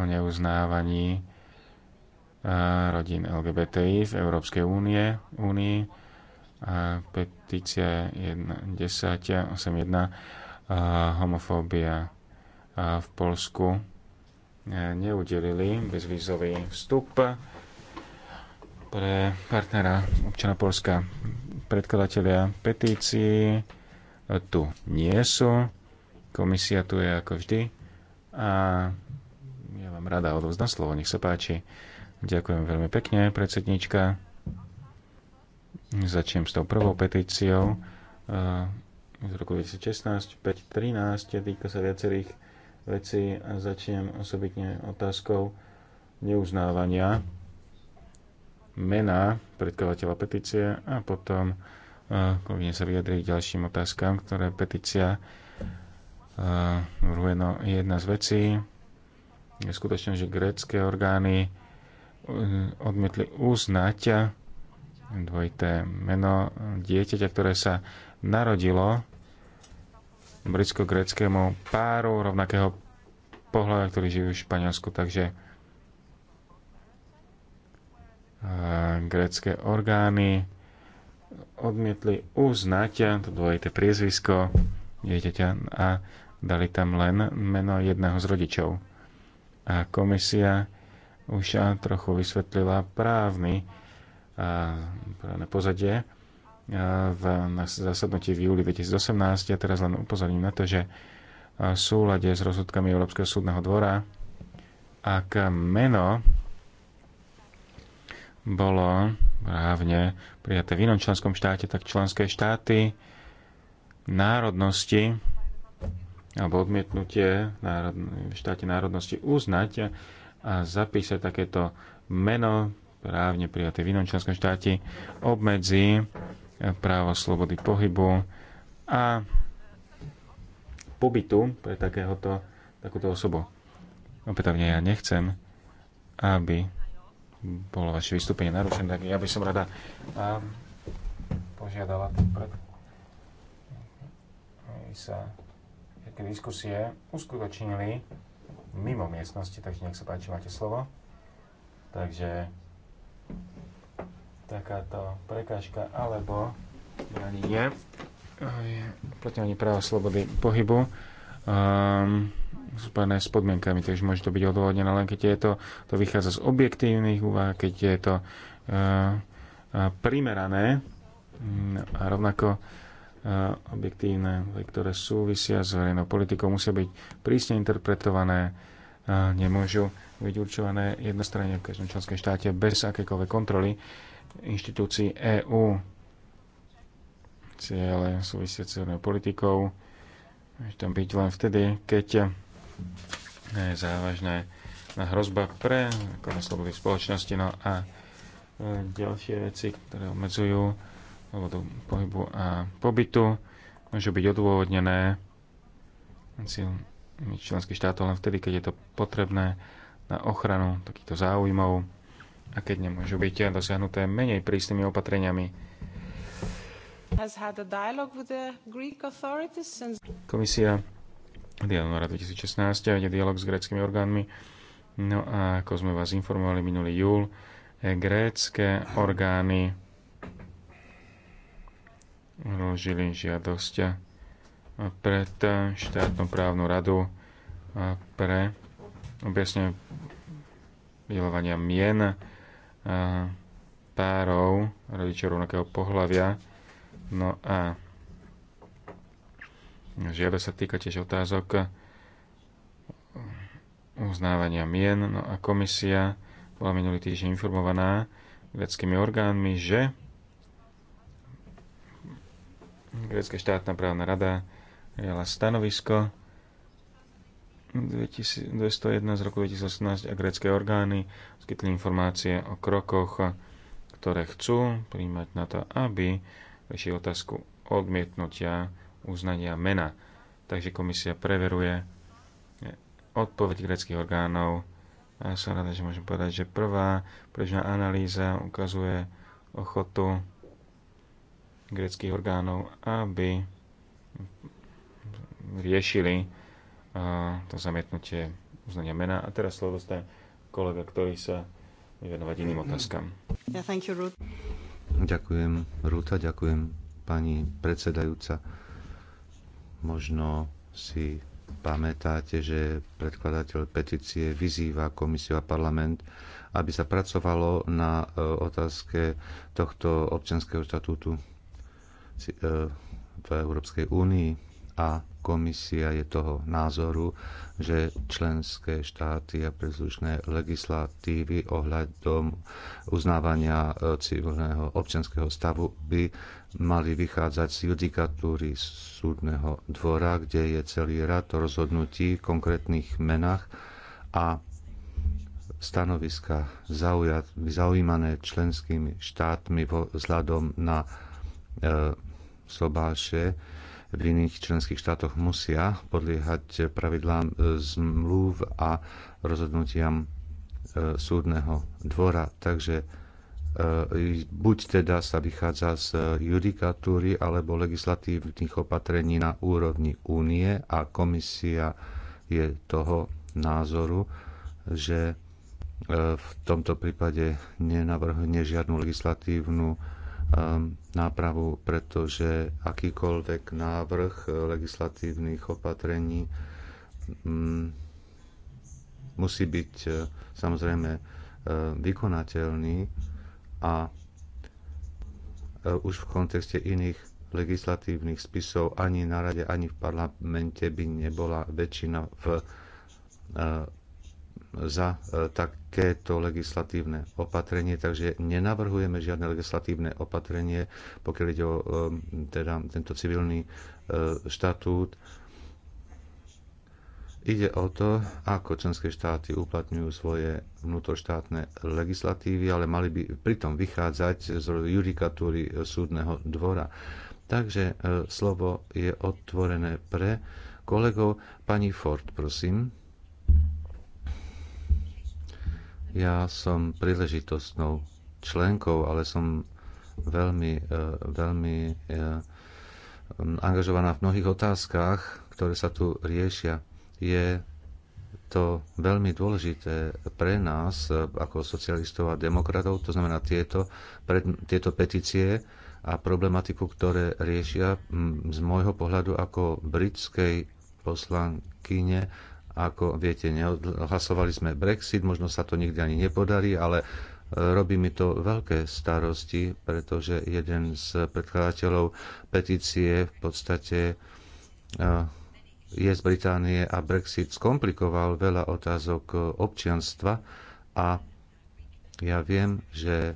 o neuznávaní e, rodín LGBTI v Európskej únie, únii. A petícia 1081 e, homofóbia e, v Polsku neudelili bezvízový vstup pre partnera občana Polska. Predkladatelia petícií e, tu nie sú. Komisia tu je ako vždy. A ja vám rada odovzdám slovo, nech sa páči. Ďakujem veľmi pekne, predsednička. Začnem s tou prvou petíciou e, z roku 2016, 5.13, týka sa viacerých vecí a začnem osobitne otázkou neuznávania mená predkladateľa petície a potom e, kolegyne sa vyjadriť ďalším otázkam, ktoré petícia e, navrhuje. No, jedna z vecí je skutočne, že grécké orgány e, odmietli uznať dvojité meno dieťaťa, ktoré sa narodilo britsko-gréckému páru rovnakého pohľadu, ktorý žijú v Španielsku. Takže grecké orgány odmietli uznať to dvojité priezvisko dieťaťa a dali tam len meno jedného z rodičov. A komisia už trochu vysvetlila právny a právne pozadie v zasadnutí v júli 2018. Ja teraz len upozorním na to, že v súlade s rozhodkami Európskeho súdneho dvora, ak meno bolo právne prijaté v inom členskom štáte, tak členské štáty národnosti alebo odmietnutie v štáte národnosti uznať a zapísať takéto meno právne prijaté v inom členskom štáte obmedzí právo slobody pohybu a pobytu pre takéhoto, takúto osobu. Opätovne ja nechcem, aby bolo vaše vystúpenie narušené, tak ja by som rada ehm, požiadala pred sa tie diskusie uskutočnili mimo miestnosti, takže nech sa páči, máte slovo. Takže takáto prekážka alebo ani je proti ani práva slobody pohybu. Um, spojené s podmienkami, takže môže to byť odôvodnené len keď je to, to vychádza z objektívnych úvah, keď je to uh, primerané mm, a rovnako e, objektívne, ktoré súvisia s verejnou politikou, musia byť prísne interpretované, nemôžu byť určované jednostranne v každom členskom štáte bez akékoľvek kontroly inštitúcií EÚ. Ciele súvisia s politikou Môže tam byť len vtedy, keď je závažná hrozba pre ako slobody v spoločnosti. No a e, ďalšie veci, ktoré obmedzujú slobodu pohybu a pobytu, môžu byť odôvodnené členských štátov len vtedy, keď je to potrebné na ochranu takýchto záujmov a keď nemôžu byť dosiahnuté menej prísnymi opatreniami Komisia od januára 2016 vedie dialog s gréckými orgánmi. No a ako sme vás informovali minulý júl, eh, grécké orgány vložili žiadosť eh, pred eh, štátnu právnu radu pre objasne vydelovania mien párov rodičov rovnakého pohľavia No a žiada sa týka tiež otázok uznávania mien. No a komisia bola minulý týždeň informovaná greckými orgánmi, že Grécka štátna právna rada prijala stanovisko 201 z roku 2018 a grécké orgány skytli informácie o krokoch, ktoré chcú príjmať na to, aby rieši otázku odmietnutia uznania mena. Takže komisia preveruje eh, odpoveď greckých orgánov. A ja som rada, že môžem povedať, že prvá prežná analýza ukazuje ochotu greckých orgánov, aby riešili eh, to zamietnutie uznania mena. A teraz slovo dostane kolega, ktorý sa venovať iným otázkam. Yeah, thank you, Ruth. Ďakujem, Rúta, ďakujem, pani predsedajúca. Možno si pamätáte, že predkladateľ petície vyzýva komisiu a parlament, aby sa pracovalo na e, otázke tohto občianského štatútu e, v Európskej únii a Komisia je toho názoru, že členské štáty a príslušné legislatívy ohľadom uznávania e, civilného občanského stavu by mali vychádzať z judikatúry súdneho dvora, kde je celý rad rozhodnutí v konkrétnych menách a stanoviska zaujímané členskými štátmi vzhľadom na e, sobáše v iných členských štátoch musia podliehať pravidlám zmluv a rozhodnutiam e, súdneho dvora. Takže e, buď teda sa vychádza z judikatúry alebo legislatívnych opatrení na úrovni únie a komisia je toho názoru, že e, v tomto prípade nenavrhne žiadnu legislatívnu Um, nápravu, pretože akýkoľvek návrh legislatívnych opatrení mm, musí byť eh, samozrejme eh, vykonateľný a eh, už v kontexte iných legislatívnych spisov ani na rade, ani v parlamente by nebola väčšina v, za tak takéto legislatívne opatrenie, takže nenavrhujeme žiadne legislatívne opatrenie, pokiaľ ide o um, teda, tento civilný uh, štatút. Ide o to, ako členské štáty uplatňujú svoje vnútroštátne legislatívy, ale mali by pritom vychádzať z judikatúry súdneho dvora. Takže uh, slovo je otvorené pre kolegov. Pani Ford, prosím. Ja som príležitostnou členkou, ale som veľmi, e, veľmi e, angažovaná v mnohých otázkach, ktoré sa tu riešia. Je to veľmi dôležité pre nás e, ako socialistov a demokratov, to znamená tieto, pred, tieto petície a problematiku, ktoré riešia z môjho pohľadu ako britskej poslankyne ako viete, neodhlasovali sme Brexit, možno sa to nikdy ani nepodarí, ale e, Robí mi to veľké starosti, pretože jeden z predkladateľov petície v podstate e, je z Británie a Brexit skomplikoval veľa otázok občianstva a ja viem, že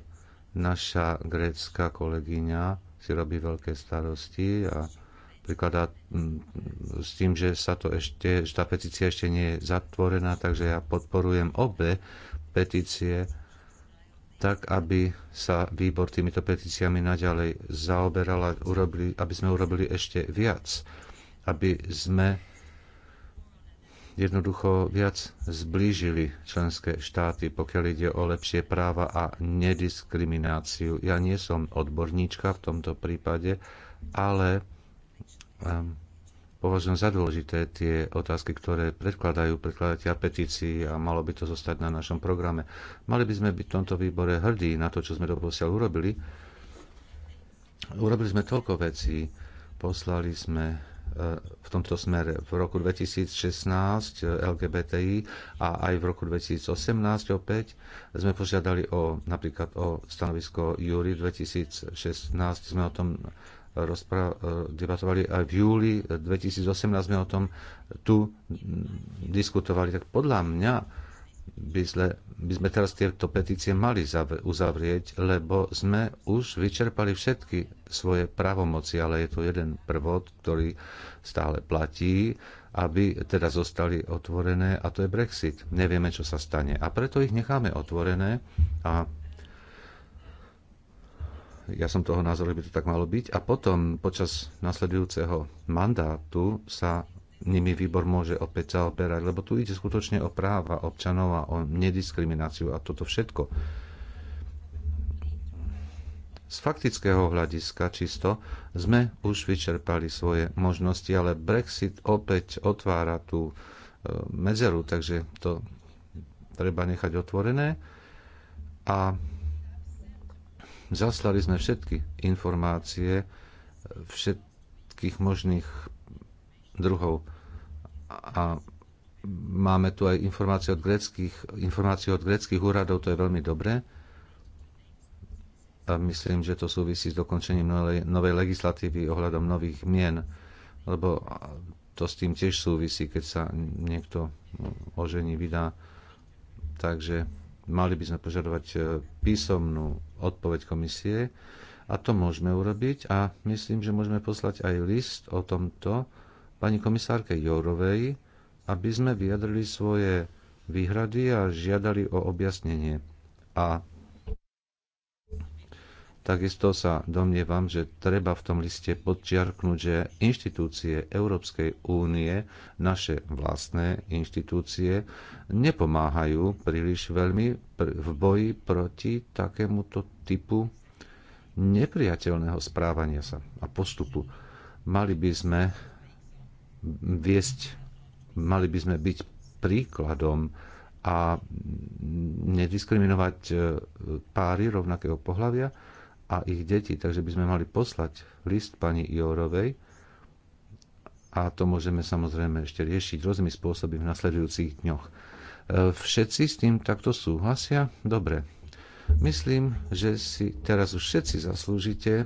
naša grécka kolegyňa si robí veľké starosti a prikladá mm, s tým, že sa to ešte, že tá petícia ešte nie je zatvorená, takže ja podporujem obe petície tak, aby sa výbor týmito petíciami naďalej zaoberal a urobili, aby sme urobili ešte viac. Aby sme jednoducho viac zblížili členské štáty, pokiaľ ide o lepšie práva a nediskrimináciu. Ja nie som odborníčka v tomto prípade, ale považujem za dôležité tie otázky, ktoré predkladajú predkladateľ petícií a malo by to zostať na našom programe. Mali by sme byť v tomto výbore hrdí na to, čo sme doposiaľ urobili. Urobili sme toľko vecí, poslali sme e, v tomto smere v roku 2016 e, LGBTI a aj v roku 2018 opäť sme požiadali o, napríklad o stanovisko Júri 2016 sme o tom rozpra- e, debatovali aj v júli 2018, sme o tom tu diskutovali, tak podľa mňa by, zle, by sme teraz tieto petície mali uzavrieť, lebo sme už vyčerpali všetky svoje pravomoci, ale je to jeden prvod, ktorý stále platí, aby teda zostali otvorené a to je Brexit. Nevieme, čo sa stane. A preto ich necháme otvorené a ja som toho názoru, že by to tak malo byť. A potom počas nasledujúceho mandátu sa nimi výbor môže opäť zaoberať, lebo tu ide skutočne o práva občanov a o nediskrimináciu a toto všetko. Z faktického hľadiska čisto sme už vyčerpali svoje možnosti, ale Brexit opäť otvára tú e, medzeru, takže to treba nechať otvorené. A Zaslali sme všetky informácie e, všetkých možných druhov a máme tu aj informácie od greckých, informácie od greckých úradov, to je veľmi dobré. A myslím, že to súvisí s dokončením novej, novej legislatívy ohľadom nových mien, lebo to s tým tiež súvisí, keď sa niekto ožení vydá. Takže Mali by sme požadovať e, písomnú odpoveď komisie a to môžeme urobiť a myslím, že môžeme poslať aj list o tomto pani komisárke Jourovej, aby sme vyjadrili svoje výhrady a žiadali o objasnenie. A Takisto sa domnievam, že treba v tom liste podčiarknúť, že inštitúcie Európskej únie, naše vlastné inštitúcie, nepomáhajú príliš veľmi v boji proti takémuto typu nepriateľného správania sa a postupu. Mali by sme viesť, mali by sme byť príkladom a nediskriminovať e, páry rovnakého pohľavia, a ich deti. Takže by sme mali poslať list pani Jórovej a to môžeme samozrejme ešte riešiť rôznymi spôsoby v nasledujúcich dňoch. E, všetci s tým takto súhlasia? Dobre. Myslím, že si teraz už všetci zaslúžite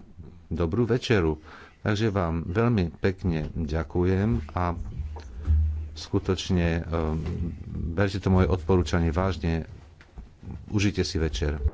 dobrú večeru. Takže vám veľmi pekne ďakujem a skutočne e, berte to moje odporúčanie vážne. Užite si večer.